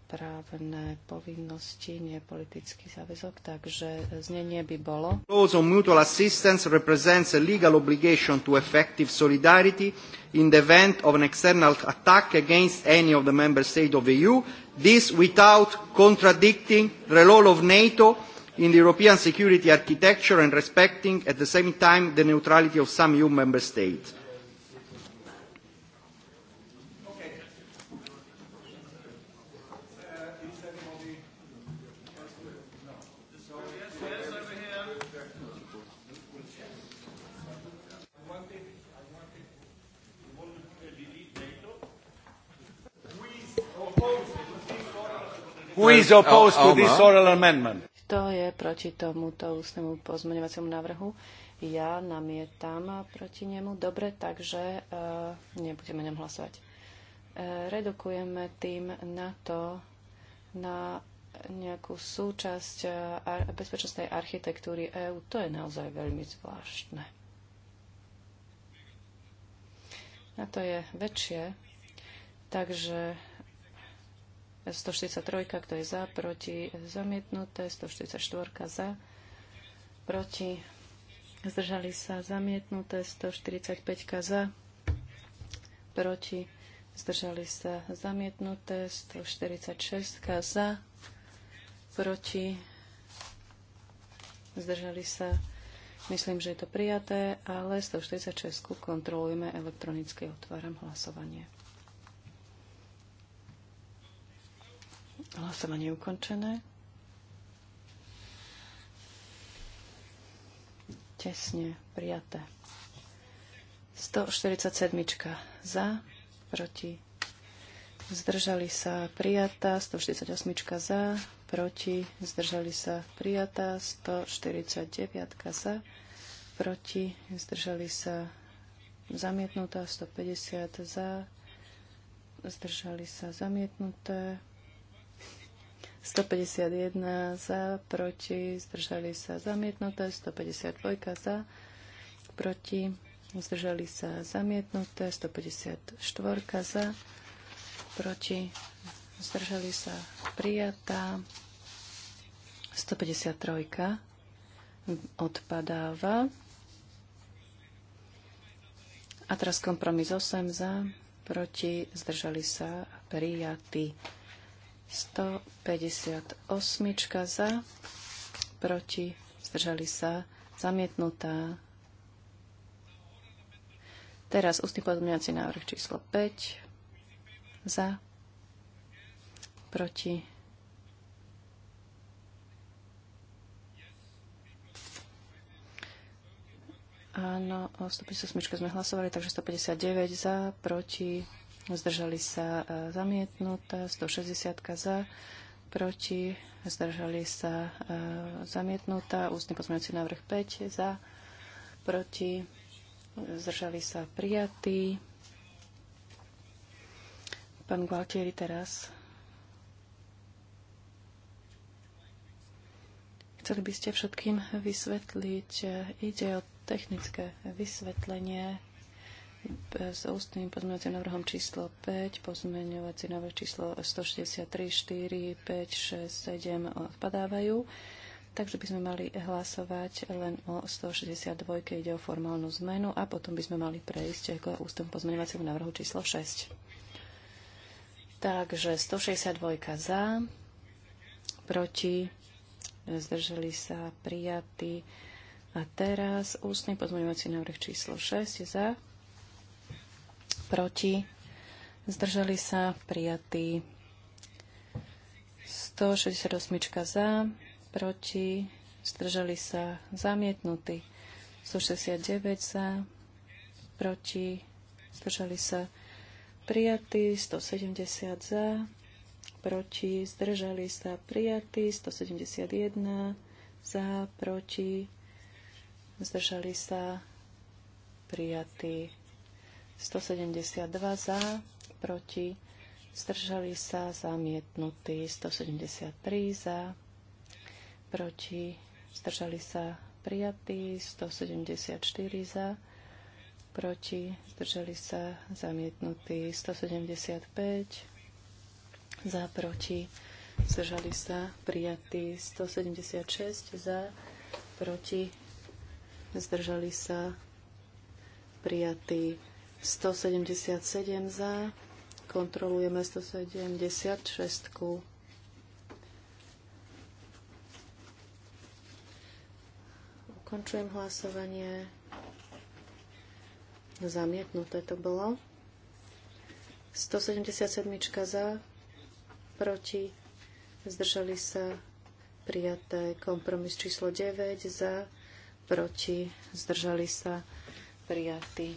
právne povinnosti, nie politický záväzok. Takže znenie by bolo. Clause on mutual assistance represents a legal obligation to effective solidarity in the event of an external attack against any of the member states of the EU, this without contradicting the role of NATO in the European security architecture and respecting at the same time the neutrality of some EU member states. Who is opposed to this oral amendment? Kto je proti tomuto ústnemu pozmeňovaciemu návrhu? Ja namietam proti nemu. Dobre, takže uh, nebudeme ňom hlasovať. Uh, redukujeme tým na to, na nejakú súčasť eh, bezpečnostnej architektúry EÚ. To je naozaj veľmi zvláštne. Na to je väčšie, takže 143, kto je za, proti, zamietnuté. 144 za, proti, zdržali sa, zamietnuté. 145 za, proti, zdržali sa, zamietnuté. 146 za, proti, zdržali sa. Myslím, že je to prijaté, ale 146 kontrolujeme elektronicky, otváram hlasovanie. Hlasovanie ukončené. Tesne prijaté. 147 za, proti, zdržali sa prijatá, 148 za, proti, zdržali sa prijatá, 149 za, proti, zdržali sa zamietnutá, 150 za, zdržali sa zamietnuté, 151 za, proti, zdržali sa zamietnuté, 152 za, proti, zdržali sa zamietnuté, 154 za, proti, zdržali sa prijatá, 153 odpadáva. A teraz kompromis 8 za, proti, zdržali sa prijatí. 158 za, proti, zdržali sa, zamietnutá. Teraz ústny pozmeňovací návrh číslo 5 za, proti, Áno, o 158 sme hlasovali, takže 159 za, proti, zdržali sa e, zamietnuté, 160 za, proti, zdržali sa e, zamietnutá, ústny pozmeňujúci návrh 5 za, proti, zdržali sa prijatí. Pán Gualtieri teraz. Chceli by ste všetkým vysvetliť, e, ide o technické vysvetlenie s ústnym pozmeňovacím návrhom číslo 5, pozmeňovací návrh číslo 163, 4, 5, 6, 7 odpadávajú. Takže by sme mali hlasovať len o 162, keď ide o formálnu zmenu a potom by sme mali prejsť k ústnom pozmeňovacím návrhu číslo 6. Takže 162 za, proti, zdržali sa prijatí. A teraz ústny pozmeňovací návrh číslo 6 za, proti, zdržali sa, prijatí, 168 za, proti, zdržali sa, zamietnutí 169 za, proti, zdržali sa, prijatí, 170 za, proti, zdržali sa, prijatí 171 za, proti, zdržali sa, prijatí. 172 za, proti, zdržali sa, zamietnutí. 173 za, proti, zdržali sa, prijatí. 174 za, proti, zdržali sa, zamietnutí. 175 za, proti, zdržali sa, prijatí. 176 za, proti, zdržali sa, prijatí. 177 za. Kontrolujeme 176. Ukončujem hlasovanie. Zamietnuté to bolo. 177 za, proti, zdržali sa prijaté. Kompromis číslo 9 za, proti, zdržali sa prijatí.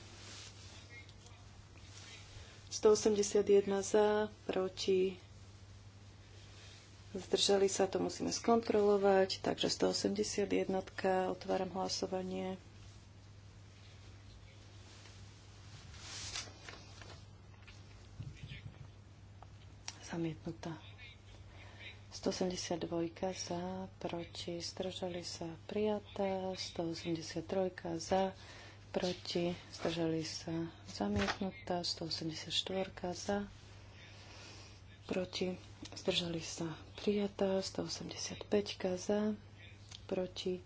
181 za, proti. Zdržali sa, to musíme skontrolovať. Takže 181, otváram hlasovanie. Zamietnutá. 182 za, proti, zdržali sa, prijatá. 183 za, proti, zdržali sa zamietnutá, 184 za, proti, zdržali sa prijatá, 185 za, proti,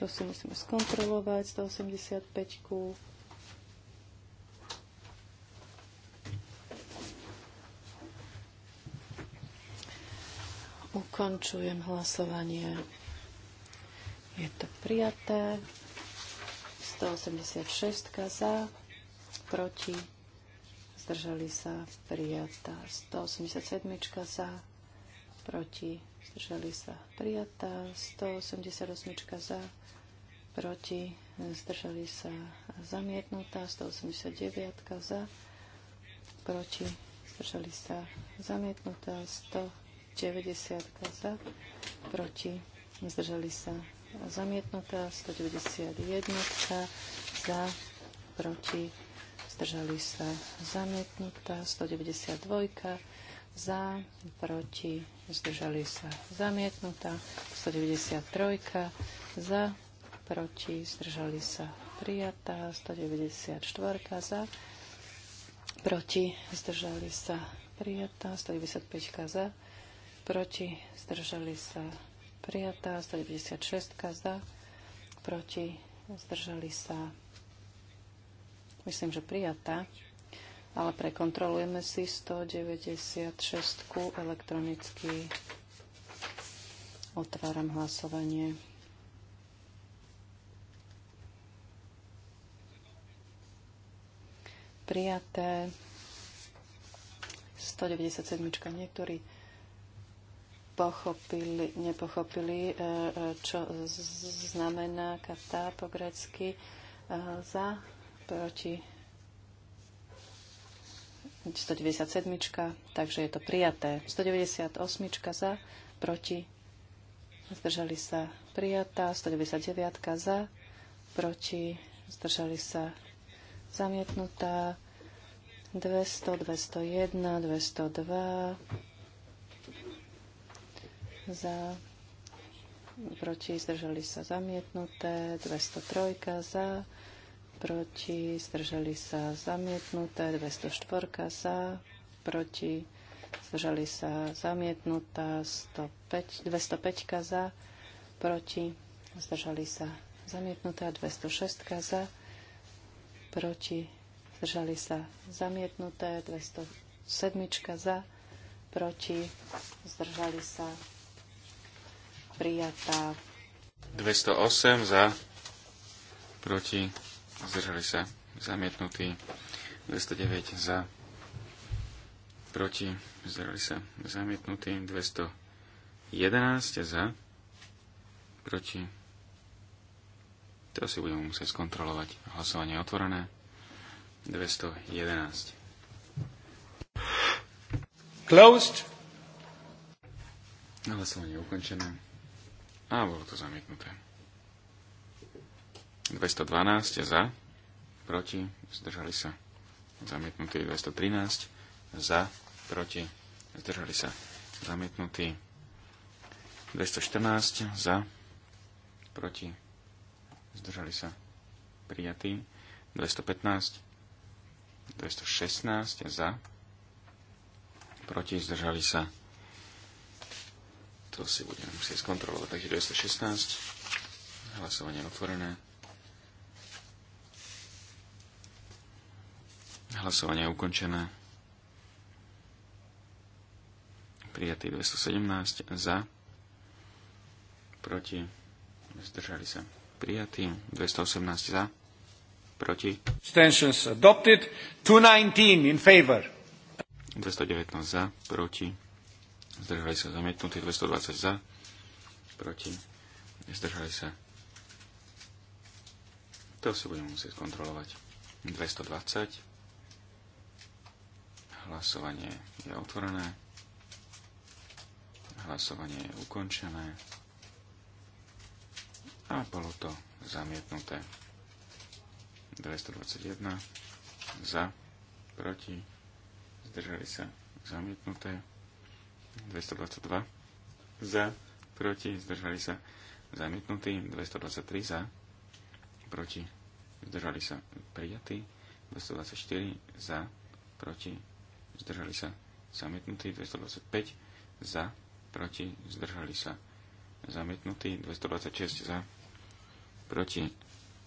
to si musíme skontrolovať, 185 -ku. Ukončujem hlasovanie. Je to prijaté. 186 za, proti, zdržali sa, prijatá. 187 za, proti, zdržali sa, prijatá. 188 za, proti, zdržali sa, zamietnutá. 189 za, proti, zdržali sa, zamietnutá. 190 za, proti, zdržali sa, zamietnutá, 191 za, proti, zdržali sa zamietnutá, 192 za, proti, zdržali sa zamietnutá, 193 za, proti, zdržali sa prijatá, 194 za, proti, zdržali sa prijatá, 195 za, proti, zdržali sa prijatá, 196 za, proti, zdržali sa, myslím, že prijatá, ale prekontrolujeme si 196 elektronicky. Otváram hlasovanie. Prijaté. 197. Niektorí pochopili, nepochopili, e, e, čo znamená katá po grecky e, za, proti 197, takže je to prijaté. 198 za, proti, zdržali sa prijatá, 199 za, proti, zdržali sa zamietnutá, 200, 201, 202, za, proti, zdržali sa zamietnuté, 203 za, proti, zdržali sa zamietnuté, 204 za, proti, zdržali sa zamietnutá, 105, 205 za, proti, zdržali sa zamietnutá, 206 za, proti, zdržali sa zamietnuté, 207 za, proti, zdržali sa prijatá. 208 za, proti, zdržali sa, zamietnutí. 209 za, proti, zdržali sa, zamietnutí. 211 za, proti. To si budeme musieť skontrolovať. Hlasovanie je otvorené. 211. Closed. Hlasovanie je ukončené. A bolo to zamietnuté. 212 za, proti, zdržali sa. Zamietnutý 213 za, proti, zdržali sa. Zamietnutý 214 za, proti, zdržali sa. Prijatý 215, 216 za, proti, zdržali sa to si budeme musieť skontrolovať. Takže 216. Hlasovanie otvorené. Hlasovanie ukončené. Prijatý 217 za. Proti. Zdržali sa. Prijatý 218 za. Proti. Abstentions adopted. 219 in favor. 219 za. Proti zdržali sa zamietnutí, 220 za, proti, zdržali sa. To si budeme musieť kontrolovať. 220. Hlasovanie je otvorené. Hlasovanie je ukončené. A bolo to zamietnuté. 221 za, proti, zdržali sa zamietnuté. 222 za, proti, zdržali sa zamietnutí, 223 za, proti, zdržali sa prijatí, 224 za, proti, zdržali sa zamietnutí, 225 za, proti, zdržali sa zamietnutí, 226 za, proti,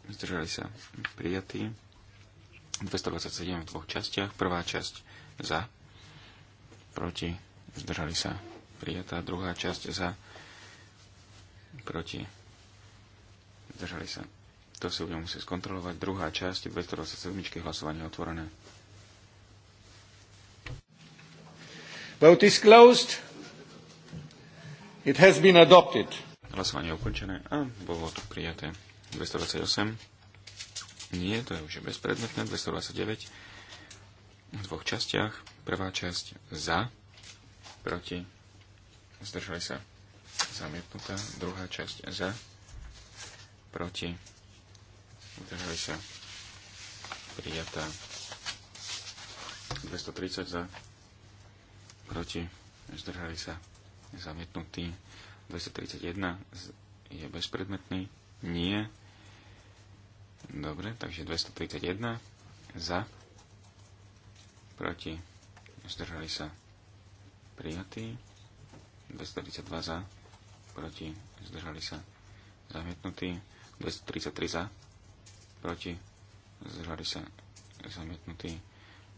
zdržali sa prijatí, 227 v dvoch častiach, prvá časť za, proti, zdržali sa prijatá, druhá časť za, proti, zdržali sa. To si budeme musieť skontrolovať. Druhá časť 227. hlasovanie otvorené. Vote is closed. It has been adopted. Hlasovanie je ukončené a bolo to prijaté. 228. Nie, to je už bezpredmetné. 229. V dvoch častiach. Prvá časť za proti, zdržali sa zamietnutá, druhá časť za, proti, zdržali sa prijatá, 230 za, proti, zdržali sa zamietnutý, 231 je bezpredmetný, nie, dobre, takže 231 za, proti, zdržali sa prijatý, 232 za, proti, zdržali sa zamietnutí, 233 za, proti, zdržali sa zamietnutí,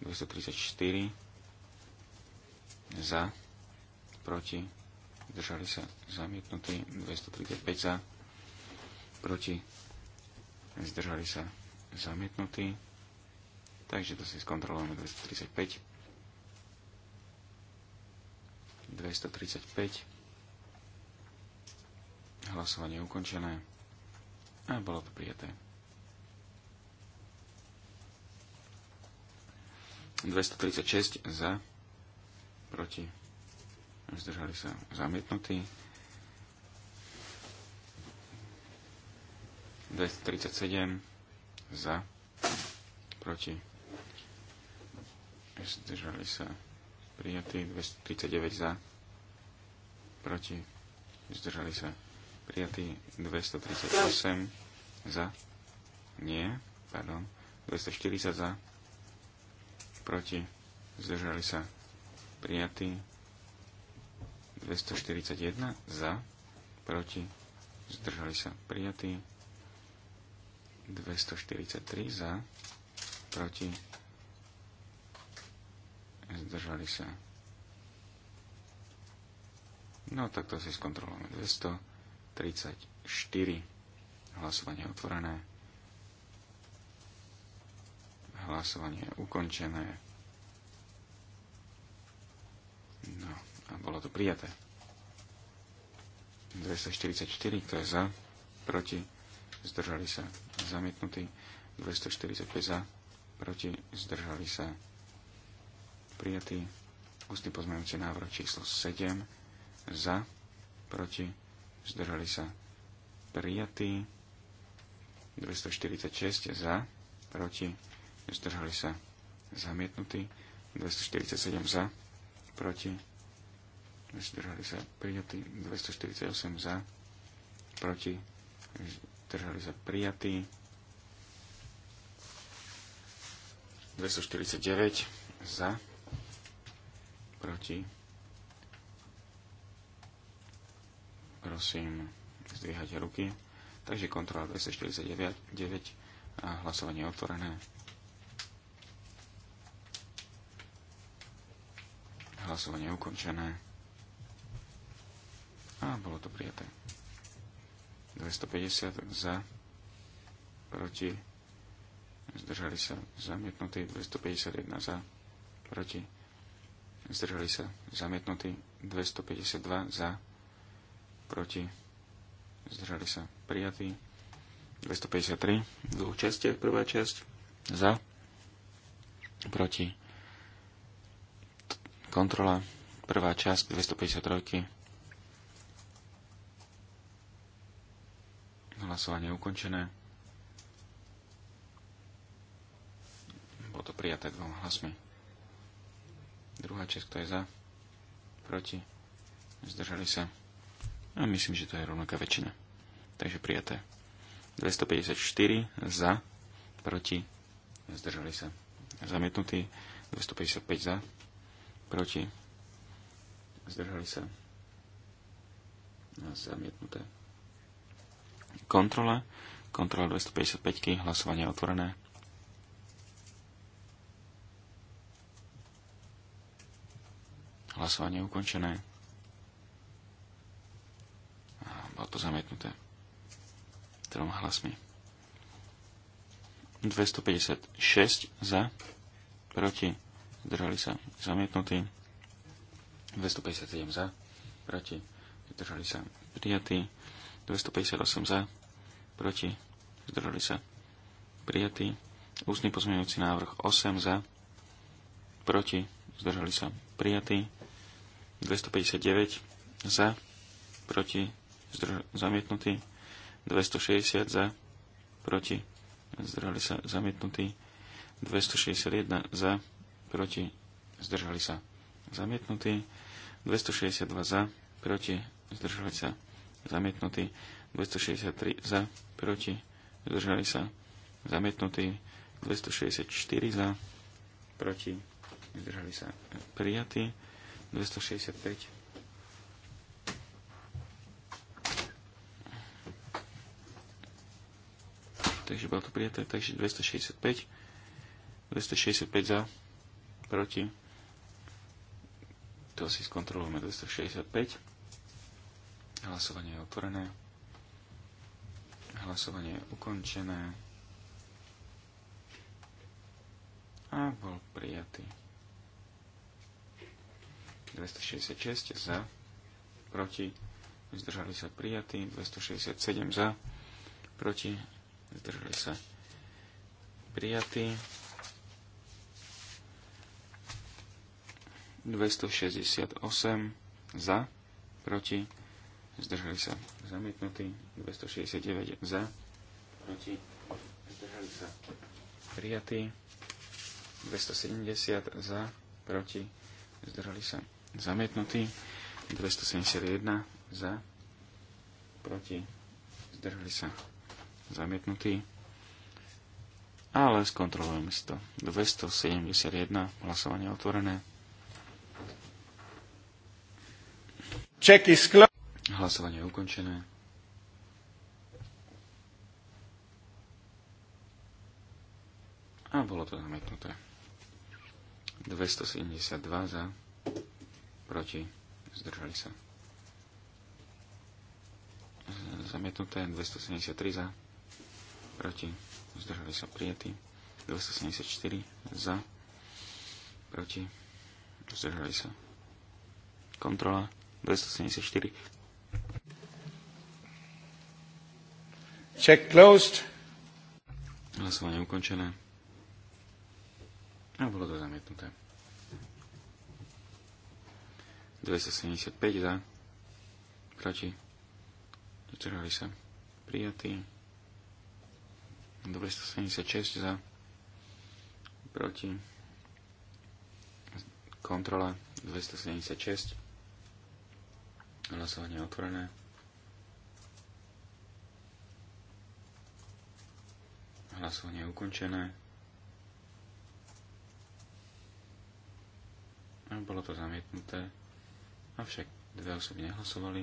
234 za, proti, zdržali sa zamietnutí, 235 za, proti, zdržali sa zamietnutí, takže to si skontrolujeme 235. 235. Hlasovanie je ukončené a bolo to prijaté. 236 za, proti, zdržali sa zamietnutí. 237 za, proti, zdržali sa prijatý, 239 za, proti, zdržali sa, prijatý, 238 za, nie, pardon, 240 za, proti, zdržali sa, prijatý, 241 za, proti, zdržali sa, prijatý, 243 za, proti, zdržali sa. No tak to si skontrolujeme. 234 hlasovanie otvorené. Hlasovanie ukončené. No a bolo to prijaté. 244, kto je za, proti, zdržali sa, zamietnutí. 245 za, proti, zdržali sa, prijatý. Ústny pozmeňujúci návrh číslo 7 za, proti, zdržali sa prijatý. 246 za, proti, zdržali sa zamietnutý. 247 za, proti, zdržali sa prijatý. 248 za, proti, zdržali sa prijatý. 249 za, proti. Prosím, zdvíhať ruky. Takže kontrola 249 9, a hlasovanie je otvorené. Hlasovanie je ukončené. A bolo to prijaté. 250 za, proti, zdržali sa zamietnutí, 251 za, proti zdržali sa zamietnutí 252 za, proti, zdržali sa prijatí 253 v dvoch častiach, prvá časť za, proti, kontrola, prvá časť 253 hlasovanie ukončené bolo to prijaté dvoma hlasmi Druhá časť, kto je za? Proti? Zdržali sa? A myslím, že to je rovnaká väčšina. Takže prijaté. 254 za, proti, zdržali sa. Zamietnutý 255 za, proti, zdržali sa. zamietnuté. Kontrola. Kontrola 255, hlasovanie otvorené. Hlasovanie je ukončené. A bolo to zamietnuté troma hlasmi. 256 za, proti, zdržali sa zamietnutí. 257 za, proti, zdržali sa prijatí. 258 za, proti, zdržali sa prijatí. Ústny pozmeňujúci návrh 8 za, proti, zdržali sa prijatí. 259 za, proti, zamietnutý. 260 za, proti, zdržali sa, zamietnutý. 261 za, proti, zdržali sa, zamietnutý. 262 za, proti, zdržali sa, zamietnutý. 263 za, proti, zdržali sa, zamietnutý. 264 za, proti, zdržali sa, prijatý. 265. Takže bolo to prijaté, takže 265. 265 za, proti. To si skontrolujeme 265. Hlasovanie je otvorené. Hlasovanie je ukončené. A bol prijatý. 266 za, proti, zdržali sa prijatí, 267 za, proti, zdržali sa prijatí, 268 za, proti, zdržali sa zamietnutí, 269 za, proti, zdržali sa prijatí, 270 za, proti, zdržali sa zamietnutý, 271 za, proti, zdržali sa, zamietnutý. Ale skontrolujeme si to. 271, hlasovanie otvorené. Hlasovanie je ukončené. A bolo to zamietnuté. 272 za proti, zdržali sa. Zamietnuté 273 za, proti, zdržali sa prijatí, 274 za, proti, zdržali sa. Kontrola 274. Check closed. Hlasovanie ukončené. A bolo to zamietnuté. 275 za, proti, zdržali sa, prijatí, 276 za, proti, kontrola 276, hlasovanie otvorené, hlasovanie ukončené, bolo to zamietnuté. Avšak dve osoby nehlasovali.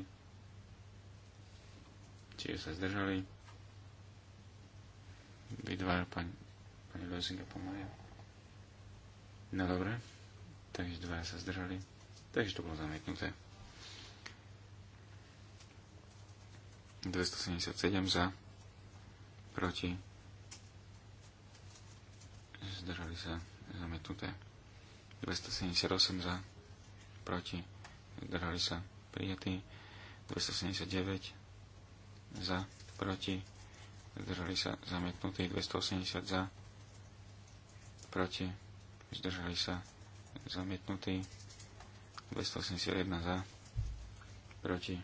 Čiže sa zdržali. Vy dva, pani, pani Lozinga pomája. No dobre. Takže dva sa zdržali. Takže to bolo zamietnuté. 277 za. Proti. Zdržali sa zamietnuté. 278 za. Proti zdržali sa prijatí, 279 za, proti, zdržali sa zamietnutí, 280 za, proti, zdržali sa zamietnutí, 281 za, proti,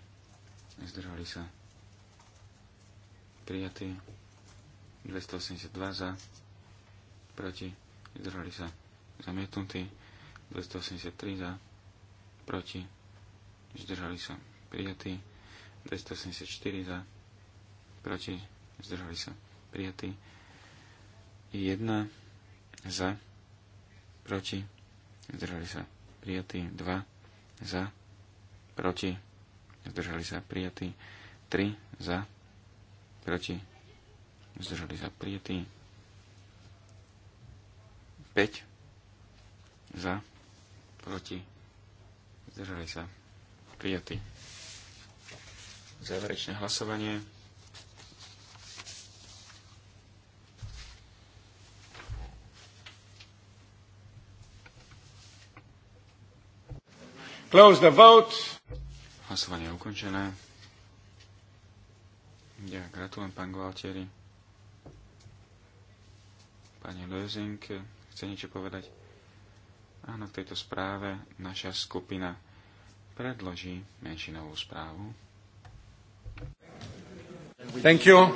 zdržali sa prijatí, 282 za, proti, zdržali sa zamietnutí, 283 za, proti, zdržali sa prijatí, 284 za, proti, zdržali sa prijatí, 1 za, proti, zdržali sa prijatí, 2 za, proti, zdržali sa prijatí, 3 za, proti, zdržali sa prijatí, 5 za, proti, zdržali sa prijatý. Záverečné hlasovanie. Close the vote. Hlasovanie je ukončené. Ja gratulujem pán Gualtieri. Pani Lezink, chce niečo povedať? Áno, v tejto správe naša skupina predloží menšinovú správu. Thank you.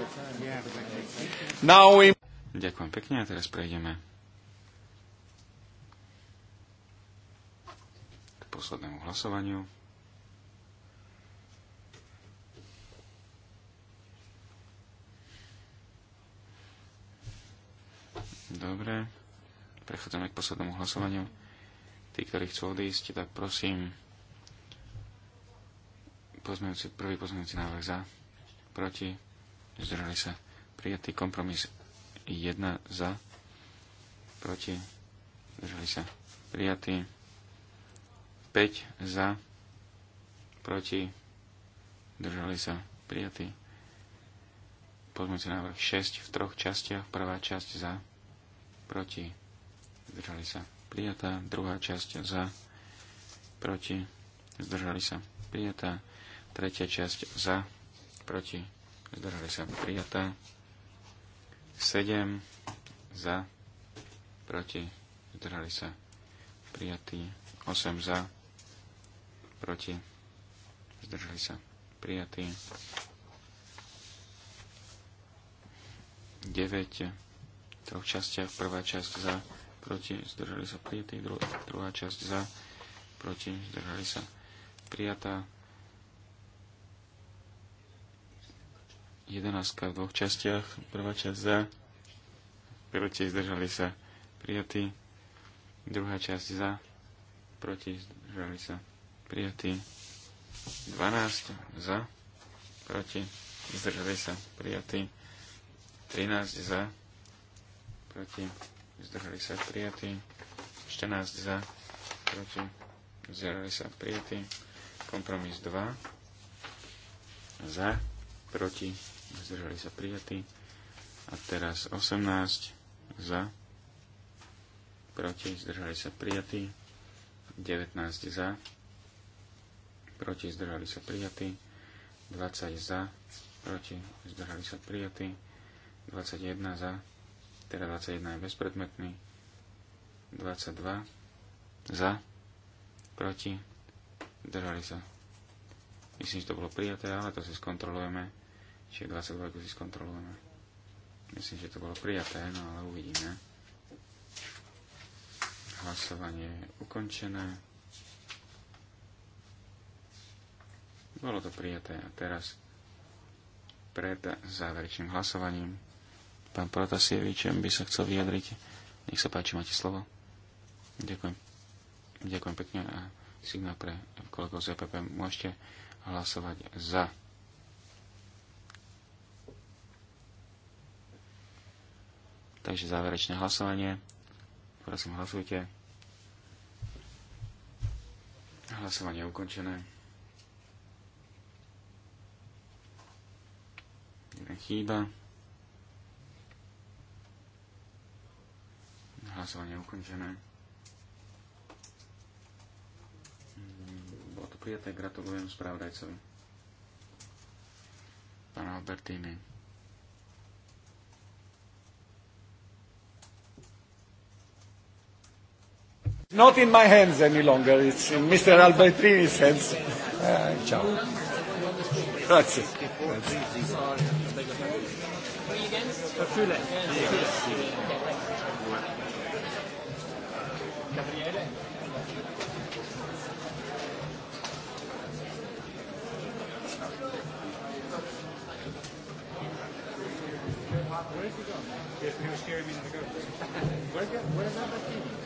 Now we... Ďakujem pekne a teraz prejdeme k poslednému hlasovaniu. Dobre, prechádzame k poslednému hlasovaniu. Tí, ktorí chcú odísť, tak prosím, Pozmeňujúci, prvý pozmeňujúci návrh za, proti, zdržali sa. Prijatý kompromis 1 za, proti, zdržali sa. Prijatý 5 za, proti, zdržali sa. Prijatý pozmeňujúci návrh 6 v troch častiach. Prvá časť za, proti, zdržali sa. Prijatá druhá časť za, proti, zdržali sa. Prijatá Tretia časť za, proti, zdržali sa prijatá. 7 za, proti, zdržali sa prijatí. 8 za, proti, zdržali sa prijatí. 9 troch častiach. Prvá časť za, proti, zdržali sa prijatí. druhá časť za, proti, zdržali sa prijatá. 11 v dvoch častiach. Prvá časť za, proti zdržali sa prijatí. Druhá časť za, proti zdržali sa prijatí. 12 za, proti zdržali sa prijatí. 13 za, proti zdržali sa prijatí. 14 za, proti zdržali sa prijatí. Kompromis 2 za, proti zdržali sa prijatí. A teraz 18 za, proti, zdržali sa prijatí. 19 za, proti, zdržali sa prijatí. 20 za, proti, zdržali sa prijatí. 21 za, teda 21 je bezpredmetný. 22 za, proti, zdržali sa. Myslím, že to bolo prijaté, ale to si skontrolujeme. Čiže 22 si skontrolujeme. Myslím, že to bolo prijaté, no ale uvidíme. Hlasovanie je ukončené. Bolo to prijaté a teraz pred záverečným hlasovaním pán Protasievičem by sa chcel vyjadriť. Nech sa páči, máte slovo. Ďakujem. Ďakujem pekne a signál pre kolegov z EPP. Môžete hlasovať za. Takže záverečné hlasovanie. Prosím, hlasujte. Hlasovanie je ukončené. Jeden chýba. Hlasovanie je ukončené. Bolo to prijaté. Gratulujem spravodajcovi. Pana Albertini. Not in my hands any longer, it's in Mr. Albertini's hands. Uh, ciao. Grazie. Gabriele? Where is he going? go? He was carrying me to go. where is that? Where is that?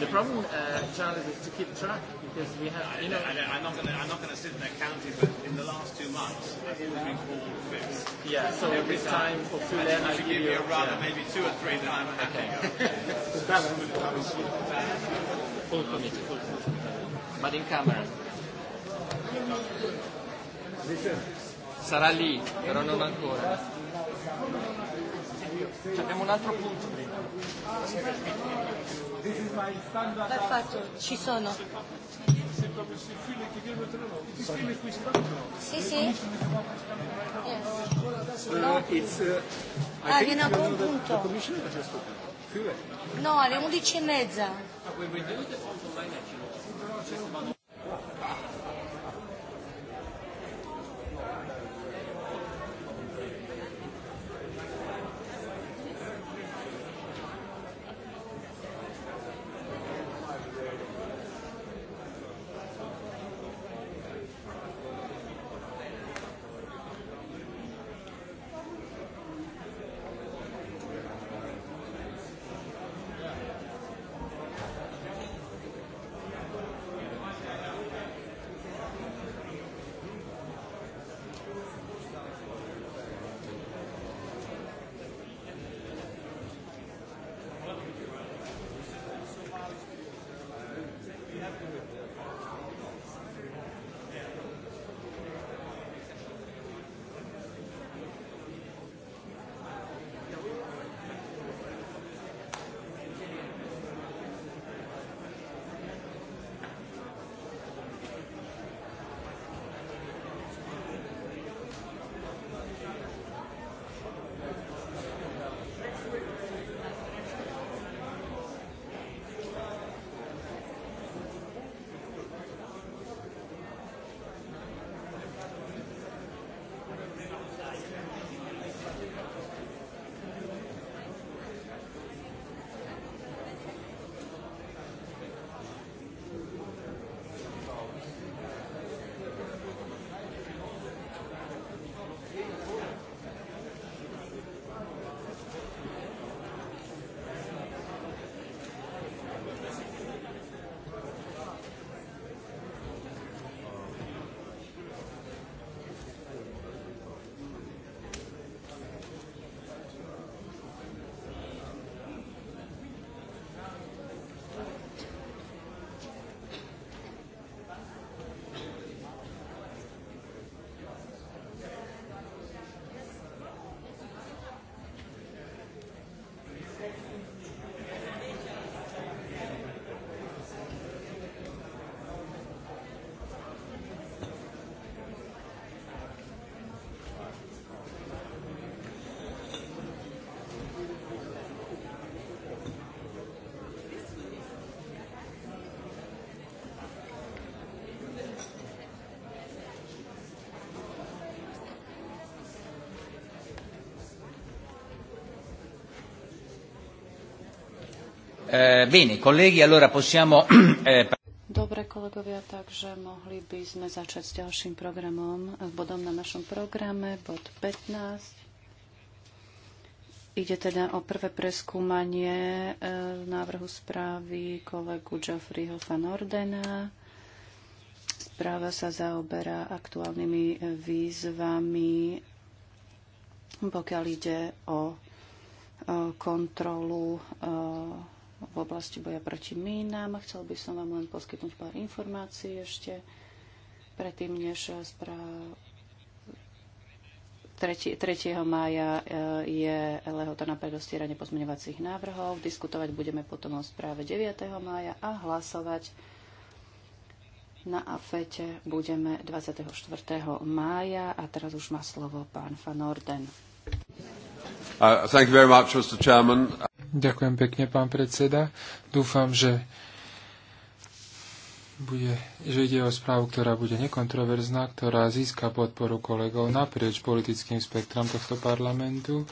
The problem, uh, Charles, is to keep track because we have. you know, I, I, I'm not going to. I'm not going to sit in and county, but in the last two months, I've always been called fifth. Yeah. So every this time, time for full end, I should give you a run, yeah. maybe two or three that I'm happy. Okay. full committee, full committee, but in camera. Sarà lì, però non ancora. Ci abbiamo un altro punto prima. Perfetto, ci sono. Sì, sì. Yes. Eh, no. uh, ah, viene ancora un punto. No, alle 11 e mezza. Ah, Eh, bene, colleghi, allora possiamo... Eh, Dobre, kolegovia, takže mohli by sme začať s ďalším programom, s bodom na našom programe, bod 15. Ide teda o prvé preskúmanie eh, návrhu správy kolegu Geoffreyho van Ordena. Správa sa zaoberá aktuálnymi výzvami, pokiaľ ide o kontrolu v oblasti boja proti mínam. Chcel by som vám len poskytnúť pár informácií ešte predtým, než spra... 3. 3. mája e, je lehota na predostieranie pozmeňovacích návrhov. Diskutovať budeme potom o správe 9. mája a hlasovať na AFETE budeme 24. mája a teraz už má slovo pán Van Orden. Uh, thank you very much, Mr. Chairman. Ďakujem pekne, pán predseda. Dúfam, že, bude, že ide o správu, ktorá bude nekontroverzná, ktorá získa podporu kolegov naprieč politickým spektrom tohto parlamentu.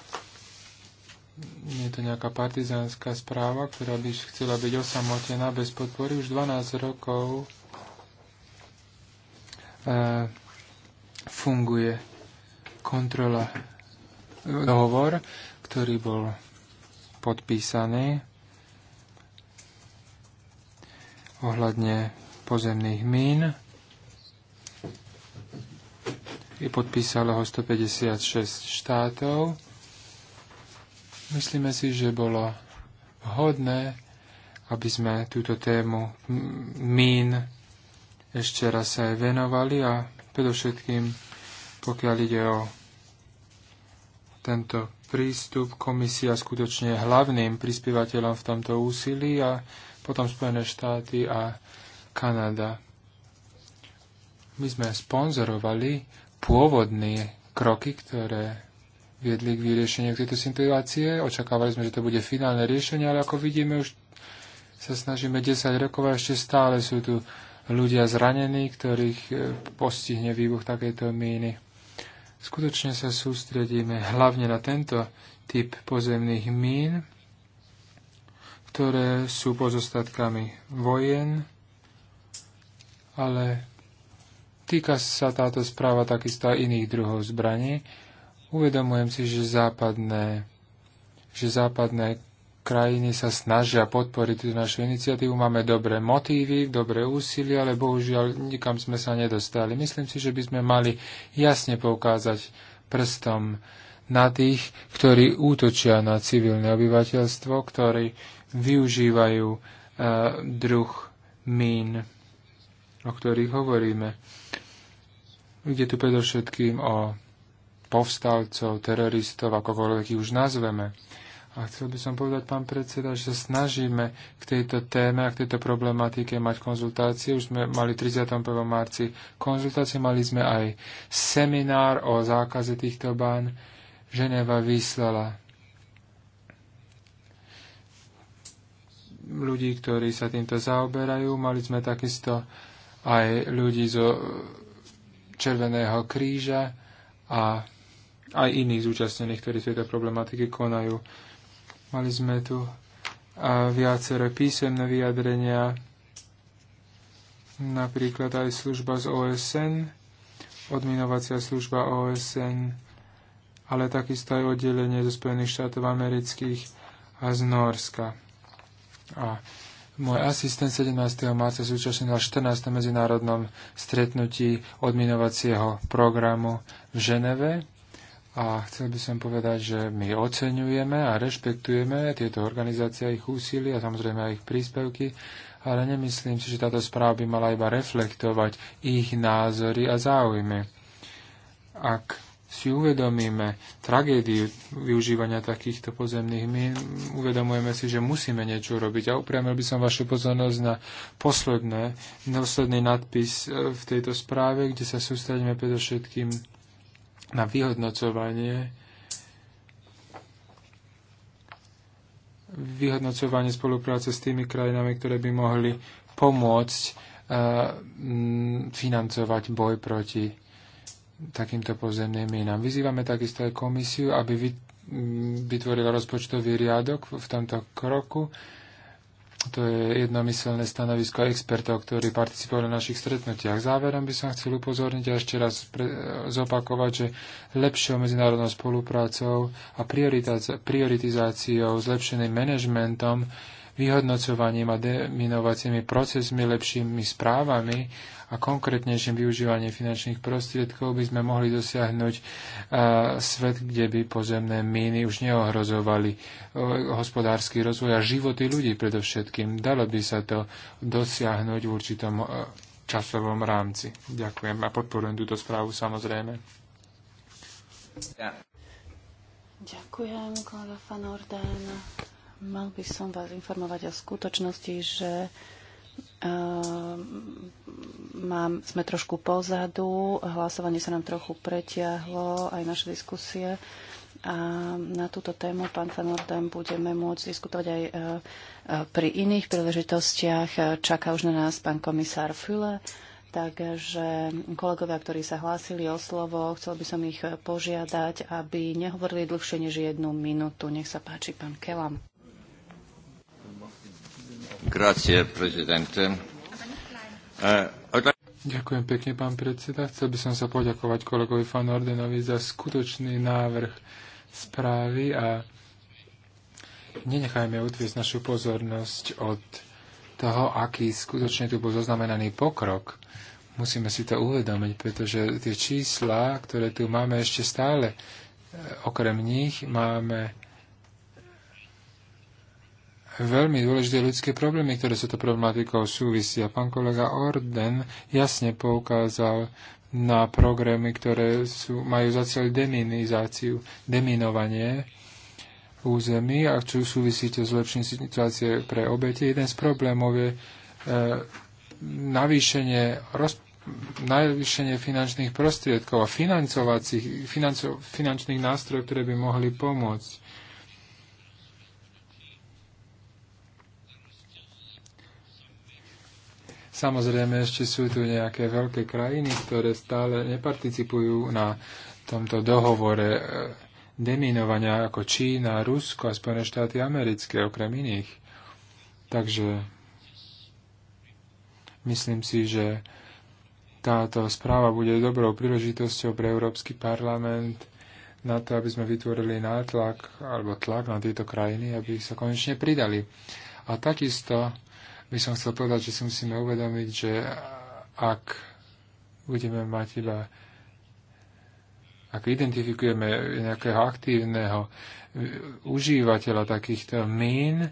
Nie je to nejaká partizánska správa, ktorá by chcela byť osamotená bez podpory už 12 rokov. E, funguje kontrola e, dohovor, ktorý bol podpísané ohľadne pozemných mín. I podpísalo ho 156 štátov. Myslíme si, že bolo vhodné, aby sme túto tému mín ešte raz sa aj venovali a predovšetkým, pokiaľ ide o tento prístup. Komisia skutočne hlavným prispievateľom v tomto úsilí a potom Spojené štáty a Kanada. My sme sponzorovali pôvodné kroky, ktoré viedli k vyriešeniu tejto situácie. Očakávali sme, že to bude finálne riešenie, ale ako vidíme, už sa snažíme 10 rokov a ešte stále sú tu ľudia zranení, ktorých eh, postihne výbuch takejto míny. Skutočne sa sústredíme hlavne na tento typ pozemných mín, ktoré sú pozostatkami vojen, ale týka sa táto správa takisto aj iných druhov zbraní. Uvedomujem si, že západné, že západné krajiny sa snažia podporiť tú našu iniciatívu. Máme dobré motívy, dobré úsilie, ale bohužiaľ nikam sme sa nedostali. Myslím si, že by sme mali jasne poukázať prstom na tých, ktorí útočia na civilné obyvateľstvo, ktorí využívajú uh, druh mín, o ktorých hovoríme. Ide tu predovšetkým o povstalcov, teroristov, akokoľvek ich už nazveme. A chcel by som povedať, pán predseda, že sa snažíme k tejto téme a k tejto problematike mať konzultácie. Už sme mali 31. marci konzultácie, mali sme aj seminár o zákaze týchto bán. Ženeva vyslala ľudí, ktorí sa týmto zaoberajú. Mali sme takisto aj ľudí zo Červeného kríža a aj iných zúčastnených, ktorí v tejto problematiky konajú. Mali sme tu a viaceré písemné vyjadrenia, napríklad aj služba z OSN, odminovacia služba OSN, ale takisto aj oddelenie zo Spojených štátov amerických a z Norska. A môj asistent 17. marca zúčastnil na 14. medzinárodnom stretnutí odminovacieho programu v Ženeve a chcel by som povedať, že my oceňujeme a rešpektujeme tieto organizácie, ich úsilie a samozrejme aj ich príspevky, ale nemyslím si, že táto správa by mala iba reflektovať ich názory a záujmy. Ak si uvedomíme tragédiu využívania takýchto pozemných mín, uvedomujeme si, že musíme niečo robiť. A upriamil by som vašu pozornosť na posledné, posledný nadpis e, v tejto správe, kde sa sústredíme predovšetkým na vyhodnocovanie vyhodnocovanie spolupráce s tými krajinami, ktoré by mohli pomôcť e, financovať boj proti takýmto pozemným minám. Vyzývame takisto aj komisiu, aby vytvorila rozpočtový riadok v tomto kroku, to je jednomyselné stanovisko expertov, ktorí participovali na našich stretnutiach. Záverom by som chcel upozorniť a ešte raz pre, zopakovať, že lepšou medzinárodnou spoluprácou a prioritizáciou, zlepšeným manažmentom vyhodnocovaním a deminovacími procesmi, lepšími správami a konkrétnejším využívaním finančných prostriedkov by sme mohli dosiahnuť svet, kde by pozemné míny už neohrozovali e, hospodársky rozvoj a životy ľudí predovšetkým. Dalo by sa to dosiahnuť v určitom e, časovom rámci. Ďakujem a podporujem túto správu samozrejme. Ja. Ďakujem, kolega Fanordán. Mal by som vás informovať o skutočnosti, že Uh, mám, sme trošku pozadu, hlasovanie sa nám trochu pretiahlo, aj naše diskusie. A na túto tému, pán Van Orden, budeme môcť diskutovať aj uh, pri iných príležitostiach. Čaká už na nás pán komisár Füle. Takže kolegovia, ktorí sa hlásili o slovo, chcel by som ich požiadať, aby nehovorili dlhšie než jednu minútu. Nech sa páči, pán Kelam. Eh, Ďakujem pekne, pán predseda. Chcel by som sa poďakovať kolegovi Fan Ordenovi za skutočný návrh správy a nenechajme odviesť našu pozornosť od toho, aký skutočne tu bol zaznamenaný pokrok. Musíme si to uvedomiť, pretože tie čísla, ktoré tu máme ešte stále, eh, okrem nich máme veľmi dôležité ľudské problémy, ktoré sú to problematikou súvisia. Pán kolega Orden jasne poukázal na programy, ktoré sú, majú za cieľ deminizáciu, deminovanie území a chcú súvisíte s lepším situácie pre obete. Jeden z problémov je e, navýšenie, roz, navýšenie finančných prostriedkov a financovacích, financo, finančných nástrojov, ktoré by mohli pomôcť Samozrejme, ešte sú tu nejaké veľké krajiny, ktoré stále neparticipujú na tomto dohovore e, deminovania ako Čína, Rusko a Spojené štáty americké, okrem iných. Takže myslím si, že táto správa bude dobrou príležitosťou pre Európsky parlament na to, aby sme vytvorili nátlak alebo tlak na tieto krajiny, aby sa konečne pridali. A takisto by som chcel povedať, že si musíme uvedomiť, že ak budeme mať iba ak identifikujeme nejakého aktívneho užívateľa takýchto mín,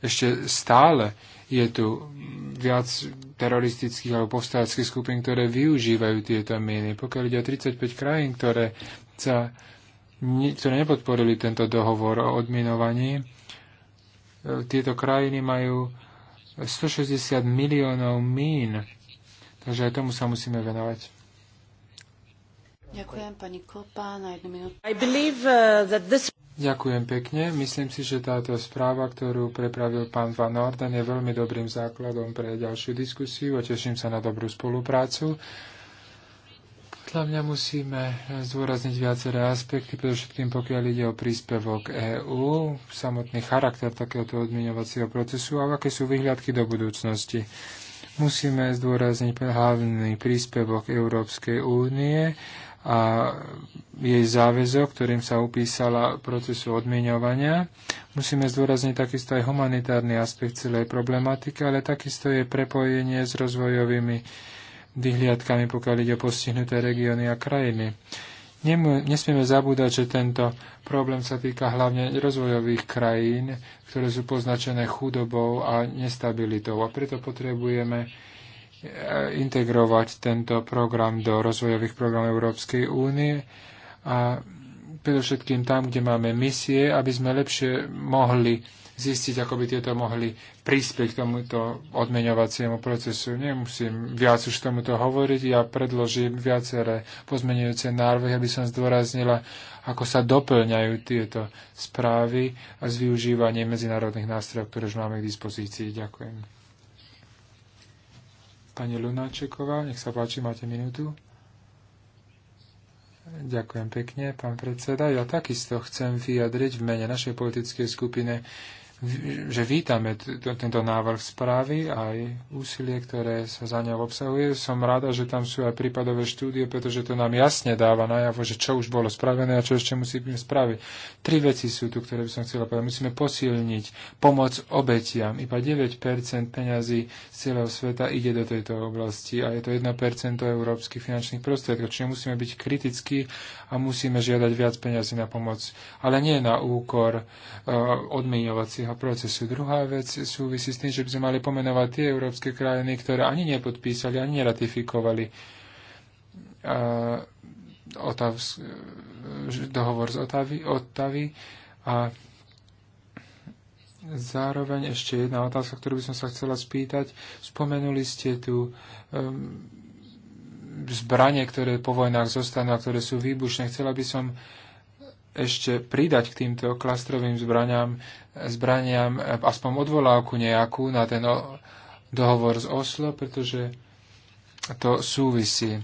ešte stále je tu viac teroristických alebo povstáckých skupín, ktoré využívajú tieto míny. Pokiaľ ide o 35 krajín, ktoré, sa, ktoré nepodporili tento dohovor o odminovaní, E, tieto krajiny majú 160 miliónov mín. Takže aj tomu sa musíme venovať. Ďakujem pani Kopa na jednu minútu. Uh, this... Ďakujem pekne. Myslím si, že táto správa, ktorú prepravil pán Van Orden, je veľmi dobrým základom pre ďalšiu diskusiu a teším sa na dobrú spoluprácu. Podľa mňa musíme zdôrazniť viaceré aspekty, predovšetkým pokiaľ ide o príspevok EÚ, samotný charakter takéhoto odmieňovacieho procesu a aké sú vyhľadky do budúcnosti. Musíme zdôrazniť hlavný príspevok Európskej únie a jej záväzok, ktorým sa upísala procesu odmiňovania. Musíme zdôrazniť takisto aj humanitárny aspekt celej problematiky, ale takisto je prepojenie s rozvojovými vyhliadkami, pokiaľ ide o postihnuté regióny a krajiny. Nesmieme zabúdať, že tento problém sa týka hlavne rozvojových krajín, ktoré sú poznačené chudobou a nestabilitou. A preto potrebujeme e, integrovať tento program do rozvojových programov Európskej únie a predovšetkým tam, kde máme misie, aby sme lepšie mohli zistiť, ako by tieto mohli prispieť k tomuto odmeňovaciemu procesu. Nemusím viac už tomuto hovoriť, ja predložím viaceré pozmeňujúce návrhy, aby som zdôraznila, ako sa doplňajú tieto správy a z využívanie medzinárodných nástrojov, ktoré už máme k dispozícii. Ďakujem. Pani Lunáčeková, nech sa páči, máte minútu. Ďakujem pekne, pán predseda. Ja takisto chcem vyjadriť v mene našej politickej skupine že vítame tento návrh správy aj úsilie, ktoré sa za ňou obsahuje. Som rada, že tam sú aj prípadové štúdie, pretože to nám jasne dáva najavo, že čo už bolo spravené a čo ešte musíme spraviť. Tri veci sú tu, ktoré by som chcela povedať. Musíme posilniť pomoc obetiam. Iba 9% peňazí z celého sveta ide do tejto oblasti a je to 1% európskych finančných prostriedkov. Čiže musíme byť kritickí a musíme žiadať viac peňazí na pomoc, ale nie na úkor uh, odmiňovacieho legislatívneho procesu. Druhá vec súvisí s tým, že by sme mali pomenovať tie európske krajiny, ktoré ani nepodpísali, ani neratifikovali uh, otav, e, dohovor z Otavy, Otavy a Zároveň ešte jedna otázka, ktorú by som sa chcela spýtať. Spomenuli ste tu um, zbranie, ktoré po vojnách zostanú a ktoré sú výbušné. Chcela by som ešte pridať k týmto klastrovým zbraniam, zbraniam aspoň odvolávku nejakú na ten dohovor z Oslo, pretože to súvisí.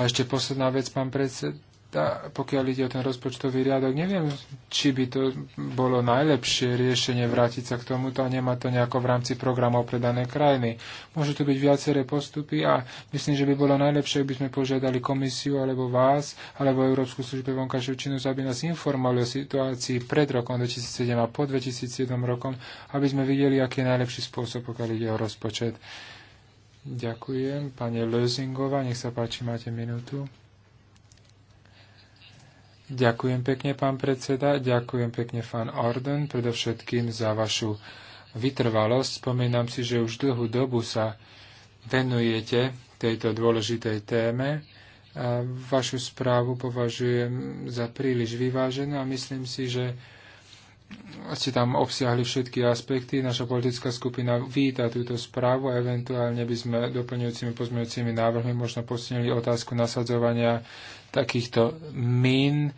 A ešte posledná vec, pán predsed, tá, pokiaľ ide o ten rozpočtový riadok, neviem, či by to bolo najlepšie riešenie vrátiť sa k tomuto a nemá to nejako v rámci programov pre dané krajiny. Môžu tu byť viaceré postupy a myslím, že by bolo najlepšie, ak by sme požiadali komisiu alebo vás, alebo Európsku službu vonkajšiu činnosť, aby nás informovali o situácii pred rokom 2007 a po 2007 rokom, aby sme videli, aký je najlepší spôsob, pokiaľ ide o rozpočet. Ďakujem. Pane Lözingová, nech sa páči, máte minútu. Ďakujem pekne, pán predseda, ďakujem pekne, pán Orden, predovšetkým za vašu vytrvalosť. Spomínam si, že už dlhú dobu sa venujete tejto dôležitej téme. A vašu správu považujem za príliš vyváženú a myslím si, že ste tam obsiahli všetky aspekty. Naša politická skupina víta túto správu a eventuálne by sme doplňujúcimi pozmeňujúcimi návrhmi možno posunili otázku nasadzovania takýchto min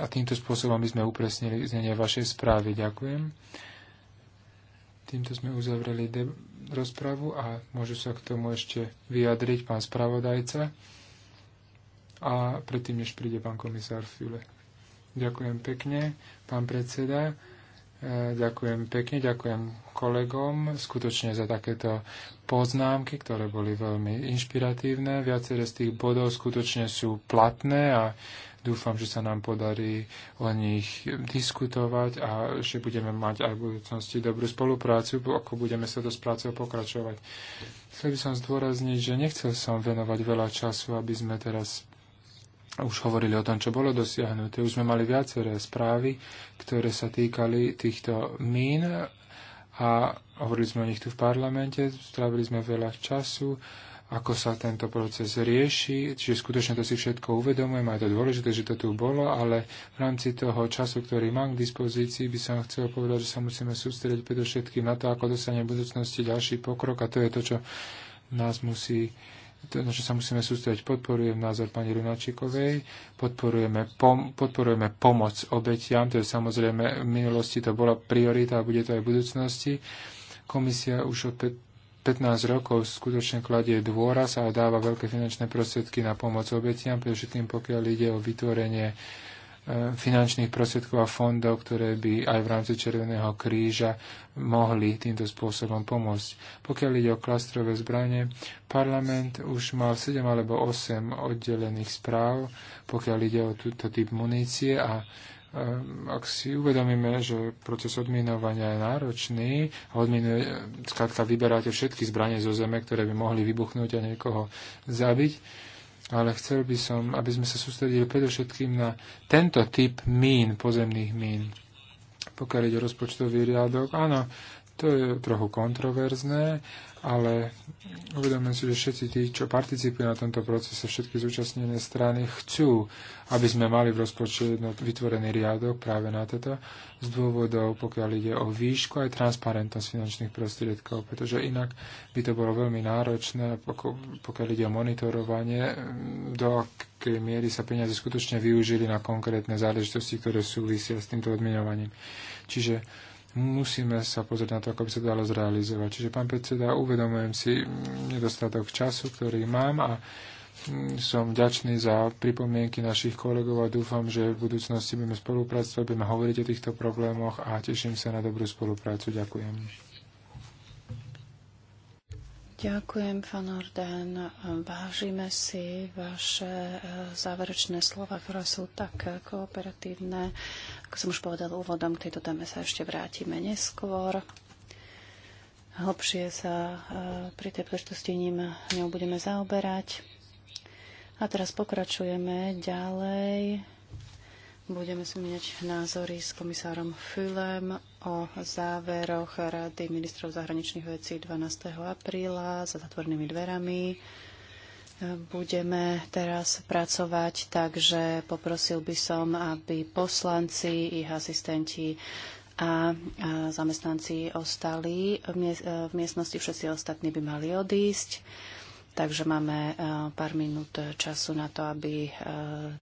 A týmto spôsobom by sme upresnili znenie vašej správy. Ďakujem. Týmto sme uzavreli rozpravu a môžu sa k tomu ešte vyjadriť pán spravodajca a predtým, než príde pán komisár Fule. Ďakujem pekne, pán predseda. E, ďakujem pekne, ďakujem kolegom skutočne za takéto poznámky, ktoré boli veľmi inšpiratívne. Viaceré z tých bodov skutočne sú platné a dúfam, že sa nám podarí o nich diskutovať a že budeme mať aj v budúcnosti dobrú spoluprácu, ako budeme sa s prácou pokračovať. Chcel by som zdôrazniť, že nechcel som venovať veľa času, aby sme teraz už hovorili o tom, čo bolo dosiahnuté. Už sme mali viaceré správy, ktoré sa týkali týchto mín a hovorili sme o nich tu v parlamente, strávili sme veľa času, ako sa tento proces rieši, čiže skutočne to si všetko uvedomujem aj to dôležité, že to tu bolo, ale v rámci toho času, ktorý mám k dispozícii, by som chcel povedať, že sa musíme sústrediť predovšetkým na to, ako dostane v budúcnosti ďalší pokrok a to je to, čo nás musí uh, to, na čo sa musíme sústrediť. Podporujem názor pani Runačikovej, podporujeme, pom- podporujeme pomoc obetiam, to je samozrejme v minulosti to bola priorita a bude to aj v budúcnosti. Komisia už od 15 rokov skutočne kladie dôraz a dáva veľké finančné prostriedky na pomoc obetiam, predovšetkým pokiaľ ide o vytvorenie E, finančných prostriedkov a fondov, ktoré by aj v rámci Červeného kríža mohli týmto spôsobom pomôcť. Pokiaľ ide o klastrové zbranie, parlament už mal 7 alebo 8 oddelených správ, pokiaľ ide o túto typ munície a e, ak si uvedomíme, že proces odminovania je náročný odminuje, skladka vyberáte všetky zbranie zo zeme, ktoré by mohli vybuchnúť a niekoho zabiť, ale chcel by som, aby sme sa sústredili predovšetkým na tento typ mín, pozemných mín. Pokiaľ ide rozpočtový riadok, áno, to je trochu kontroverzné, ale uvedomujem si, že všetci tí, čo participujú na tomto procese, všetky zúčastnené strany chcú, aby sme mali v rozpočte vytvorený riadok práve na toto, z dôvodov, pokiaľ ide o výšku aj transparentnosť finančných prostriedkov, pretože inak by to bolo veľmi náročné, pokiaľ ide o monitorovanie, do akej miery sa peniaze skutočne využili na konkrétne záležitosti, ktoré súvisia s týmto odmiňovaním. Čiže musíme sa pozrieť na to, ako by sa to dalo zrealizovať. Čiže, pán predseda, uvedomujem si nedostatok času, ktorý mám a mm, som ďačný za pripomienky našich kolegov a dúfam, že v budúcnosti budeme spolupracovať, budeme hovoriť o týchto problémoch a teším sa na dobrú spoluprácu. Ďakujem. Ďakujem, pán Orden. Vážime si vaše eh, záverečné slova, ktoré sú tak kooperatívne. Ako som už povedal úvodom, k tejto téme sa ešte vrátime neskôr. Hlbšie sa eh, pri tej príležitosti ním ňou budeme zaoberať. A teraz pokračujeme ďalej. Budeme si názory s komisárom Fülem o záveroch Rady ministrov zahraničných vecí 12. apríla za zatvornými dverami. Budeme teraz pracovať, takže poprosil by som, aby poslanci, ich asistenti a zamestnanci ostali v miestnosti, všetci ostatní by mali odísť. Takže máme pár minút času na to, aby